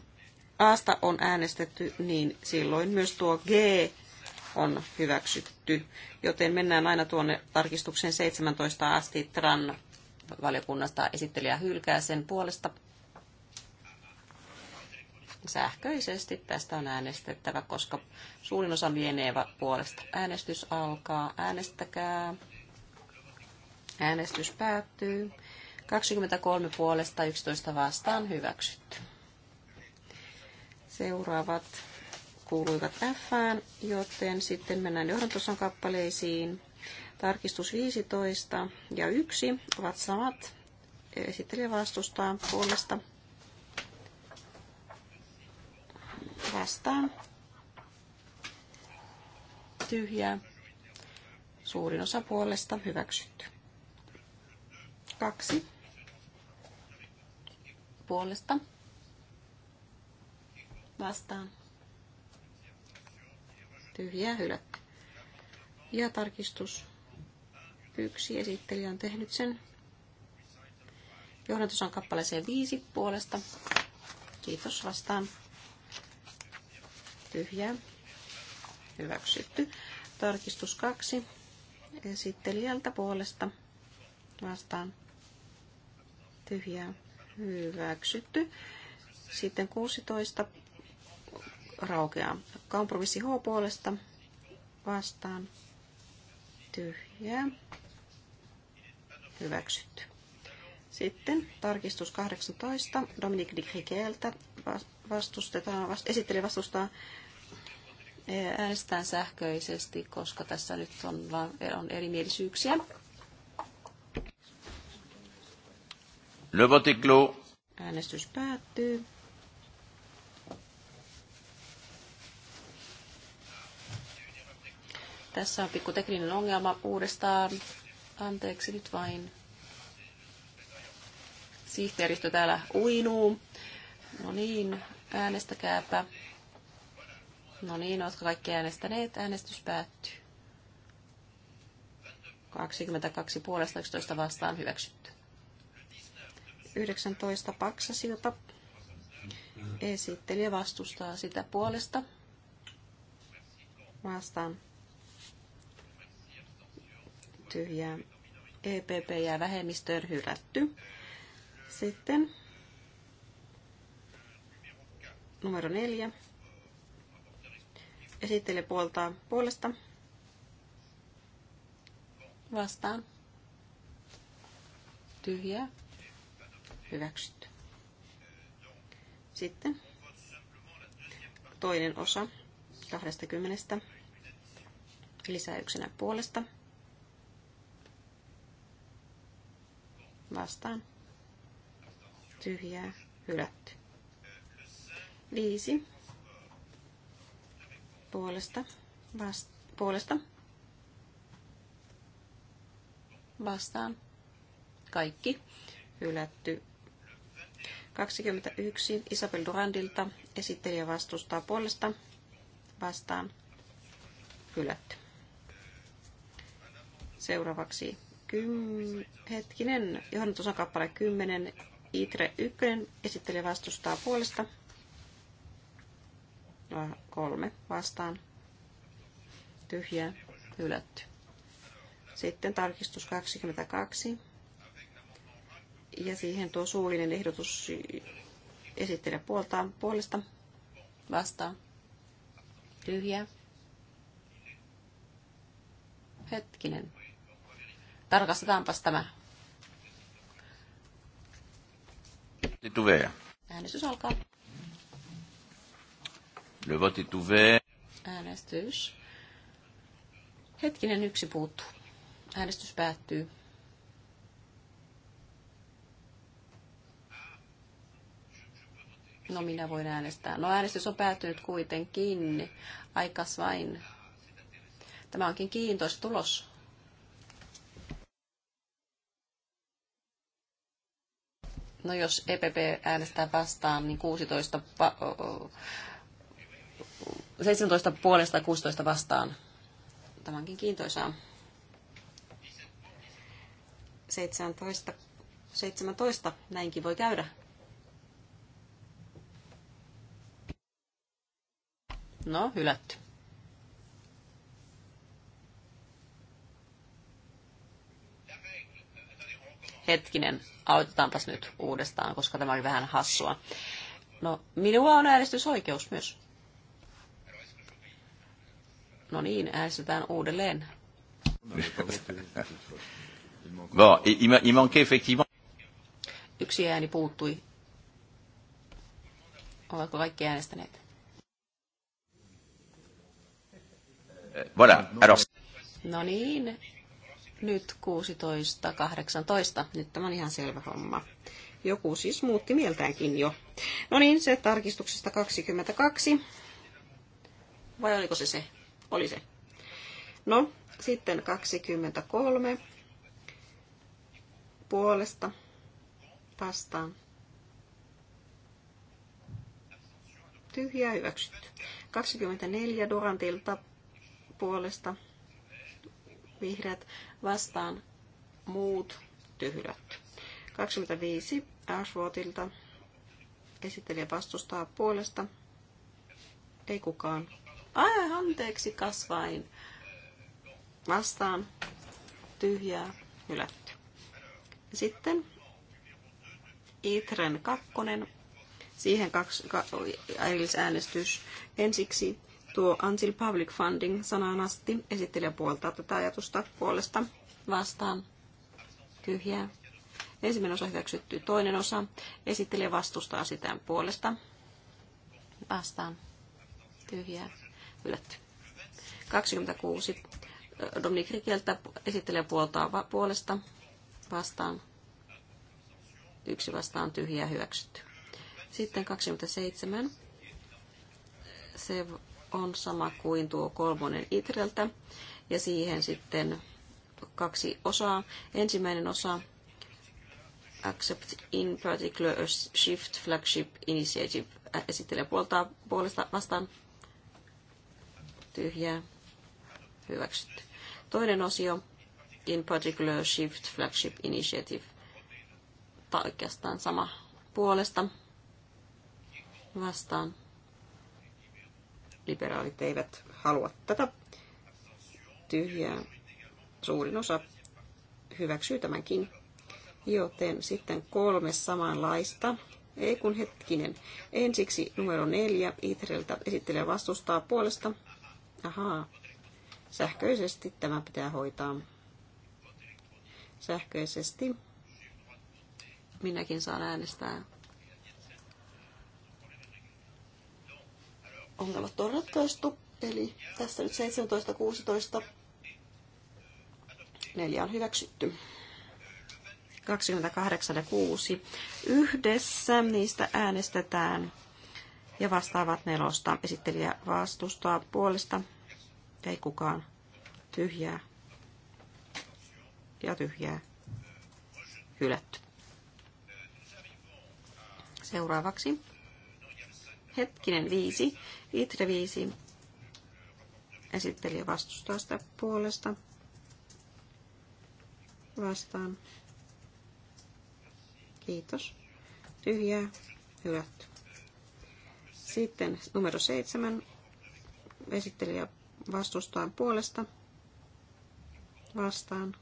Asta on äänestetty, niin silloin myös tuo G on hyväksytty. Joten mennään aina tuonne tarkistukseen 17 asti. Tran valiokunnasta esittelijä hylkää sen puolesta sähköisesti tästä on äänestettävä, koska suurin osa lienee puolesta. Äänestys alkaa. Äänestäkää. Äänestys päättyy. 23 puolesta 11 vastaan hyväksytty. Seuraavat kuuluivat F, joten sitten mennään johdantoson kappaleisiin. Tarkistus 15 ja 1 ovat samat. Esittelijä vastustaa puolesta vastaan. Tyhjää. Suurin osa puolesta hyväksytty. Kaksi. Puolesta. Vastaan. Tyhjää hylätty. Ja tarkistus. Yksi esittelijä on tehnyt sen. Johdatus on kappaleeseen viisi puolesta. Kiitos vastaan tyhjää, hyväksytty. Tarkistus 2 esittelijältä puolesta vastaan tyhjää, hyväksytty. Sitten 16 raukeaa. Kompromissi H puolesta vastaan tyhjää, hyväksytty. Sitten tarkistus 18. Dominic Digrikeeltä vastustetaan, vast, esittelee vastustaa äänestetään sähköisesti, koska tässä nyt on, on erimielisyyksiä. Le Äänestys päättyy. Tässä on pikku tekninen ongelma uudestaan. Anteeksi nyt vain. Sihteeristö täällä uinuu. No niin, äänestäkääpä. No niin, oletko kaikki äänestäneet? Äänestys päättyy. 22 puolesta 11 vastaan hyväksytty. 19 paksasilta. Esittelijä vastustaa sitä puolesta. Vastaan. Tyhjää. EPP ja vähemmistöön hylätty. Sitten numero neljä esittele puoltaan puolesta. Vastaan. Tyhjää. Hyväksytty. Sitten toinen osa 20 lisäyksenä puolesta. Vastaan. Tyhjää. Hylätty. Viisi puolesta, vast, puolesta vastaan. Kaikki hylätty. 21. Isabel Durandilta esittelijä vastustaa puolesta vastaan hylätty. Seuraavaksi kym... hetkinen, kappale 10, Itre 1, esittelijä vastustaa puolesta kolme vastaan Tyhjä. hylätty. Sitten tarkistus 22 ja siihen tuo suullinen ehdotus esittelee puoltaan, puolesta vastaan Tyhjä. Hetkinen. Tarkastetaanpas tämä. Äänestys alkaa. Le vote est ouvert. Äänestys. Hetkinen yksi puuttuu. Äänestys päättyy. No minä voin äänestää. No äänestys on päättynyt kuitenkin. Aikas vain. Tämä onkin kiintoista tulos. No jos EPP äänestää vastaan, niin 16 17 puolesta 16 vastaan. Tämänkin kiintoisaa. 17, 17, näinkin voi käydä. No, hylätty. Hetkinen, aloitetaanpas nyt uudestaan, koska tämä oli vähän hassua. No, minulla on äänestysoikeus myös. No niin, äänestetään uudelleen. Yksi ääni puuttui. Ovatko kaikki äänestäneet? Eh, no niin, nyt 16.18. Nyt tämä on ihan selvä homma. Joku siis muutti mieltäänkin jo. No niin, se tarkistuksesta 22. Vai oliko se se? oli se. No, sitten 23 puolesta vastaan. Tyhjää hyväksytty. 24 Durantilta puolesta vihreät vastaan muut tyhjät. 25 Ashworthilta esittelijä vastustaa puolesta. Ei kukaan Ai, anteeksi kasvain. Vastaan. Tyhjää. Hylätty. Sitten Itren kakkonen. Siihen kaksi, ka, äänestys. Ensiksi tuo Until Public Funding sanaan asti. Esittelijä puoltaa tätä ajatusta puolesta vastaan. Tyhjää. Ensimmäinen osa hyväksytty. Toinen osa. Esittelijä vastustaa sitä puolesta. Vastaan. Tyhjää hylätty. 26. Dominik Rikeltä esittelee puoltaa puolesta vastaan. Yksi vastaan tyhjä hyväksytty. Sitten 27. Se on sama kuin tuo kolmonen Itreltä. Ja siihen sitten kaksi osaa. Ensimmäinen osa accept in particular a shift flagship initiative esittelee puolta, puolesta vastaan tyhjää, hyväksytty. Toinen osio, in particular shift flagship initiative, tai oikeastaan sama puolesta vastaan. Liberaalit eivät halua tätä tyhjää. Suurin osa hyväksyy tämänkin. Joten sitten kolme samanlaista. Ei kun hetkinen. Ensiksi numero neljä Itreltä esittelee vastustaa puolesta Ahaa. Sähköisesti tämä pitää hoitaa. Sähköisesti. Minäkin saan äänestää. Ongelmat on ratkaistu. Eli tässä nyt 17.16. Neljä on hyväksytty. 28 ja 6. Yhdessä niistä äänestetään ja vastaavat nelosta. Esittelijä vastustaa puolesta ei kukaan. Tyhjää. Ja tyhjää. Hylätty. Seuraavaksi. Hetkinen viisi. Itre viisi. Esittelijä vastustaa sitä puolesta. Vastaan. Kiitos. Tyhjää. Hylätty. Sitten numero seitsemän. Esittelijä vastustaan puolesta vastaan.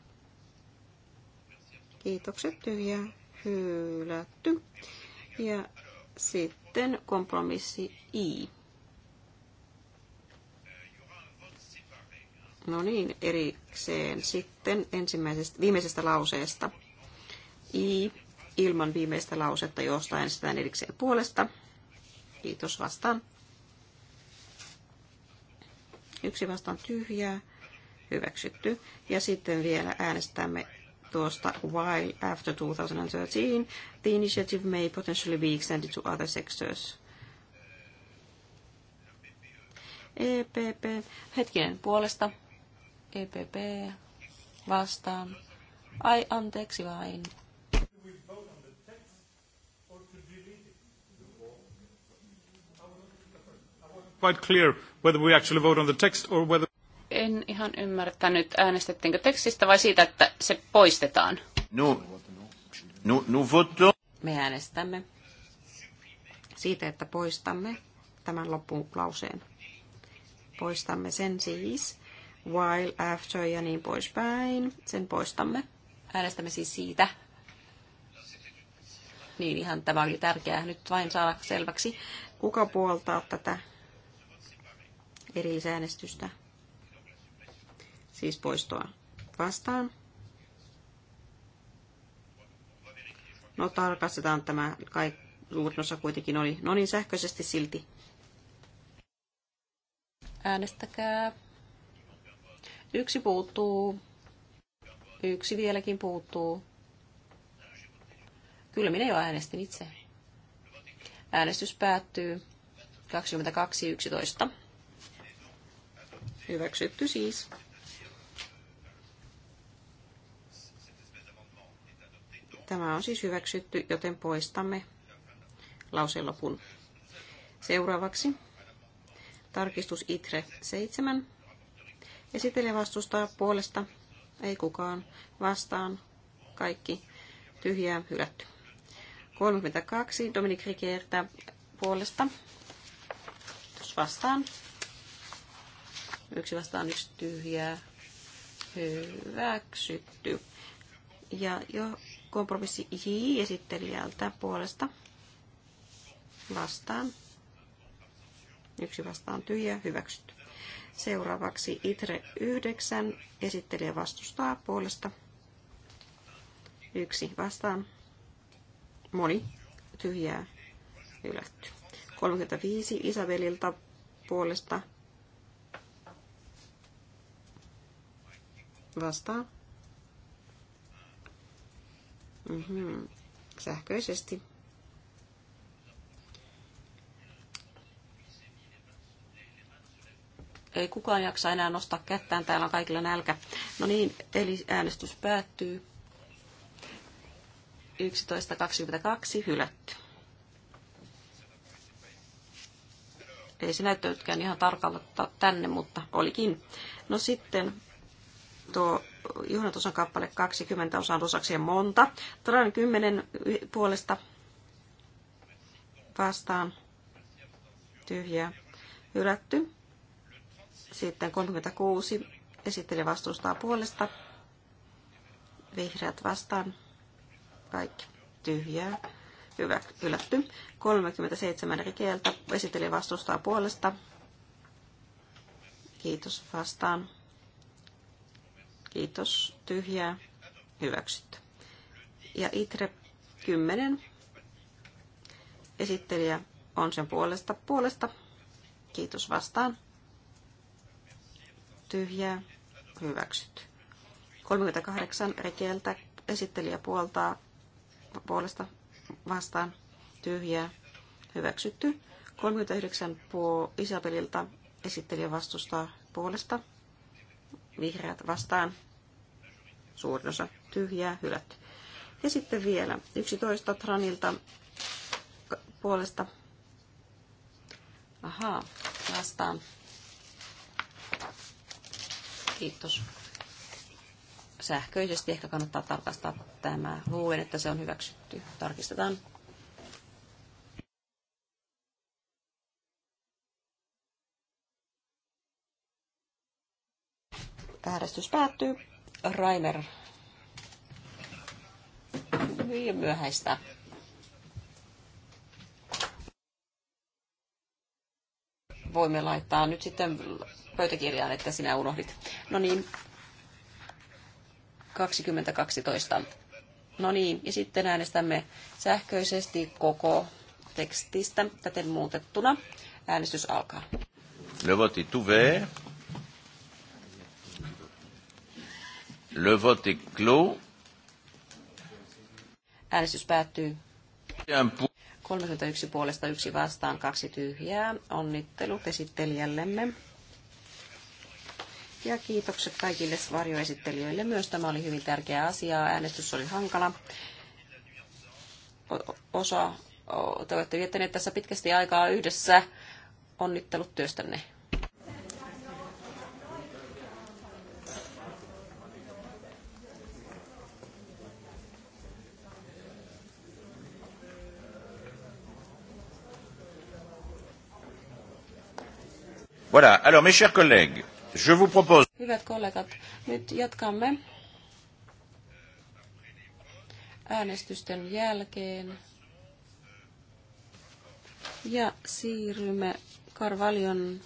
Kiitokset tyhjää hylätty. Ja sitten kompromissi I. No niin, erikseen sitten ensimmäisestä, viimeisestä lauseesta. I ilman viimeistä lausetta, josta äänestetään erikseen puolesta. Kiitos vastaan. Yksi vastaan tyhjää, hyväksytty. Ja sitten vielä äänestämme tuosta while after 2013, the initiative may potentially be extended to other sectors. EPP, hetkinen, puolesta, EPP, vastaan. Ai, anteeksi vain. quite clear whether we actually vote on the text or whether... En ihan ymmärtänyt, äänestettiinkö tekstistä vai siitä, että se poistetaan? No, no, no voto. Me äänestämme siitä, että poistamme tämän loppulauseen. Poistamme sen siis while, after ja niin poispäin. Sen poistamme. Äänestämme siis siitä. Niin ihan tämä oli tärkeää nyt vain saada selväksi. Kuka puoltaa tätä erillisäänestystä, siis poistoa vastaan. No tarkastetaan tämä, kai suurin kuitenkin oli, no niin sähköisesti silti. Äänestäkää. Yksi puuttuu. Yksi vieläkin puuttuu. Kyllä minä jo äänestin itse. Äänestys päättyy 22.11. Hyväksytty siis. Tämä on siis hyväksytty, joten poistamme lauseen lopun. Seuraavaksi tarkistus ITRE 7. Esitele vastustaa puolesta. Ei kukaan. Vastaan. Kaikki. Tyhjää. Hylätty. 32. Dominik Rikertä puolesta. Vastaan. Yksi vastaan yksi tyhjää. Hyväksytty. Ja jo kompromissi J esittelijältä puolesta vastaan. Yksi vastaan tyhjä, hyväksytty. Seuraavaksi ITRE 9, esittelijä vastustaa puolesta. Yksi vastaan. Moni tyhjää, hylätty. 35 Isabelilta puolesta vastaa. Mm-hmm. Sähköisesti. Ei kukaan jaksa enää nostaa kättään, täällä on kaikilla nälkä. No niin, eli äänestys päättyy. 11.22 hylätty. Ei se näyttänytkään ihan tarkalta tänne, mutta olikin. No sitten tuo johdantosan kappale 20 osaan ja monta. Tran 10 puolesta vastaan tyhjä hylätty. Sitten 36 esitteli vastustaa puolesta. Vihreät vastaan. Kaikki tyhjää. Hyvä, hylätty. 37 eri kieltä. Esitteli vastustaa puolesta. Kiitos vastaan. Kiitos. Tyhjää. Hyväksytty. Ja ITRE 10. Esittelijä on sen puolesta. Puolesta. Kiitos vastaan. Tyhjää. Hyväksytty. 38 rekeltä esittelijä puoltaa puolesta vastaan tyhjää hyväksytty. 39 puo Isabelilta esittelijä vastustaa puolesta Vihreät vastaan. Suurin osa tyhjää, hylätty. Ja sitten vielä 11 Tranilta puolesta. Ahaa, vastaan. Kiitos. Sähköisesti ehkä kannattaa tarkastaa tämä. Luulen, että se on hyväksytty. Tarkistetaan Äänestys päättyy. Raimer. Liian myöhäistä. Voimme laittaa nyt sitten pöytäkirjaan, että sinä unohdit. No niin, 2012. No niin, ja sitten äänestämme sähköisesti koko tekstistä täten muutettuna. Äänestys alkaa. Le vote est ouvert. Le vote est clos. Äänestys päättyy. 31 puolesta yksi vastaan, kaksi tyhjää. Onnittelut esittelijällemme. Ja kiitokset kaikille varjoesittelijöille myös. Tämä oli hyvin tärkeä asia. Äänestys oli hankala. Osa, te olette viettäneet tässä pitkästi aikaa yhdessä. Onnittelut työstänne. Voilà, alors mes chers collègues, je vous propose... Hyvät kollegat, nyt jatkamme äänestysten jälkeen ja siirrymme Karvalion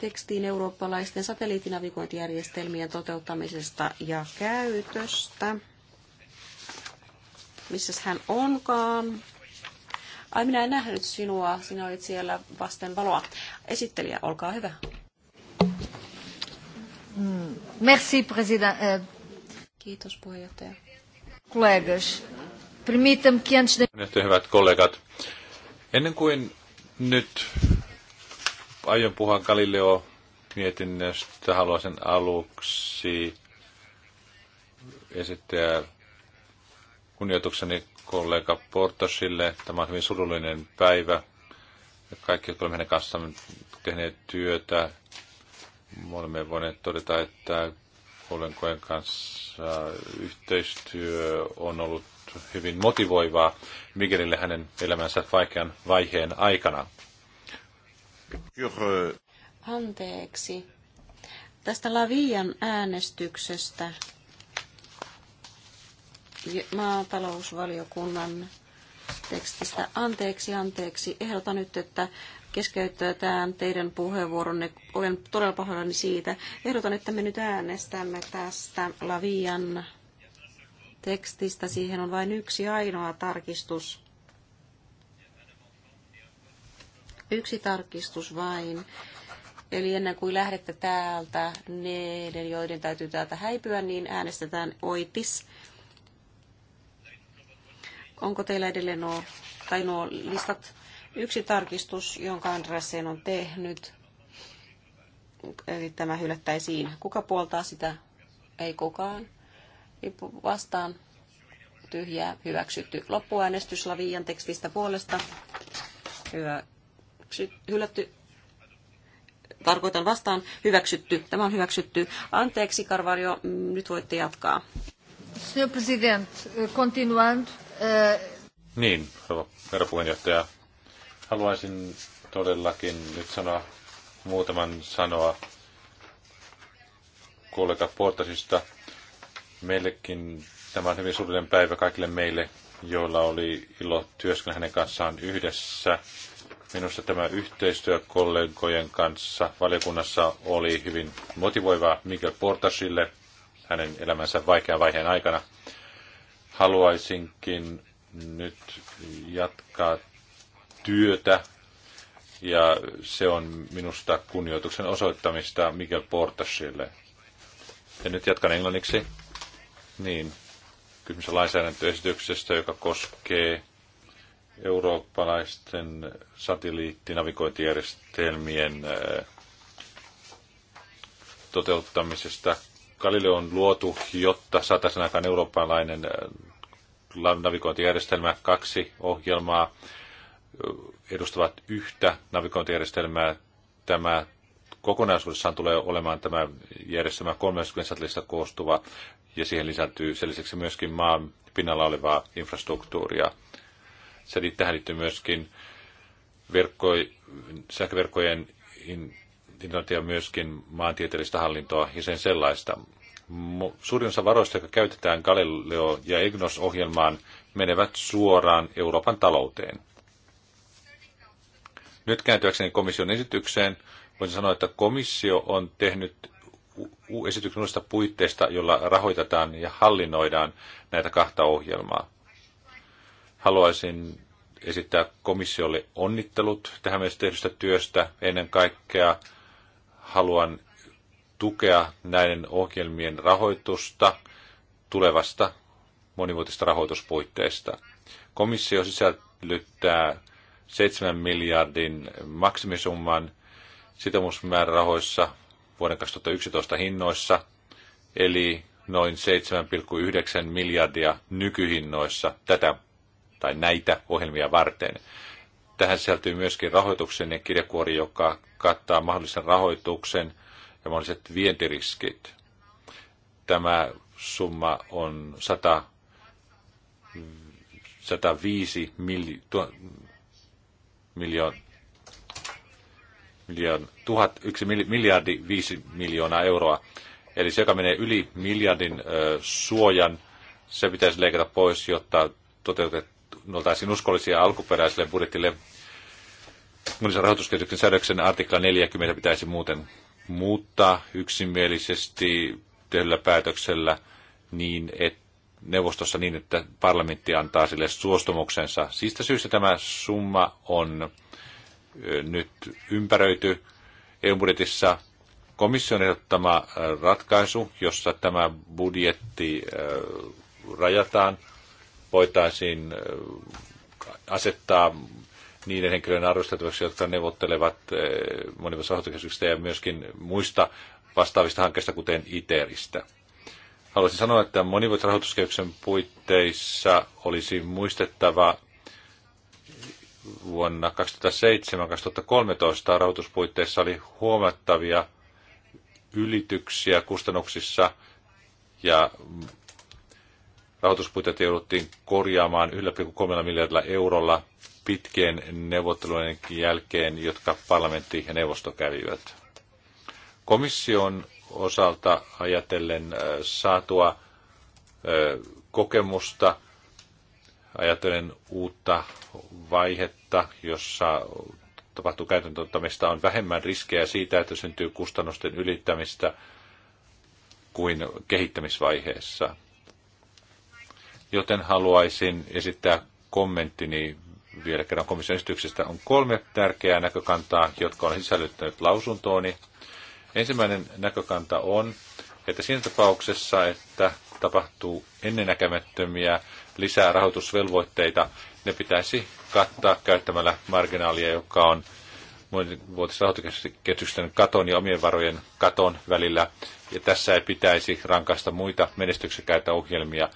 tekstiin eurooppalaisten satelliittinavigointijärjestelmien toteuttamisesta ja käytöstä. Missäs hän onkaan? Ai minä en nähnyt sinua, sinä olit siellä vasten valoa. Esittelijä, olkaa hyvä. Mm. Merci, president. Eh. Kiitos puheenjohtaja. Kollegas, permitam que antes de... Hyvät kollegat, ennen kuin nyt aion puhua Galileo mietinnöstä, haluaisin aluksi esittää kunnioitukseni kollega Portasille. Tämä on hyvin surullinen päivä. Kaikki, jotka olemme hänen kanssaan tehneet työtä, me olemme voineet todeta, että kollegojen kanssa yhteistyö on ollut hyvin motivoivaa Miguelille hänen elämänsä vaikean vaiheen aikana. Anteeksi. Tästä Lavian äänestyksestä maatalousvaliokunnan tekstistä. Anteeksi, anteeksi. Ehdotan nyt, että keskeyttää teidän puheenvuoronne. Olen todella pahoillani siitä. Ehdotan, että me nyt äänestämme tästä Lavian tekstistä. Siihen on vain yksi ainoa tarkistus. Yksi tarkistus vain. Eli ennen kuin lähdette täältä, ne, joiden täytyy täältä häipyä, niin äänestetään oitis Onko teillä edelleen nuo, tai nuo listat? Yksi tarkistus, jonka Andresen on tehnyt, eli tämä hylättäisiin. Kuka puoltaa sitä? Ei kukaan. vastaan. Tyhjää. Hyväksytty. Loppuäänestys Lavian tekstistä puolesta. Hyvä. Hylätty tarkoitan vastaan, hyväksytty. Tämä on hyväksytty. Anteeksi, karvario nyt voitte jatkaa. Senhor President, continuando, niin, herra puheenjohtaja. Haluaisin todellakin nyt sanoa muutaman sanoa kollega Portasista. Meillekin tämä on hyvin surullinen päivä kaikille meille, joilla oli ilo työskennellä hänen kanssaan yhdessä. Minusta tämä yhteistyö kollegojen kanssa valiokunnassa oli hyvin motivoivaa mikkel Portasille hänen elämänsä vaikean vaiheen aikana. Haluaisinkin nyt jatkaa työtä ja se on minusta kunnioituksen osoittamista Miguel Portasille. Ja nyt jatkan englanniksi. Niin, kysymys on lainsäädäntöesityksestä, joka koskee eurooppalaisten satelliittinavigointijärjestelmien äh, toteuttamisesta Galileo on luotu, jotta saataisiin aikaan eurooppalainen äh, navigointijärjestelmä, kaksi ohjelmaa äh, edustavat yhtä navigointijärjestelmää. Tämä kokonaisuudessaan tulee olemaan tämä järjestelmä 30 satelliista koostuva ja siihen lisääntyy sen lisäksi myöskin maan pinnalla olevaa infrastruktuuria. Se tähän liittyy myöskin verkko, sähköverkkojen in, innointia myöskin maantieteellistä hallintoa ja sen sellaista. Suurin osa varoista, jotka käytetään Galileo- ja EGNOS-ohjelmaan, menevät suoraan Euroopan talouteen. Nyt kääntyäkseni komission esitykseen, voisin sanoa, että komissio on tehnyt esityksen uudesta puitteista, jolla rahoitetaan ja hallinnoidaan näitä kahta ohjelmaa. Haluaisin esittää komissiolle onnittelut tähän mennessä tehdystä työstä, ennen kaikkea haluan tukea näiden ohjelmien rahoitusta tulevasta monivuotista rahoituspuitteista. Komissio sisällyttää 7 miljardin maksimisumman sitoumusmäärärahoissa vuoden 2011 hinnoissa, eli noin 7,9 miljardia nykyhinnoissa tätä tai näitä ohjelmia varten. Tähän sisältyy myöskin rahoituksen ja kirjakuori, joka kattaa mahdollisen rahoituksen ja mahdolliset vientiriskit. Tämä summa on 100, 105 miljo, miljoon, miljoon, tuhat, yksi miljardi viisi miljoonaa euroa. Eli se, joka menee yli miljardin ö, suojan, se pitäisi leikata pois, jotta toteutettu, oltaisiin uskollisia alkuperäiselle budjetille Monisan rahoituskehityksen säädöksen artikla 40 pitäisi muuten muuttaa yksimielisesti tehdyllä päätöksellä niin, että neuvostossa niin, että parlamentti antaa sille suostumuksensa. Siitä syystä tämä summa on nyt ympäröity EU-budjetissa komission ehdottama ratkaisu, jossa tämä budjetti rajataan, voitaisiin asettaa niiden henkilöiden arvostettavaksi, jotka neuvottelevat eh, monivuotisista ja myöskin muista vastaavista hankkeista, kuten ITERistä. Haluaisin sanoa, että monivuotisen puitteissa olisi muistettava vuonna 2007-2013 rahoituspuitteissa oli huomattavia ylityksiä kustannuksissa ja rahoituspuitteet jouduttiin korjaamaan 1,3 miljardilla eurolla pitkien neuvottelujen jälkeen, jotka parlamentti ja neuvosto kävivät. Komission osalta ajatellen äh, saatua äh, kokemusta, ajatellen uutta vaihetta, jossa tapahtuu käytäntöottamista, on vähemmän riskejä siitä, että syntyy kustannusten ylittämistä kuin kehittämisvaiheessa. Joten haluaisin esittää kommenttini vielä kerran komission esityksestä on kolme tärkeää näkökantaa, jotka on sisällyttänyt lausuntooni. Ensimmäinen näkökanta on, että siinä tapauksessa, että tapahtuu ennennäkemättömiä lisää rahoitusvelvoitteita, ne pitäisi kattaa käyttämällä marginaalia, joka on monivuotisrahoituskehityksen katon ja omien varojen katon välillä. Ja tässä ei pitäisi rankaista muita menestyksekäitä ohjelmia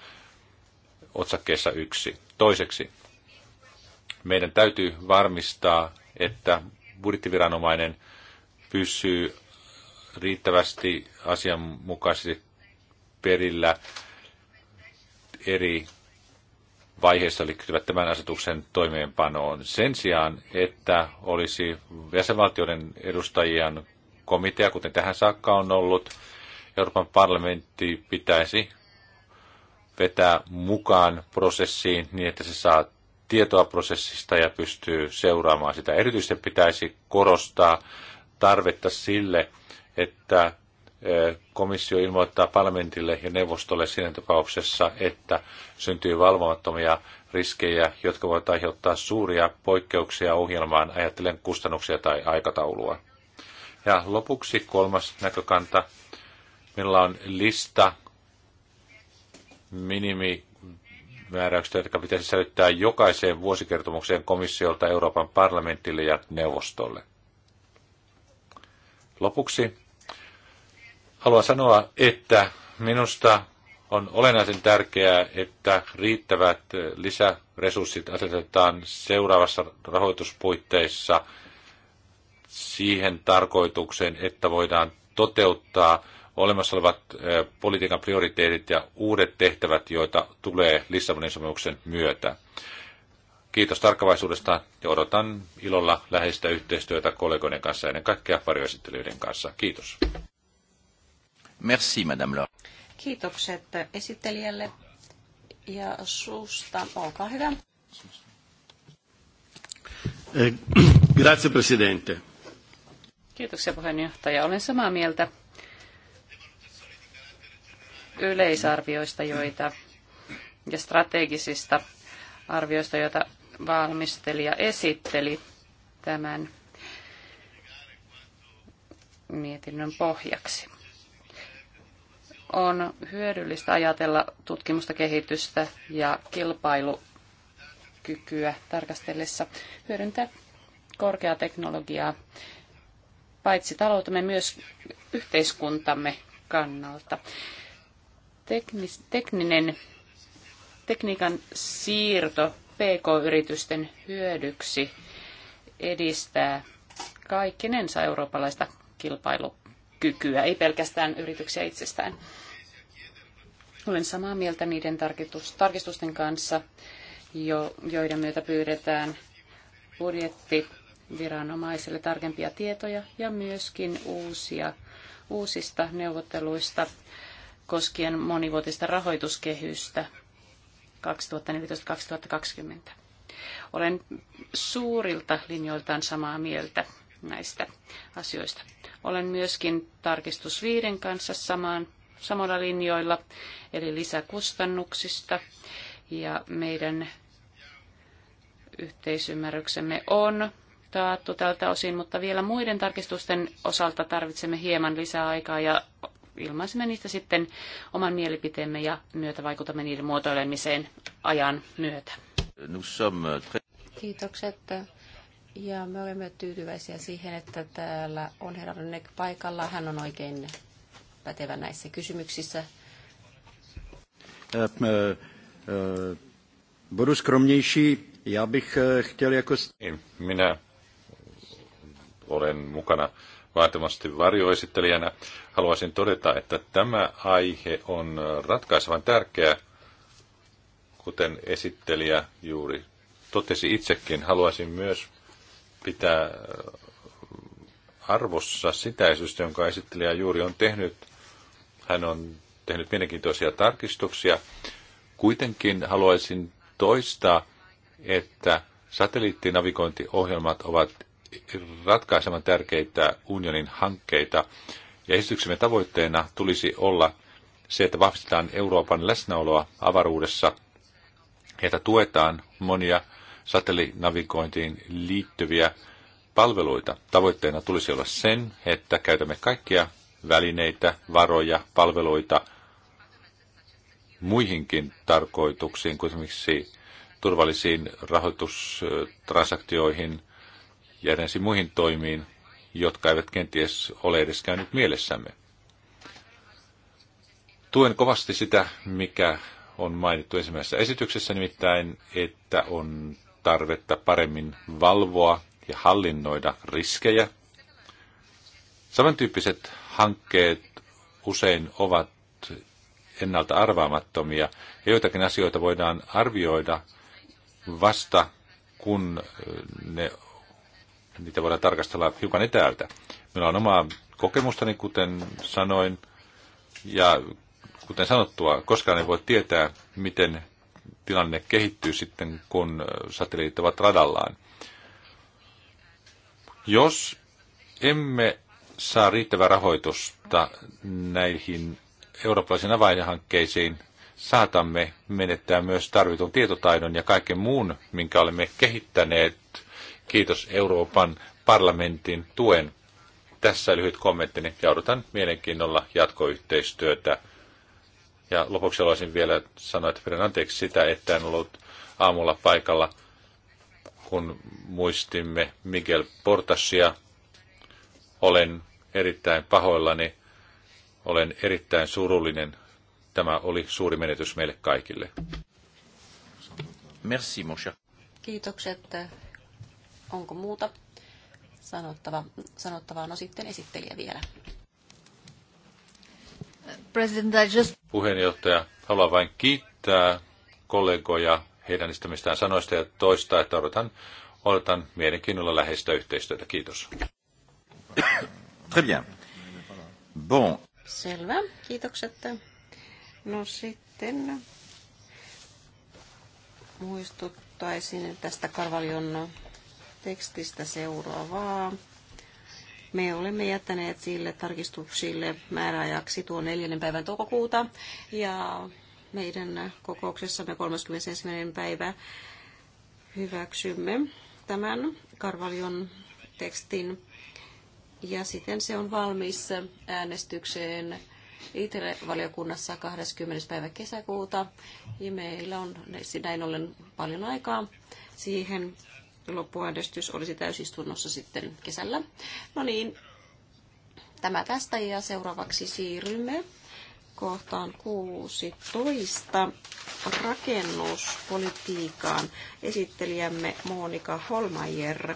otsakkeessa yksi. Toiseksi, meidän täytyy varmistaa, että budjettiviranomainen pysyy riittävästi asianmukaisesti perillä eri vaiheessa liittyvät tämän asetuksen toimeenpanoon. Sen sijaan, että olisi jäsenvaltioiden edustajien komitea, kuten tähän saakka on ollut, Euroopan parlamentti pitäisi vetää mukaan prosessiin niin, että se saa tietoa prosessista ja pystyy seuraamaan sitä. Erityisesti pitäisi korostaa tarvetta sille, että komissio ilmoittaa parlamentille ja neuvostolle siinä tapauksessa, että syntyy valvomattomia riskejä, jotka voivat aiheuttaa suuria poikkeuksia ohjelmaan, ajattelen kustannuksia tai aikataulua. Ja lopuksi kolmas näkökanta. Meillä on lista minimi määräykset, jotka pitäisi sälyttää jokaiseen vuosikertomukseen komissiolta Euroopan parlamentille ja neuvostolle. Lopuksi haluan sanoa, että minusta on olennaisen tärkeää, että riittävät lisäresurssit asetetaan seuraavassa rahoituspuitteissa siihen tarkoitukseen, että voidaan toteuttaa – olemassa olevat politiikan prioriteetit ja uudet tehtävät, joita tulee Lissabonin sopimuksen myötä. Kiitos tarkkavaisuudesta ja odotan ilolla läheistä yhteistyötä kollegoiden kanssa ja ennen kaikkea varjoesittelyiden kanssa. Kiitos. Merci, Madame Laure. Kiitokset esittelijälle ja suusta. Olkaa hyvä. Eh, grazie, Presidente. Kiitoksia puheenjohtaja. Olen samaa mieltä yleisarvioista, joita ja strategisista arvioista, joita valmistelija esitteli tämän mietinnön pohjaksi. On hyödyllistä ajatella tutkimusta, kehitystä ja kilpailukykyä tarkastellessa hyödyntää korkeaa teknologiaa paitsi taloutemme myös yhteiskuntamme kannalta teknis, tekninen tekniikan siirto PK-yritysten hyödyksi edistää kaikkinensa eurooppalaista kilpailukykyä, ei pelkästään yrityksiä itsestään. Olen samaa mieltä niiden tarkistusten kanssa, jo, joiden myötä pyydetään budjettiviranomaisille tarkempia tietoja ja myöskin uusia, uusista neuvotteluista koskien monivuotista rahoituskehystä 2014-2020. Olen suurilta linjoiltaan samaa mieltä näistä asioista. Olen myöskin tarkistus viiden kanssa samaan, samalla linjoilla, eli lisäkustannuksista. Ja meidän yhteisymmärryksemme on taattu tältä osin, mutta vielä muiden tarkistusten osalta tarvitsemme hieman lisää aikaa ja ilmaisemme niistä sitten oman mielipiteemme ja vaikutamme niiden muotoilemiseen ajan myötä. Kiitokset. Ja me olemme tyytyväisiä siihen, että täällä on herra Rönnek paikalla. Hän on oikein pätevä näissä kysymyksissä. Budu skromnější. Já bych eh, chtěl jako... Niin, minä olen mukana vaatimasti varjoesittelijänä haluaisin todeta, että tämä aihe on ratkaisevan tärkeä, kuten esittelijä juuri totesi itsekin. Haluaisin myös pitää arvossa sitä esitystä, jonka esittelijä juuri on tehnyt. Hän on tehnyt mielenkiintoisia tarkistuksia. Kuitenkin haluaisin toistaa, että satelliittinavigointiohjelmat ovat ratkaisevan tärkeitä unionin hankkeita ja esityksemme tavoitteena tulisi olla se, että vahvistetaan Euroopan läsnäoloa avaruudessa, että tuetaan monia satellinavigointiin liittyviä palveluita. Tavoitteena tulisi olla sen, että käytämme kaikkia välineitä, varoja, palveluita muihinkin tarkoituksiin, kuin esimerkiksi turvallisiin rahoitustransaktioihin ja muihin toimiin, jotka eivät kenties ole edes käynyt mielessämme. Tuen kovasti sitä, mikä on mainittu ensimmäisessä esityksessä, nimittäin, että on tarvetta paremmin valvoa ja hallinnoida riskejä. Samantyyppiset hankkeet usein ovat ennalta arvaamattomia ja joitakin asioita voidaan arvioida vasta kun ne niitä voidaan tarkastella hiukan etäältä. Meillä on omaa kokemustani, kuten sanoin, ja kuten sanottua, koskaan ei voi tietää, miten tilanne kehittyy sitten, kun satelliitit ovat radallaan. Jos emme saa riittävää rahoitusta näihin eurooppalaisiin avainhankkeisiin, saatamme menettää myös tarvitun tietotaidon ja kaiken muun, minkä olemme kehittäneet Kiitos Euroopan parlamentin tuen. Tässä lyhyt kommenttini ja odotan mielenkiinnolla jatkoyhteistyötä. Ja lopuksi haluaisin vielä sanoa, että pyydän anteeksi sitä, että en ollut aamulla paikalla, kun muistimme Miguel Portasia. Olen erittäin pahoillani, olen erittäin surullinen. Tämä oli suuri menetys meille kaikille. Merci, Kiitokset, Onko muuta sanottava, sanottavaa? No sitten esittelijä vielä. just... Puheenjohtaja, haluan vain kiittää kollegoja heidän istämistään sanoista ja toista, että odotan, odotan mielenkiinnolla läheistä yhteistyötä. Kiitos. Très bien. Bon. Selvä, kiitokset. No sitten muistuttaisin tästä Karvalion tekstistä seuraavaa. Me olemme jättäneet sille tarkistuksille määräajaksi tuon 4. päivän toukokuuta ja meidän kokouksessamme 31. päivä hyväksymme tämän Karvalion tekstin ja sitten se on valmis äänestykseen IT-valiokunnassa 20. päivä kesäkuuta ja meillä on näin ollen paljon aikaa siihen loppuäänestys olisi täysistunnossa sitten kesällä. No niin, tämä tästä ja seuraavaksi siirrymme kohtaan 16 rakennuspolitiikkaan. esittelijämme Monika Holmajer.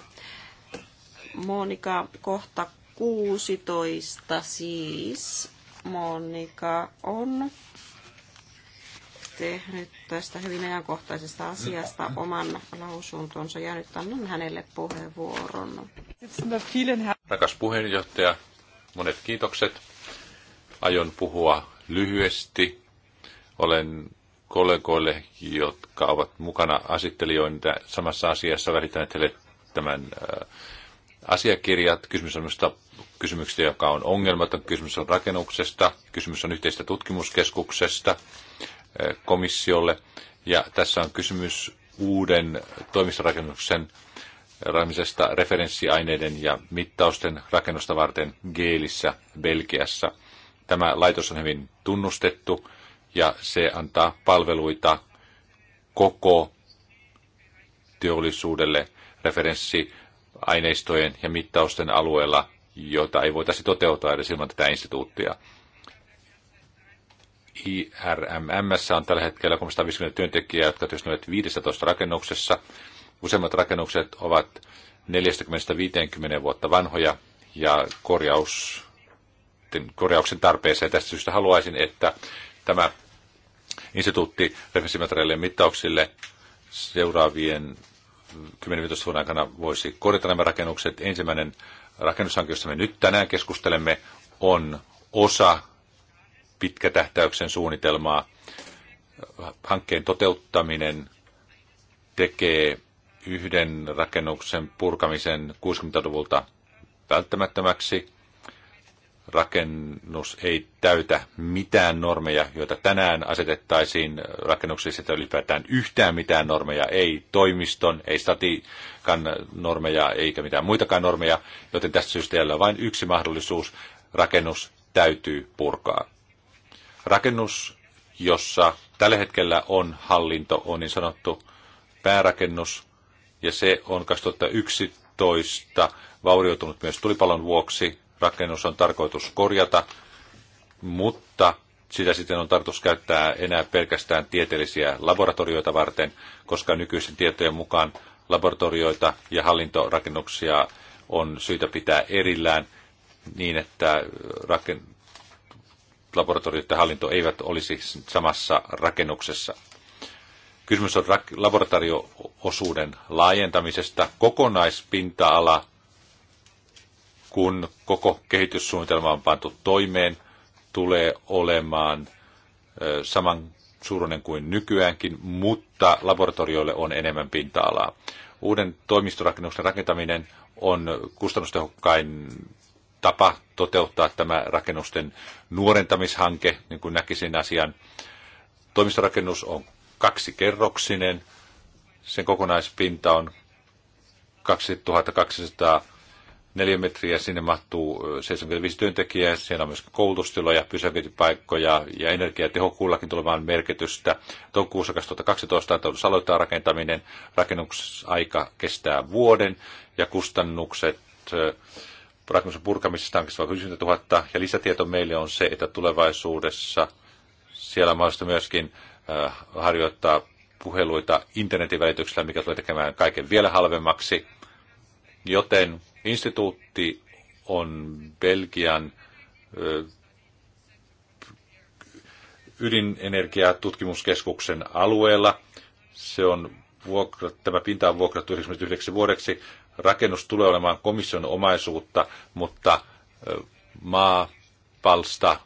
Monika kohta 16 siis. Monika on tehnyt tästä hyvin ajankohtaisesta asiasta oman lausuntonsa ja nyt annan hänelle puheenvuoron. Rakas puheenjohtaja, monet kiitokset. Aion puhua lyhyesti. Olen kollegoille, jotka ovat mukana asittelijoina samassa asiassa, välittäneet heille tämän äh, asiakirjat. Kysymys on kysymyksistä, joka on ongelmaton. Kysymys on rakennuksesta, kysymys on yhteistä tutkimuskeskuksesta, komissiolle. Ja tässä on kysymys uuden toimistorakennuksen rakentamisesta referenssiaineiden ja mittausten rakennusta varten Geelissä, Belgiassa. Tämä laitos on hyvin tunnustettu ja se antaa palveluita koko teollisuudelle referenssiaineistojen ja mittausten alueella, jota ei voitaisiin toteuttaa edes ilman tätä instituuttia. IRMMS on tällä hetkellä 350 työntekijää, jotka työskentelevät 15 rakennuksessa. Useimmat rakennukset ovat 40-50 vuotta vanhoja ja korjaus, korjauksen tarpeeseen. Tästä syystä haluaisin, että tämä instituutti referenssimateriaalien mittauksille seuraavien 10-15 vuoden aikana voisi korjata nämä rakennukset. Ensimmäinen rakennushanke, josta me nyt tänään keskustelemme, on osa pitkätähtäyksen suunnitelmaa. Hankkeen toteuttaminen tekee yhden rakennuksen purkamisen 60-luvulta välttämättömäksi. Rakennus ei täytä mitään normeja, joita tänään asetettaisiin rakennuksissa, että ylipäätään yhtään mitään normeja, ei toimiston, ei statiikan normeja, eikä mitään muitakaan normeja, joten tässä syystä on vain yksi mahdollisuus, rakennus täytyy purkaa. Rakennus, jossa tällä hetkellä on hallinto, on niin sanottu päärakennus, ja se on 2011 vaurioitunut myös tulipalon vuoksi. Rakennus on tarkoitus korjata, mutta sitä sitten on tarkoitus käyttää enää pelkästään tieteellisiä laboratorioita varten, koska nykyisen tietojen mukaan laboratorioita ja hallintorakennuksia on syytä pitää erillään niin, että laboratoriot hallinto eivät olisi samassa rakennuksessa. Kysymys on laboratorioosuuden laajentamisesta kokonaispinta-ala, kun koko kehityssuunnitelma on pantu toimeen, tulee olemaan saman suuruinen kuin nykyäänkin, mutta laboratorioille on enemmän pinta-alaa. Uuden toimistorakennuksen rakentaminen on kustannustehokkain tapa toteuttaa tämä rakennusten nuorentamishanke, niin kuin näkisin asian. Toimistorakennus on kaksikerroksinen, sen kokonaispinta on 2200 neliömetriä, sinne mahtuu 75 työntekijää, siellä on myös koulutustiloja, pysäköintipaikkoja ja energiatehokkuullakin tulevaan merkitystä. Toukokuussa 2012 tarkoitus aloittaa rakentaminen, rakennusaika kestää vuoden ja kustannukset rakennuksen purkamisesta on 50 000, ja lisätieto meille on se, että tulevaisuudessa siellä on mahdollista myöskin äh, harjoittaa puheluita internetin välityksellä, mikä tulee tekemään kaiken vielä halvemmaksi. Joten instituutti on Belgian äh, ydinenergiatutkimuskeskuksen alueella. Se on vuokra, tämä pinta on vuokrattu 99 vuodeksi rakennus tulee olemaan komission omaisuutta, mutta maapalsta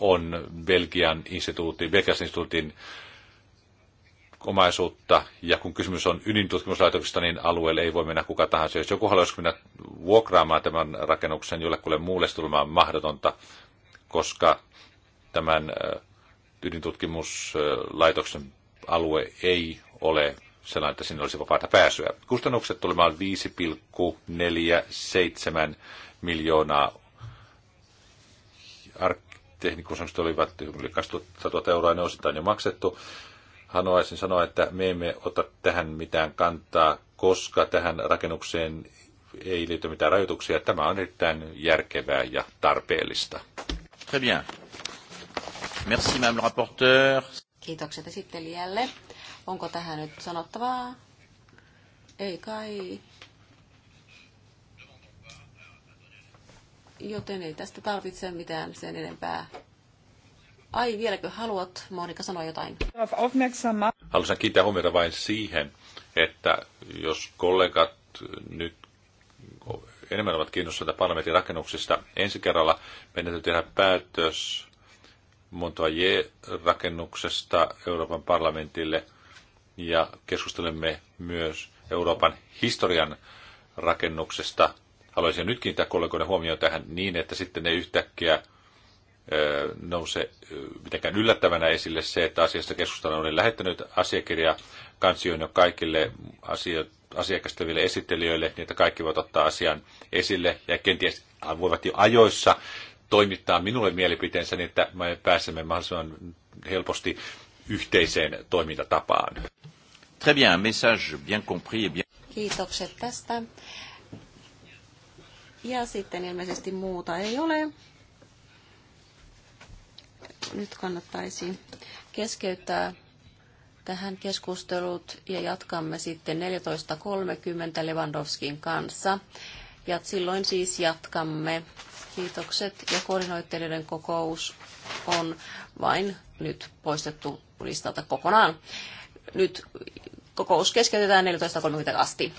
on Belgian instituutin, Belgian instituutin omaisuutta, ja kun kysymys on ydintutkimuslaitoksesta, niin alueelle ei voi mennä kuka tahansa. Jos joku haluaisi mennä vuokraamaan tämän rakennuksen jollekulle muulle, se tulemaan mahdotonta, koska tämän ydintutkimuslaitoksen alue ei ole sellainen, että sinne olisi vapaata pääsyä. Kustannukset tulemaan 5,47 miljoonaa. Arkkitehnikustannukset olivat yli 200 000 euroa, ne osittain jo maksettu. Haluaisin sanoa, että me emme ota tähän mitään kantaa, koska tähän rakennukseen ei liity mitään rajoituksia. Tämä on erittäin järkevää ja tarpeellista. Très bien. Merci, madame le rapporteur. Kiitokset esittelijälle. Onko tähän nyt sanottavaa? Ei kai. Joten ei tästä tarvitse mitään sen enempää. Ai, vieläkö haluat, Monika, sanoa jotain? Haluaisin kiittää huomiota vain siihen, että jos kollegat nyt enemmän ovat kiinnostuneita parlamentin rakennuksista, ensi kerralla meidän täytyy tehdä päätös Montoyer-rakennuksesta Euroopan parlamentille ja keskustelemme myös Euroopan historian rakennuksesta. Haluaisin nyt kiinnittää kollegoiden huomioon tähän niin, että sitten ne yhtäkkiä nouse mitenkään yllättävänä esille se, että asiasta keskustelun Olen lähettänyt asiakirja kansioin jo kaikille asiakastaville esittelijöille, niin että kaikki voivat ottaa asian esille ja kenties voivat jo ajoissa toimittaa minulle mielipiteensä, niin että me pääsemme mahdollisimman helposti yhteiseen toimintatapaan. Très bien, message bien compris et bien... Kiitokset tästä. Ja sitten ilmeisesti muuta ei ole. Nyt kannattaisi keskeyttää tähän keskustelut ja jatkamme sitten 14.30 Lewandowskin kanssa. Ja silloin siis jatkamme. Kiitokset ja koordinoittelijoiden kokous on vain nyt poistettu listalta kokonaan. Nyt kokous keskeytetään 14.30 asti.